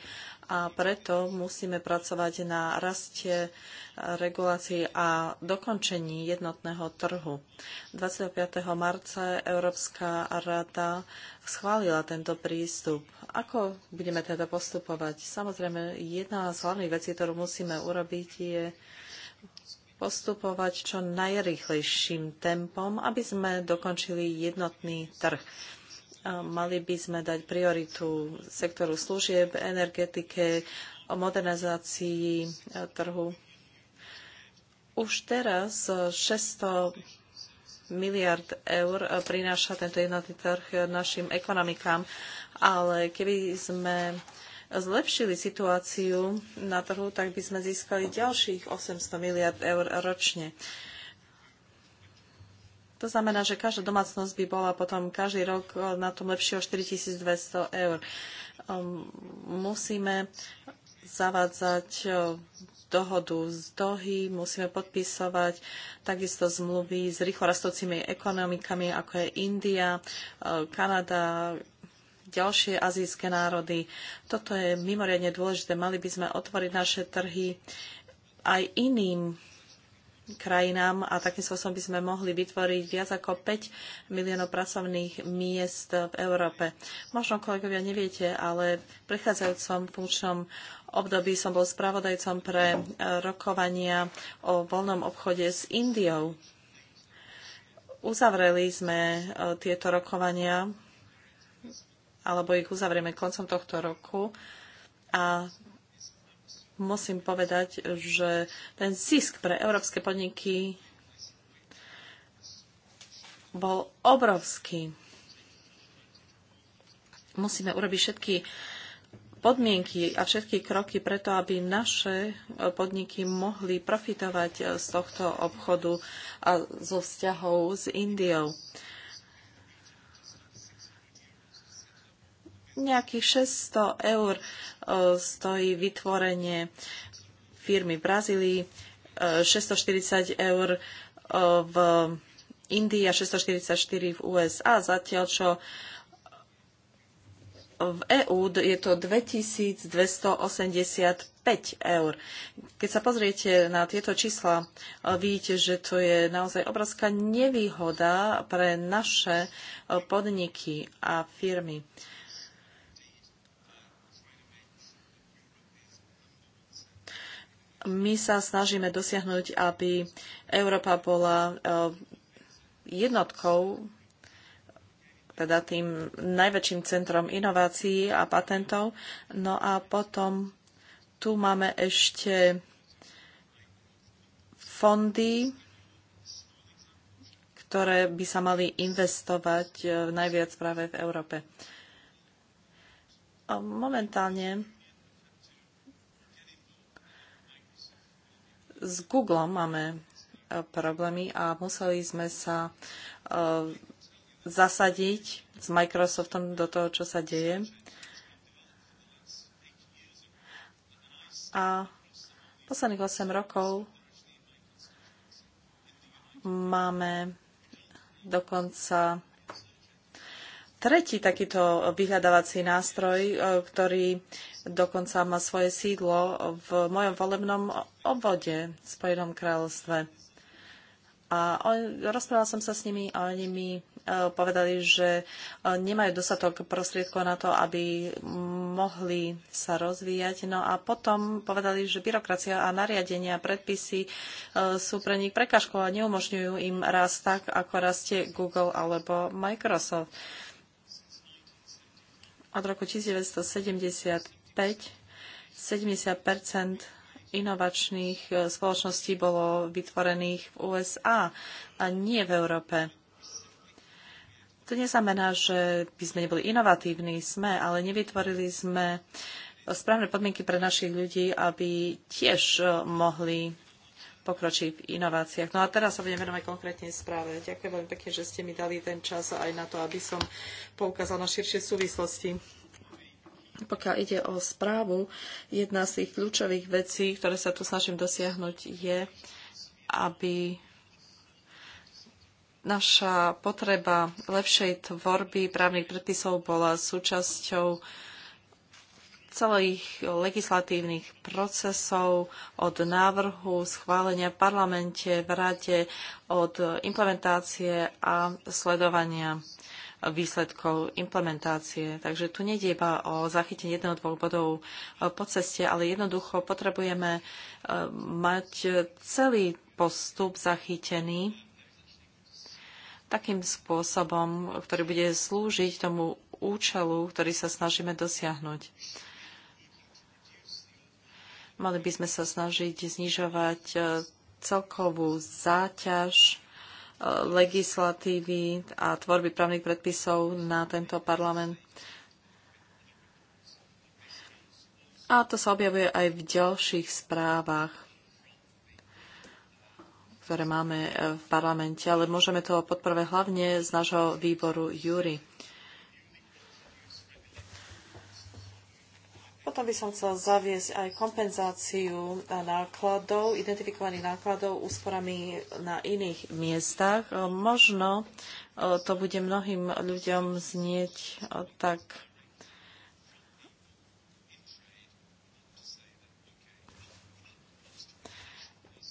a preto musíme pracovať na raste regulácií a dokončení jednotného trhu. 25. marca Európska rada schválila tento prístup ako budeme teda postupovať? Samozrejme, jedna z hlavných vecí, ktorú musíme urobiť, je postupovať čo najrychlejším tempom, aby sme dokončili jednotný trh. Mali by sme dať prioritu sektoru služieb, energetike, modernizácii e, trhu. Už teraz 600 miliard eur prináša tento jednotný trh našim ekonomikám ale keby sme zlepšili situáciu na trhu, tak by sme získali ďalších 800 miliard eur ročne. To znamená, že každá domácnosť by bola potom každý rok na tom lepšie o 4200 eur. Um, musíme zavádzať uh, dohodu z Dohy, musíme podpisovať takisto zmluvy s rýchlo rastúcimi ekonomikami, ako je India, uh, Kanada, ďalšie azijské národy. Toto je mimoriadne dôležité. Mali by sme otvoriť naše trhy aj iným krajinám a takým spôsobom by sme mohli vytvoriť viac ako 5 miliónov pracovných miest v Európe. Možno kolegovia neviete, ale v prechádzajúcom funkčnom období som bol spravodajcom pre e, rokovania o voľnom obchode s Indiou. Uzavreli sme e, tieto rokovania alebo ich uzavrieme koncom tohto roku. A musím povedať, že ten zisk pre európske podniky bol obrovský. Musíme urobiť všetky podmienky a všetky kroky preto, aby naše podniky mohli profitovať z tohto obchodu a zo vzťahov s Indiou. Nejakých 600 eur e, stojí vytvorenie firmy v Brazílii, 640 e, eur e, v Indii a 644 v USA, zatiaľ čo v EÚ je to 2285 eur. Keď sa pozriete na tieto čísla, vidíte, že to je naozaj obrovská nevýhoda pre naše podniky a firmy. my sa snažíme dosiahnuť, aby Európa bola e, jednotkou, teda tým najväčším centrom inovácií a patentov. No a potom tu máme ešte fondy, ktoré by sa mali investovať e, najviac práve v Európe. Momentálne S Google máme e, problémy a museli sme sa e, zasadiť s Microsoftom do toho, čo sa deje. A posledných 8 rokov máme dokonca tretí takýto vyhľadávací nástroj, e, ktorý dokonca má svoje sídlo v mojom volebnom obvode v Spojenom kráľovstve. A on, rozprával som sa s nimi a oni mi e, povedali, že e, nemajú dostatok prostriedkov na to, aby mohli sa rozvíjať. No a potom povedali, že byrokracia a nariadenia, predpisy e, sú pre nich prekažkou a neumožňujú im rast tak, ako rastie Google alebo Microsoft. Od roku 1970. 70 inovačných e, spoločností bolo vytvorených v USA a nie v Európe. To neznamená, že by sme neboli inovatívni, sme, ale nevytvorili sme správne podmienky pre našich ľudí, aby tiež e, mohli pokročiť v inováciách. No a teraz sa budeme venovať konkrétne správe. Ďakujem veľmi pekne, že ste mi dali ten čas aj na to, aby som poukázal na širšie súvislosti pokiaľ ide o správu, jedna z tých kľúčových vecí, ktoré sa tu snažím dosiahnuť, je, aby naša potreba lepšej tvorby právnych predpisov bola súčasťou celých legislatívnych procesov, od návrhu, schválenia v parlamente, v rade, od implementácie a sledovania výsledkov implementácie. Takže tu nejde iba o zachytenie jedného, dvoch bodov e, po ceste, ale jednoducho potrebujeme e, mať celý postup zachytený takým spôsobom, ktorý bude slúžiť tomu účelu, ktorý sa snažíme dosiahnuť. Mali by sme sa snažiť znižovať e, celkovú záťaž legislatívy a tvorby právnych predpisov na tento parlament. A to sa objavuje aj v ďalších správach, ktoré máme v parlamente, ale môžeme to podporovať hlavne z nášho výboru Júri. Potom by som chcel zaviesť aj kompenzáciu nákladov, identifikovaných nákladov úsporami na iných miestach. E, možno e, to bude mnohým ľuďom znieť e, tak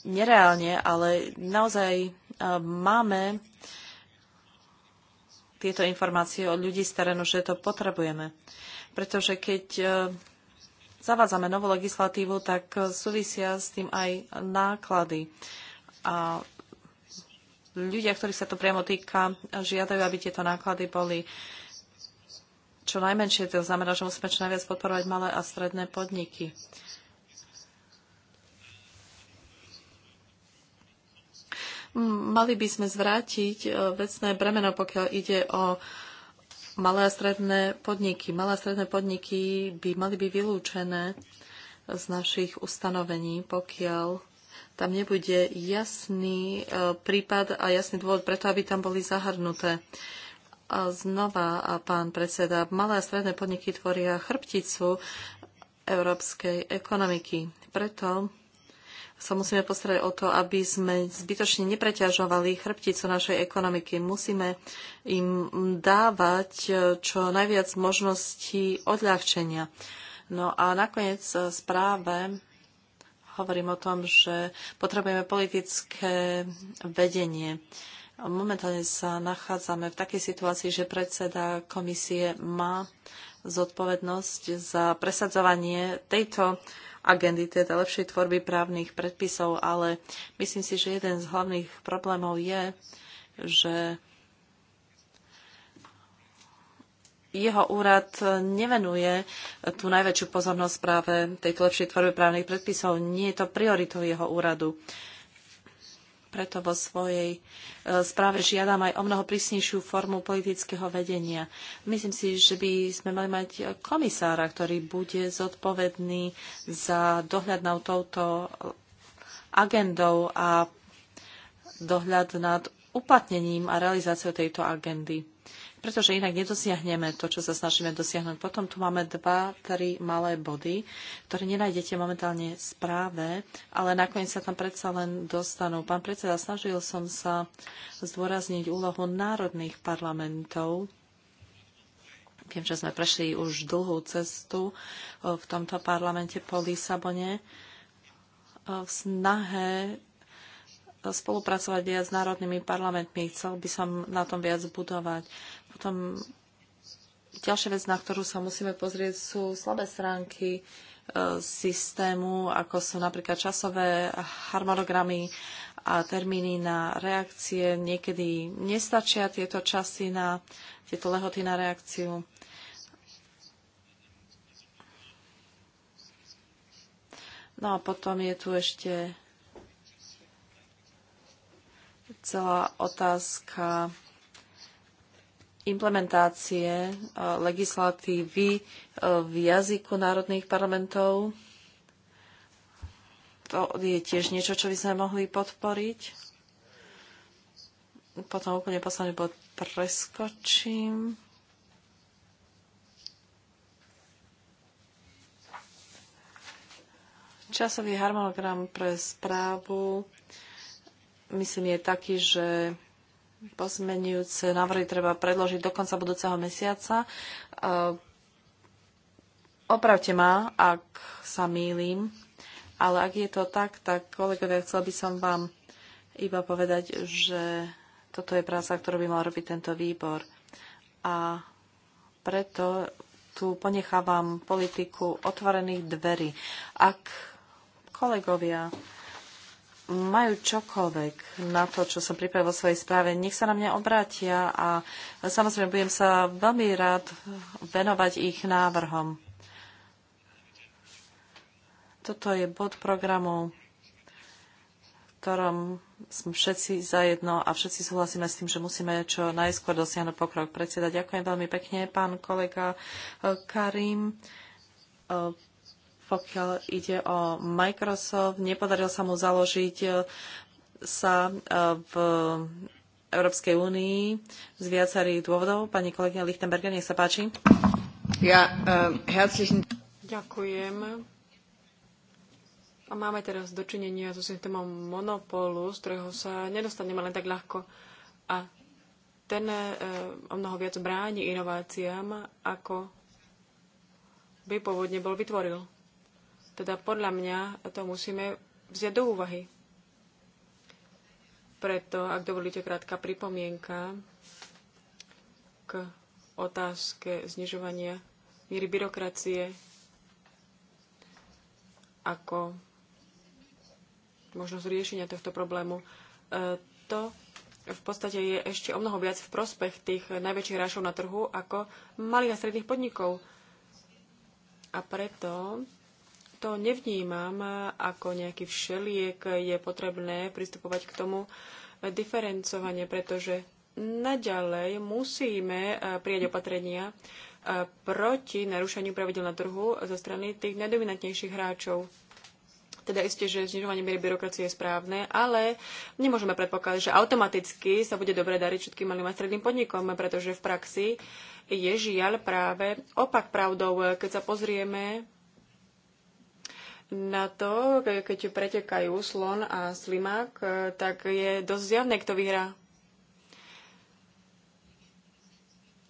nereálne, ale naozaj máme tieto informácie od ľudí z terénu, že to potrebujeme. Pretože keď zavádzame novú legislatívu, tak súvisia s tým aj náklady. A ľudia, ktorí sa to priamo týka, žiadajú, aby tieto náklady boli čo najmenšie. To znamená, že musíme čo najviac podporovať malé a stredné podniky. Mali by sme zvrátiť e, vecné bremeno, pokiaľ ide o malé a stredné podniky. Malé a stredné podniky by mali byť vylúčené z našich ustanovení, pokiaľ tam nebude jasný e, prípad a jasný dôvod preto, aby tam boli zahrnuté. A znova, a pán predseda, malé a stredné podniky tvoria chrbticu európskej ekonomiky. Preto sa musíme postarať o to, aby sme zbytočne nepreťažovali chrbticu našej ekonomiky. Musíme im dávať e, čo najviac možností odľahčenia. No a nakoniec e, správe hovorím o tom, že potrebujeme politické vedenie. Momentálne sa nachádzame v takej situácii, že predseda komisie má zodpovednosť za presadzovanie tejto agendy, teda lepšej tvorby právnych predpisov, ale myslím si, že jeden z hlavných problémov je, že jeho úrad nevenuje tú najväčšiu pozornosť práve tejto lepšej tvorby právnych predpisov. Nie je to prioritou jeho úradu. Uh, preto vo svojej e, správe žiadam aj o mnoho prísnejšiu formu politického vedenia. Myslím si, že by sme mali mať komisára, ktorý bude zodpovedný za dohľad nad touto agendou a dohľad nad uplatnením a realizáciou tejto agendy pretože inak nedosiahneme to, čo sa snažíme dosiahnuť. Potom tu máme dva, tri malé body, ktoré nenájdete momentálne správe, ale nakoniec sa tam predsa len dostanú. Pán predseda, snažil som sa zdôrazniť úlohu národných parlamentov. Viem, že sme prešli už dlhú cestu eh, v tomto parlamente po Lisabone eh, v snahe eh, spolupracovať viac s národnými parlamentmi. Chcel by som na tom viac budovať. Potom ďalšia vec, na ktorú sa musíme pozrieť, sú slabé stránky e, systému, ako sú napríklad časové harmonogramy a termíny na reakcie. Niekedy nestačia tieto časy na tieto lehoty na reakciu. No a potom je tu ešte celá otázka implementácie e, legislatívy e, v jazyku národných parlamentov. To je tiež niečo, čo by sme mohli podporiť. Potom úplne posledný bod preskočím. Časový harmonogram pre správu myslím je taký, že Pozmenujúce návrhy treba predložiť do konca budúceho mesiaca. E, opravte ma, ak sa mýlim, ale ak je to tak, tak kolegovia, chcel by som vám iba povedať, že toto je práca, ktorú by mal robiť tento výbor. A preto tu ponechávam politiku otvorených dverí. Ak kolegovia majú čokoľvek na to, čo som pripravil vo svojej správe, nech sa na mňa obrátia a samozrejme budem sa veľmi rád venovať ich návrhom. Toto je bod programu, v ktorom sme všetci zajedno a všetci súhlasíme s tým, že musíme čo najskôr dosiahnuť pokrok. Predseda, ďakujem veľmi pekne, pán kolega eh, Karim eh, pokiaľ ide o Microsoft, nepodarilo sa mu založiť e, sa e, v Európskej únii z viacerých dôvodov. Pani kolegyňa Lichtenberger, nech sa páči. Ja, e, herzlichen... Ďakujem. A máme teraz dočinenia so systémom monopolu, z ktorého sa nedostaneme len tak ľahko. A ten e, o mnoho viac bráni inováciám, ako by pôvodne bol vytvoril. Teda podľa mňa to musíme vziať do úvahy. Preto, ak dovolíte krátka pripomienka k otázke znižovania míry byrokracie ako možnosť riešenia tohto problému. E, to v podstate je ešte o mnoho viac v prospech tých najväčších hráčov na trhu ako malých a stredných podnikov. A preto to nevnímam ako nejaký všeliek. Je potrebné pristupovať k tomu diferencovanie, pretože naďalej musíme eh, prijať opatrenia eh, proti narušeniu pravidel na trhu zo strany tých najdominantnejších hráčov. Teda isté, že znižovanie miery byrokracie je správne, ale nemôžeme predpokladať, že automaticky sa bude dobre dariť všetkým malým a stredným podnikom, pretože v praxi je žiaľ práve opak pravdou. Keď sa pozrieme na to, keď pretekajú slon a slimák, e, tak je dosť zjavné, kto vyhrá.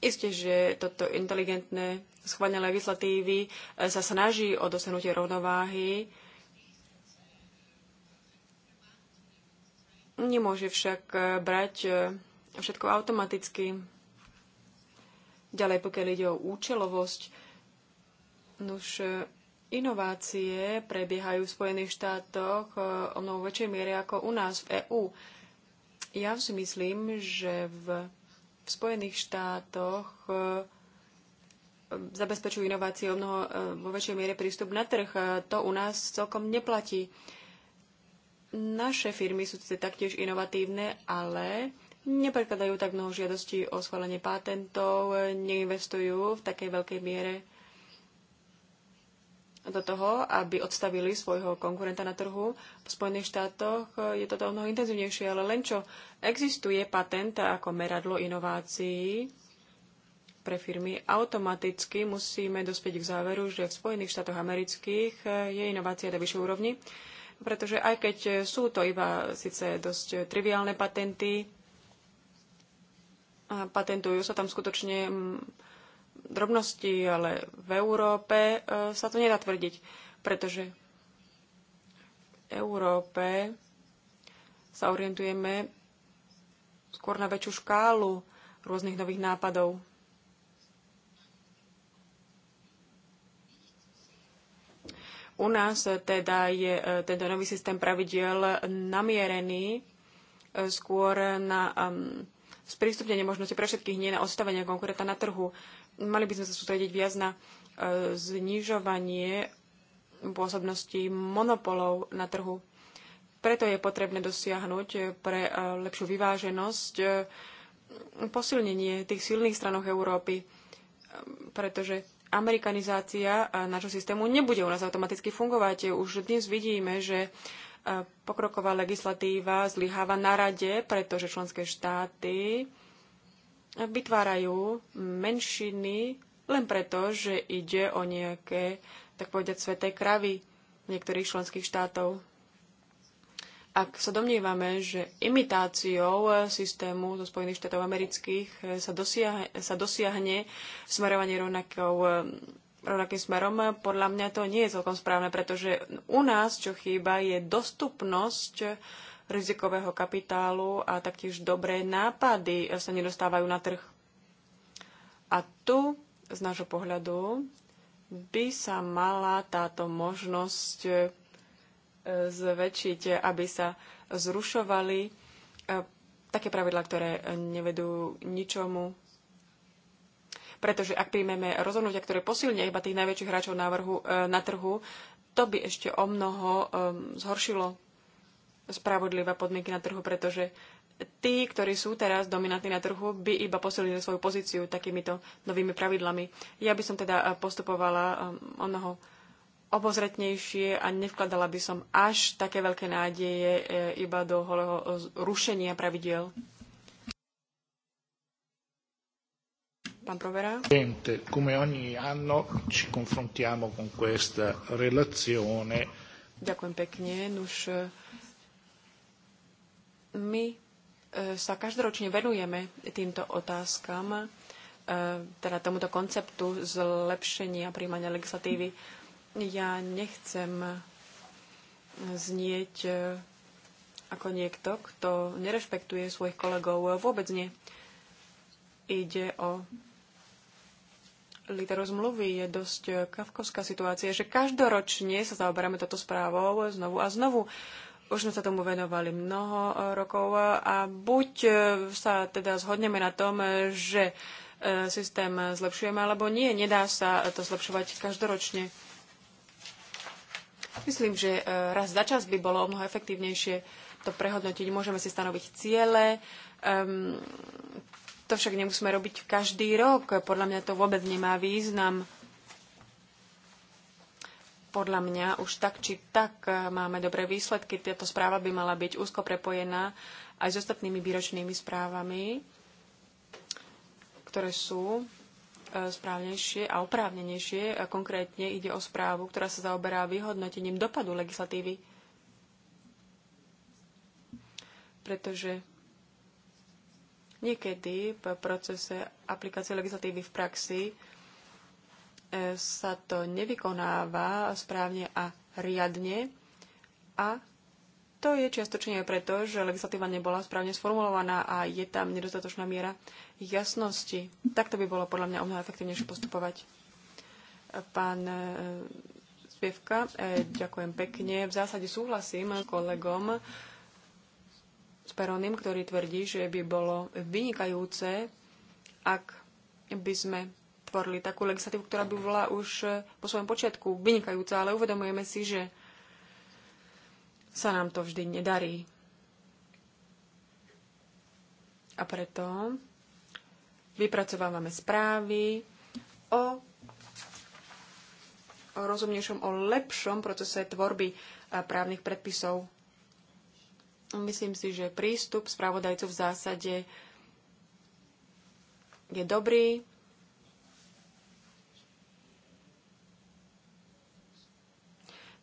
Isté, že toto inteligentné schválenie legislatívy e, sa snaží o dosiahnutie rovnováhy. Nemôže však e, brať všetko automaticky. Ďalej, pokiaľ ide o účelovosť, už Inovácie prebiehajú v Spojených štátoch e, o mnoho väčšej miere ako u nás v EÚ. Ja si myslím, že v, v Spojených štátoch e, zabezpečujú inovácie o mnoho e, vo väčšej miere prístup na trh. To u nás celkom neplatí. Naše firmy sú taktiež inovatívne, ale neprekladajú tak mnoho žiadostí o schválenie patentov, neinvestujú v takej veľkej miere do toho, aby odstavili svojho konkurenta na trhu. V Spojených štátoch eh, je toto mnoho intenzívnejšie, ale len čo existuje patent ako meradlo inovácií pre firmy, automaticky musíme dospieť k záveru, že v Spojených štátoch amerických eh, je inovácia na vyššej úrovni, pretože aj keď sú to iba síce dosť triviálne patenty, patentujú sa tam skutočne mm, drobnosti, ale v Európe e, sa to nedá tvrdiť, pretože v Európe sa orientujeme skôr na väčšiu škálu rôznych nových nápadov. U nás teda je e, tento nový systém pravidiel namierený e, skôr na um, sprístupnenie možnosti pre všetkých, nie na odstavenie konkurenta na trhu. Mali by sme sa sústrediť viac na e, znižovanie pôsobnosti monopolov na trhu. Preto je potrebné dosiahnuť pre e, lepšiu vyváženosť e, posilnenie tých silných stranoch Európy, pretože amerikanizácia nášho systému nebude u nás automaticky fungovať. Už dnes vidíme, že pokroková legislatíva zlyháva na rade, pretože členské štáty vytvárajú menšiny len preto, že ide o nejaké, tak povedať, sveté kravy niektorých členských štátov. Ak sa domnievame, že imitáciou systému zo Spojených štátov amerických sa dosiahne, sa dosiahne smerovanie rovnakou rovnakým smerom. Podľa mňa to nie je celkom správne, pretože u nás, čo chýba, je dostupnosť rizikového kapitálu a taktiež dobré nápady sa nedostávajú na trh. A tu, z nášho pohľadu, by sa mala táto možnosť e, zväčšiť, aby sa zrušovali e, také pravidla, ktoré nevedú ničomu pretože ak príjmeme rozhodnutia, ktoré posilnia iba tých najväčších hráčov na, vrhu, e, na trhu, to by ešte o mnoho e, zhoršilo spravodlivé podmienky na trhu, pretože tí, ktorí sú teraz dominantní na trhu, by iba posilnili svoju pozíciu takýmito novými pravidlami. Ja by som teda e, postupovala o mnoho obozretnejšie a nevkladala by som až také veľké nádeje iba do holého rušenia pravidiel. Pán Provera. Presidente, come ogni anno ci confrontiamo con questa relazione. Ďakujem pekne. Nuž, my eh, sa každoročne venujeme týmto otázkam, eh, teda tomuto konceptu zlepšenia príjmania legislatívy. Ja nechcem znieť eh, ako niekto, kto nerešpektuje svojich kolegov. Vôbec nie. Ide o literu zmluvy je dosť eh, kafkovská situácia, že každoročne sa zaoberáme toto správou znovu a znovu. Už sme sa tomu venovali mnoho eh, rokov a buď eh, sa teda zhodneme na tom, že systém zlepšujeme, alebo nie, nedá sa to zlepšovať každoročne. Myslím, že raz za čas by bolo o mnoho efektívnejšie to prehodnotiť. Môžeme si stanoviť ciele, ehm, to však nemusíme robiť každý rok. Podľa mňa to vôbec nemá význam. Podľa mňa už tak či tak e, máme dobré výsledky. Táto správa by mala byť úzko prepojená aj s ostatnými výročnými správami, ktoré sú e, správnejšie a oprávnenejšie. Konkrétne ide o správu, ktorá sa zaoberá vyhodnotením dopadu legislatívy. Pretože Niekedy v procese aplikácie legislatívy v praxi e, sa to nevykonáva správne a riadne a to je čiastočne aj preto, že legislatíva nebola správne sformulovaná a je tam nedostatočná miera jasnosti. Tak to by bolo podľa mňa o mnoho efektívnejšie postupovať. Pán Spievka, e, e, ďakujem pekne. V zásade súhlasím s kolegom s Peronim, ktorý tvrdí, že by bolo vynikajúce, ak by sme tvorili takú legislatívu, ktorá by bola už eh, po svojom počiatku vynikajúca, ale uvedomujeme si, že sa nám to vždy nedarí. A preto vypracovávame správy o, o rozumnejšom, o lepšom procese tvorby eh, právnych predpisov Myslím si, že prístup spravodajcu v zásade je dobrý.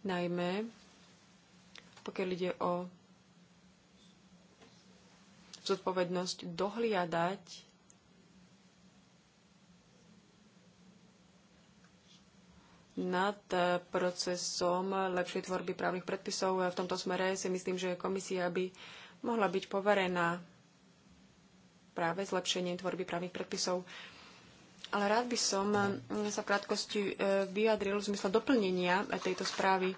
Najmä pokiaľ ide o zodpovednosť dohliadať nad eh, procesom lepšej tvorby právnych predpisov. V tomto smere si myslím, že komisia by mohla byť poverená práve zlepšením tvorby právnych predpisov. Ale rád by som eh, sa v krátkosti eh, vyjadril v zmysle doplnenia tejto správy.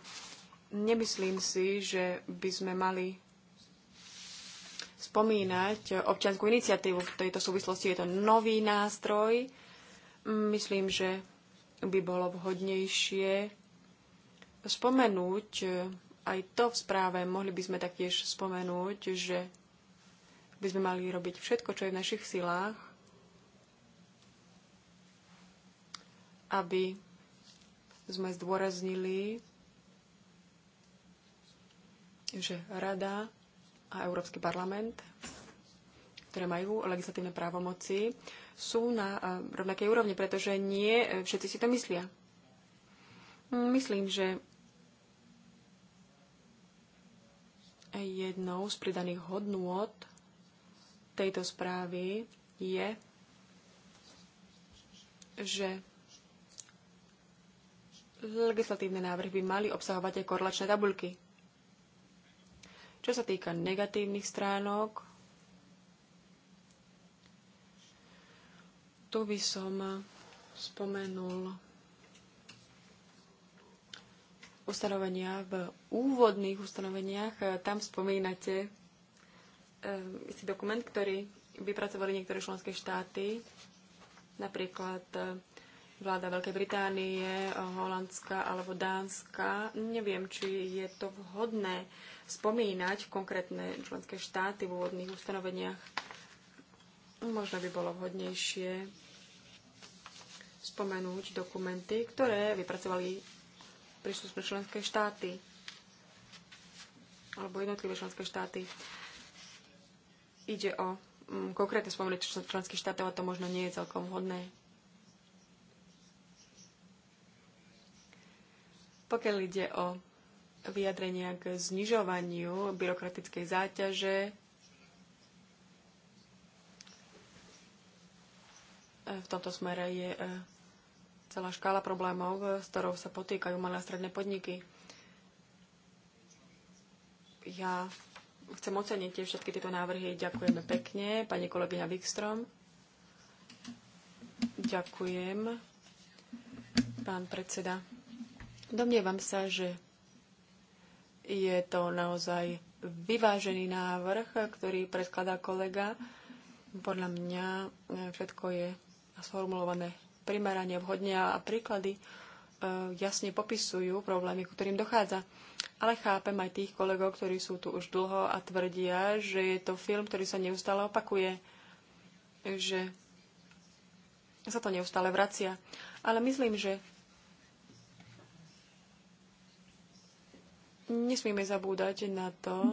Nemyslím si, že by sme mali spomínať občianskú iniciatívu. V tejto súvislosti je to nový nástroj. Myslím, že by bolo vhodnejšie spomenúť e, aj to v správe. Mohli by sme taktiež spomenúť, že by sme mali robiť všetko, čo je v našich silách, aby sme zdôraznili, že Rada a Európsky parlament, ktoré majú legislatívne právomoci, sú na rovnakej úrovni, pretože nie e, všetci si to myslia. Myslím, že jednou z pridaných hodnôt tejto správy je, že legislatívne návrhy by mali obsahovať aj korlačné tabulky. Čo sa týka negatívnych stránok, Tu by som spomenul ustanovenia v úvodných ustanoveniach. Tam spomínate eh, istý dokument, ktorý vypracovali niektoré členské štáty, napríklad eh, vláda Veľkej Británie, eh, Holandska alebo Dánska. Neviem, či je to vhodné spomínať konkrétne členské štáty v úvodných ustanoveniach. Možno by bolo vhodnejšie spomenúť dokumenty, ktoré vypracovali príslušné členské štáty alebo jednotlivé členské štáty. Ide o mm, konkrétne spomenúť členských štátov a to možno nie je celkom vhodné. Pokiaľ ide o vyjadrenia k znižovaniu byrokratickej záťaže, E, v tomto smere je e, celá škála problémov, e, s ktorou sa potýkajú malé a stredné podniky. Ja chcem oceniť tie všetky tieto návrhy. Ďakujeme pekne, pani kolegyňa Wikstrom. Ďakujem, pán predseda. Domnievam sa, že je to naozaj vyvážený návrh, ktorý predkladá kolega. Podľa mňa všetko je sformulované primerane, vhodne a príklady e, jasne popisujú problémy, ku ktorým dochádza. Ale chápem aj tých kolegov, ktorí sú tu už dlho a tvrdia, že je to film, ktorý sa neustále opakuje, že sa to neustále vracia. Ale myslím, že Nesmíme zabúdať na to,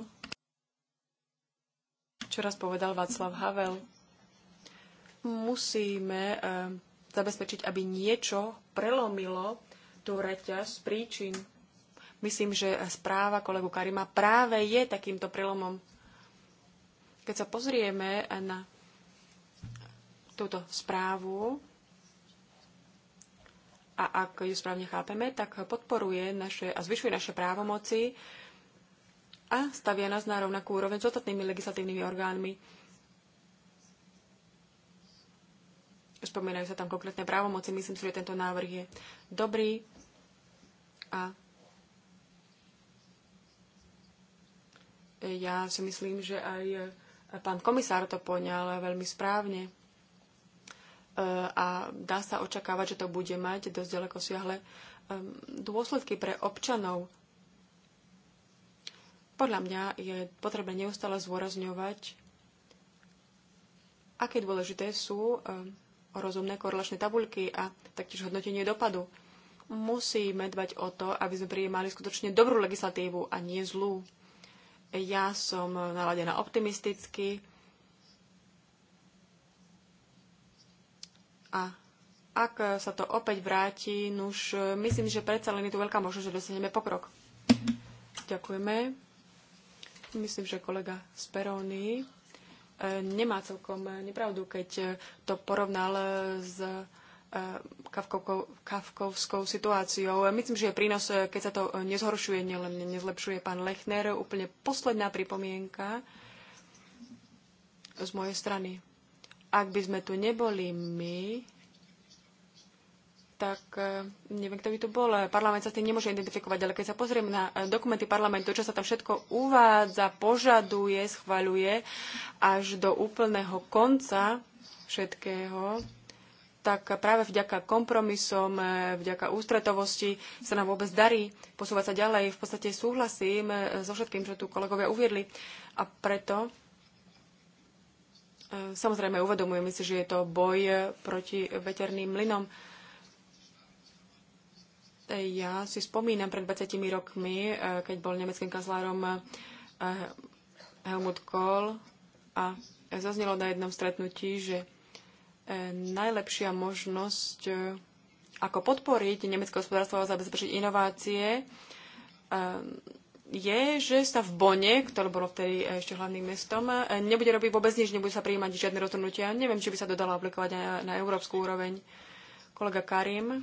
čo raz povedal Václav Havel. Musíme eh, zabezpečiť, aby niečo prelomilo tú reťaz príčin. Myslím, že správa kolegu Karima práve je takýmto prelomom. Keď sa pozrieme na túto správu, a ak ju správne chápeme, tak podporuje naše a zvyšuje naše právomoci a stavia nás na rovnakú úroveň s ostatnými legislatívnymi orgánmi. spomínajú sa tam konkrétne právomoci. Myslím si, že tento návrh je dobrý a ja si myslím, že aj pán komisár to poňal veľmi správne e, a dá sa očakávať, že to bude mať dosť ďaleko siahle dôsledky pre občanov. Podľa mňa je potrebné neustále zdôrazňovať, aké dôležité sú rozumné korelačné tabuľky a taktiež hodnotenie dopadu. Musíme dbať o to, aby sme prijímali skutočne dobrú legislatívu a nie zlú. Ja som naladená optimisticky a ak sa to opäť vráti, nuž myslím, že predsa len je tu veľká možnosť, že dosiahneme pokrok. Ďakujeme. Myslím, že kolega Speroni E, nemá celkom e, nepravdu, keď e, to porovnal s kavkovskou situáciou. Myslím, že je prínos, keď sa to nezhoršuje, nielen nezlepšuje pán Lechner. Úplne posledná pripomienka z mojej strany. Ak by sme tu neboli my, tak e, neviem, kto by tu bol. Parlament sa s tým nemôže identifikovať, ale keď sa pozriem na e, dokumenty parlamentu, čo sa tam všetko uvádza, požaduje, schvaľuje až do úplného konca všetkého, tak práve vďaka kompromisom, e, vďaka ústretovosti sa nám vôbec darí posúvať sa ďalej. V podstate súhlasím so všetkým, čo tu kolegovia uviedli. A preto samozrejme uvedomujeme si, že je to boj proti veterným mlynom. Ja si spomínam pred 20 rokmi, eh, keď bol nemeckým kancelárom eh, Helmut Kohl a zaznelo na jednom stretnutí, že eh, najlepšia možnosť, ako podporiť nemecké hospodárstvo a zabezpečiť inovácie, je, že sa v Bone, ktoré bolo vtedy ešte hlavným mestom, nebude robiť vôbec nič, nebude sa prijímať žiadne rozhodnutia. Neviem, či by sa dodalo aplikovať na, na európsku úroveň. Kolega Karim.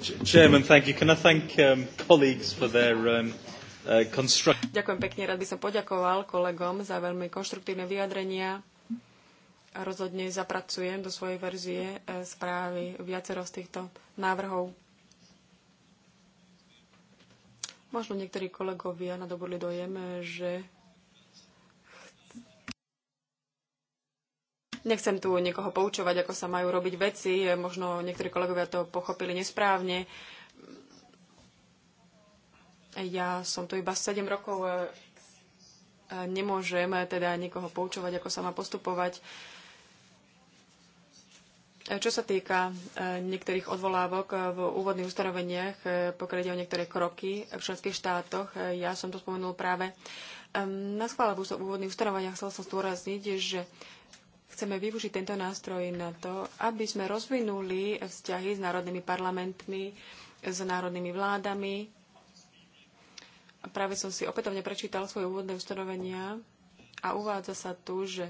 Chairman, thank you. Can I thank um, colleagues for their um, uh, Ďakujem pekne, rád by som poďakoval kolegom za veľmi konštruktívne vyjadrenia a rozhodne zapracujem do svojej verzie e, správy viacero z týchto návrhov. Možno niektorí kolegovia nadobudli dojem, že Nechcem tu niekoho poučovať, ako sa majú robiť veci. Možno niektorí kolegovia to pochopili nesprávne. Ja som tu iba 7 rokov. Nemôžem teda niekoho poučovať, ako sa má postupovať. Čo sa týka e, niektorých odvolávok e, v úvodných ustanoveniach, e, pokiaľ ide o niektoré kroky v členských štátoch, ja som to spomenul práve na schvále v úvodných ustanoveniach, chcel som zdôrazniť, že chceme využiť tento nástroj na to, aby sme rozvinuli vzťahy s národnými parlamentmi, s národnými vládami. A práve som si opätovne prečítal svoje úvodné ustanovenia a uvádza sa tu, že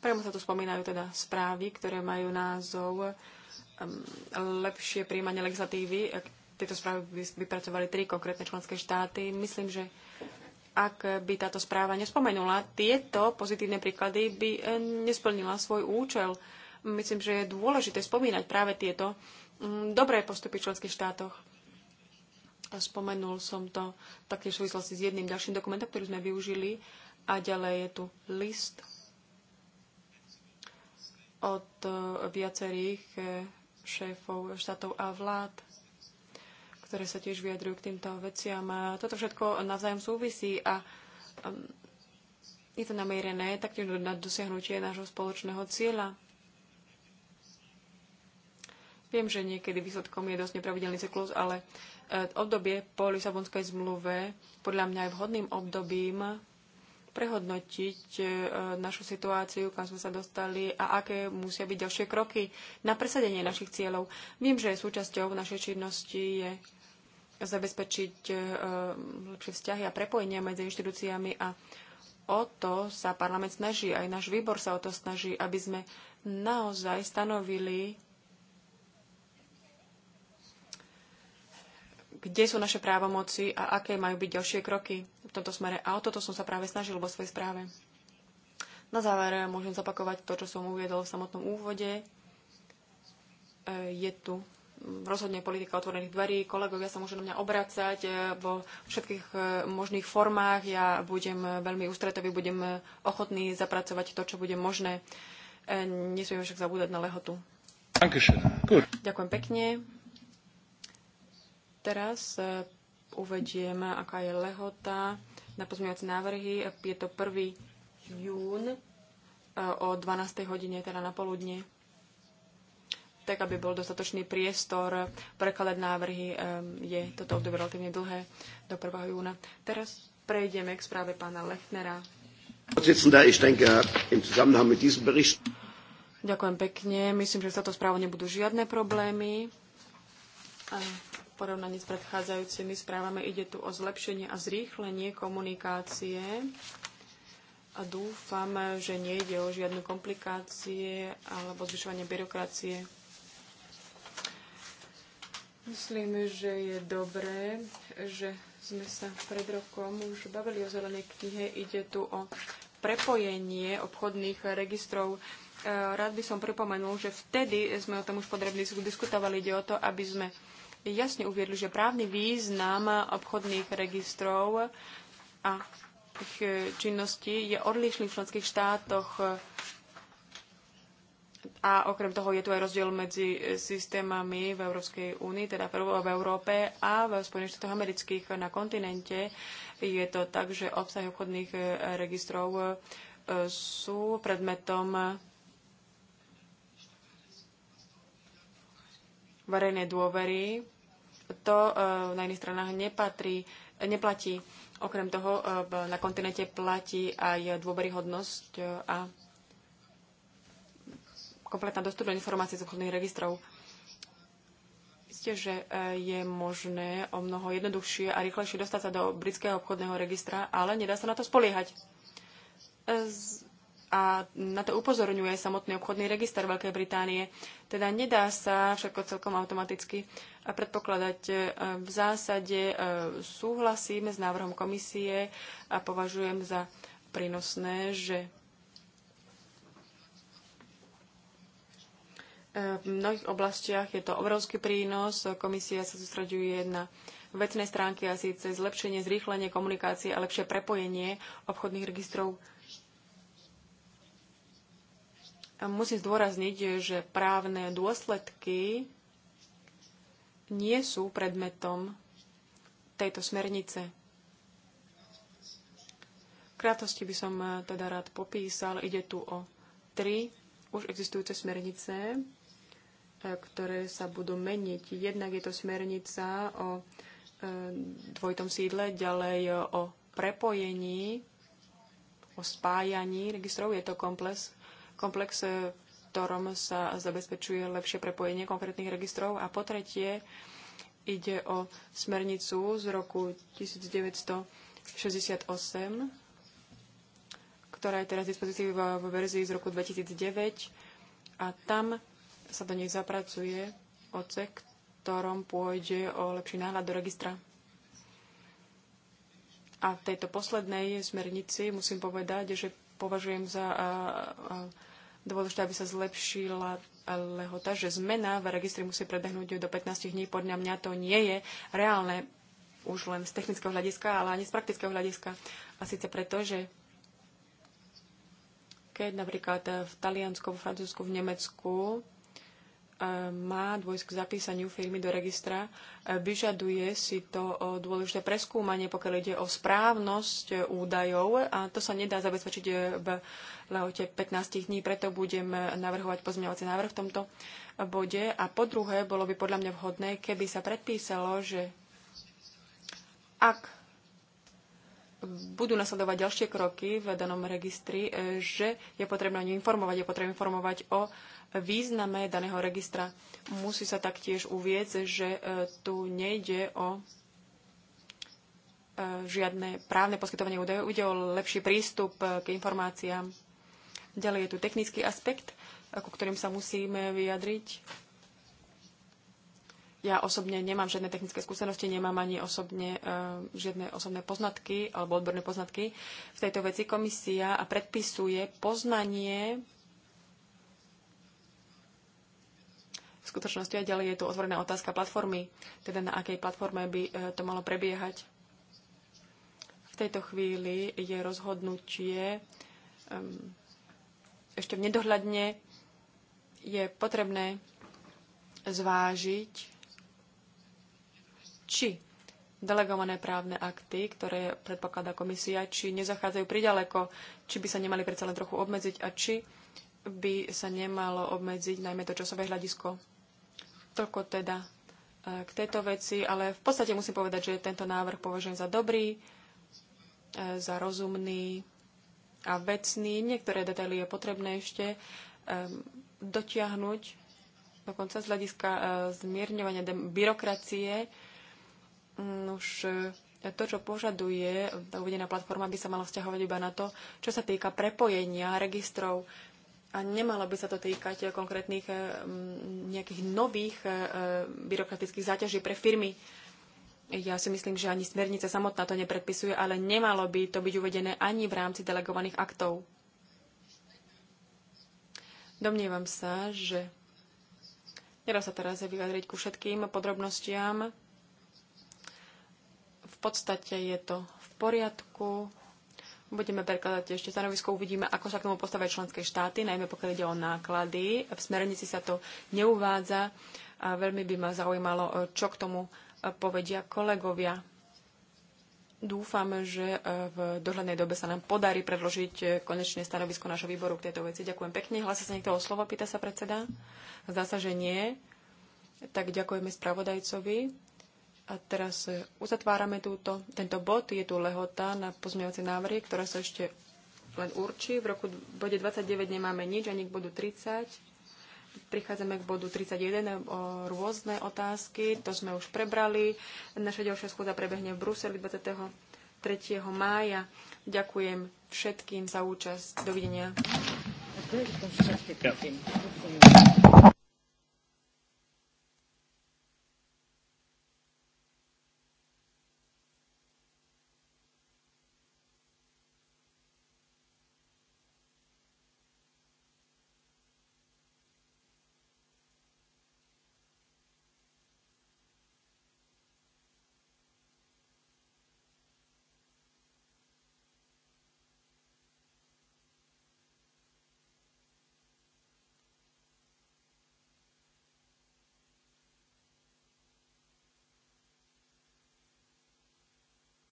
priamo sa tu spomínajú teda správy, ktoré majú názov um, lepšie príjmanie legislatívy. Tieto správy vypracovali tri konkrétne členské štáty. Myslím, že ak by táto správa nespomenula tieto pozitívne príklady, by e, nesplnila svoj účel. Myslím, že je dôležité spomínať práve tieto mm, dobré postupy v členských štátoch. A spomenul som to taktiež v súvislosti s jedným ďalším dokumentom, ktorý sme využili. A ďalej je tu list od e, viacerých e, šéfov štátov a vlád ktoré sa tiež vyjadrujú k týmto veciam. A toto všetko navzájom súvisí a um, je to namierené taktiež na dosiahnutie nášho spoločného cieľa. Viem, že niekedy výsledkom je dosť nepravidelný cyklus, ale e, obdobie po Lisabonskej zmluve podľa mňa je vhodným obdobím prehodnotiť e, našu situáciu, kam sme sa dostali a aké musia byť ďalšie kroky na presadenie našich cieľov. Viem, že súčasťou našej činnosti je zabezpečiť e, lepšie vzťahy a prepojenia medzi inštitúciami a o to sa parlament snaží, aj náš výbor sa o to snaží, aby sme naozaj stanovili, kde sú naše právomoci a aké majú byť ďalšie kroky v tomto smere. A o toto som sa práve snažil vo svojej správe. Na záver môžem zapakovať to, čo som uviedol v samotnom úvode. E, je tu rozhodne politika otvorených dverí. Kolegovia sa môžu na mňa obracať e, vo všetkých e, možných formách. Ja budem veľmi ústretový, budem e, ochotný zapracovať to, čo bude možné. Nesmieme však zabúdať na lehotu. Ďakujem pekne. Teraz uvediem, aká je lehota na pozmeňovacie návrhy. Je to 1. jún o 12. hodine, teda na poludne tak aby bol dostatočný priestor prekladať návrhy. Je toto obdobie relatívne dlhé do 1. júna. Teraz prejdeme k správe pána Lechnera. Er Ďakujem pekne. Myslím, že s touto správou nebudú žiadne problémy. V porovnaní s predchádzajúcimi správami ide tu o zlepšenie a zrýchlenie komunikácie a dúfam, že nejde o žiadne komplikácie alebo zvyšovanie byrokracie. Myslím, že je dobré, že sme sa pred rokom už bavili o zelenej knihe. Ide tu o prepojenie obchodných registrov. E, rád by som pripomenul, že vtedy sme o tom už podrobne diskutovali. Ide o to, aby sme jasne uviedli, že právny význam obchodných registrov a ich e, činnosti je odlišný v členských štátoch. A okrem toho je tu aj rozdiel medzi e, systémami v Európskej únii, teda v Európe a v Spojených štátoch amerických na kontinente. Je to tak, že obsah obchodných e, registrov e, sú predmetom verejnej dôvery. To na iných stranách nepatrí, neplatí. Okrem toho na kontinente platí aj dôveryhodnosť a kompletná dostupná informácií z obchodných registrov. Isté, že e, je možné o mnoho jednoduchšie a rýchlejšie dostať sa do britského obchodného registra, ale nedá sa na to spoliehať. E, a na to upozorňuje samotný obchodný register Veľkej Británie. Teda nedá sa všetko celkom automaticky predpokladať. E, v zásade súhlasím s návrhom komisie a považujem za prínosné, že E, v mnohých oblastiach je to obrovský prínos. Komisia sa sústraďuje na vecné stránky a síce zlepšenie, zrýchlenie komunikácie a lepšie prepojenie obchodných registrov. musím zdôrazniť, že právne dôsledky nie sú predmetom tejto smernice. V krátosti by som e, teda rád popísal, ide tu o tri už existujúce smernice, ktoré sa budú meniť. Jednak je to smernica o e, dvojitom sídle, ďalej o prepojení, o spájaní registrov. Je to komplex, komplex e, v ktorom sa zabezpečuje lepšie prepojenie konkrétnych registrov. A po tretie ide o smernicu z roku 1968, ktorá je teraz v dispozícii vo verzii z roku 2009. A tam sa do nich zapracuje odsek, ktorom pôjde o lepší náhľad do registra. A v tejto poslednej smernici musím povedať, že považujem za dôležité, aby sa zlepšila lehota, že zmena v registri musí predehnúť do 15 dní. Podľa mňa to nie je reálne už len z technického hľadiska, ale ani z praktického hľadiska. A síce preto, že keď napríklad v Taliansku, v Francúzsku, v Nemecku má dôjsť k zapísaniu firmy do registra, e, vyžaduje si to e, dôležité preskúmanie, pokiaľ ide o správnosť e, údajov a to sa nedá zabezpečiť v lehote 15 dní, preto budem navrhovať pozmeňovací návrh v tomto bode. A po druhé, bolo by podľa mňa vhodné, keby sa predpísalo, že ak budú nasledovať ďalšie kroky v danom registri, že je potrebné o informovať, je potrebné informovať o význame daného registra. Musí sa taktiež uvieť, že e, tu nejde o e, žiadne právne poskytovanie údajov, ide o lepší prístup e, k informáciám. Ďalej je tu technický aspekt, ku ktorým sa musíme vyjadriť. Ja osobne nemám žiadne technické skúsenosti, nemám ani osobne, žiadne osobné poznatky alebo odborné poznatky v tejto veci. Komisia predpisuje poznanie V skutočnosti aj ďalej je tu otvorená otázka platformy, teda na akej platforme by e, to malo prebiehať. V tejto chvíli je rozhodnutie ešte v nedohľadne. Je potrebné zvážiť, či delegované právne akty, ktoré predpokladá komisia, či nezachádzajú priďaleko, či by sa nemali predsa len trochu obmedziť a či by sa nemalo obmedziť najmä to časové hľadisko. Toľko teda e, k tejto veci, ale v podstate musím povedať, že tento návrh považujem za dobrý, e, za rozumný a vecný. Niektoré detaily je potrebné ešte e, dotiahnuť, dokonca z hľadiska zmierňovania byrokracie. Mm, už to, čo požaduje uvedená platforma, by sa mala vzťahovať iba na to, čo sa týka prepojenia registrov a nemalo by sa to týkať eh, konkrétnych eh, nejakých nových eh, byrokratických záťaží pre firmy. Ja si myslím, že ani smernica samotná to nepredpisuje, ale nemalo by to byť uvedené ani v rámci delegovaných aktov. Domnievam sa, že nedá sa teraz vyjadriť ku všetkým podrobnostiam. V podstate je to v poriadku. Budeme prekladať ešte stanovisko, uvidíme, ako sa k tomu postavia členské štáty, najmä pokiaľ ide o náklady. V smernici sa to neuvádza a veľmi by ma zaujímalo, čo k tomu e, povedia kolegovia. Dúfam, že e, v dohľadnej dobe sa nám podarí predložiť e, konečné stanovisko našho výboru k tejto veci. Ďakujem pekne. Hlási sa niekto o slovo, pýta sa predseda. Zdá sa, že nie. Tak ďakujeme spravodajcovi. A teraz e, uzatvárame túto, tento bod. Je tu lehota na pozmeňovacie návrhy, ktorá sa ešte len určí. V roku bode 29 nemáme nič, ani k bodu 30. Prichádzame k bodu 31 e, o rôzne otázky. To sme už prebrali. Naša ďalšia schôdza prebehne v Bruseli 23. mája. Ďakujem všetkým za účasť. Dovidenia. Ja.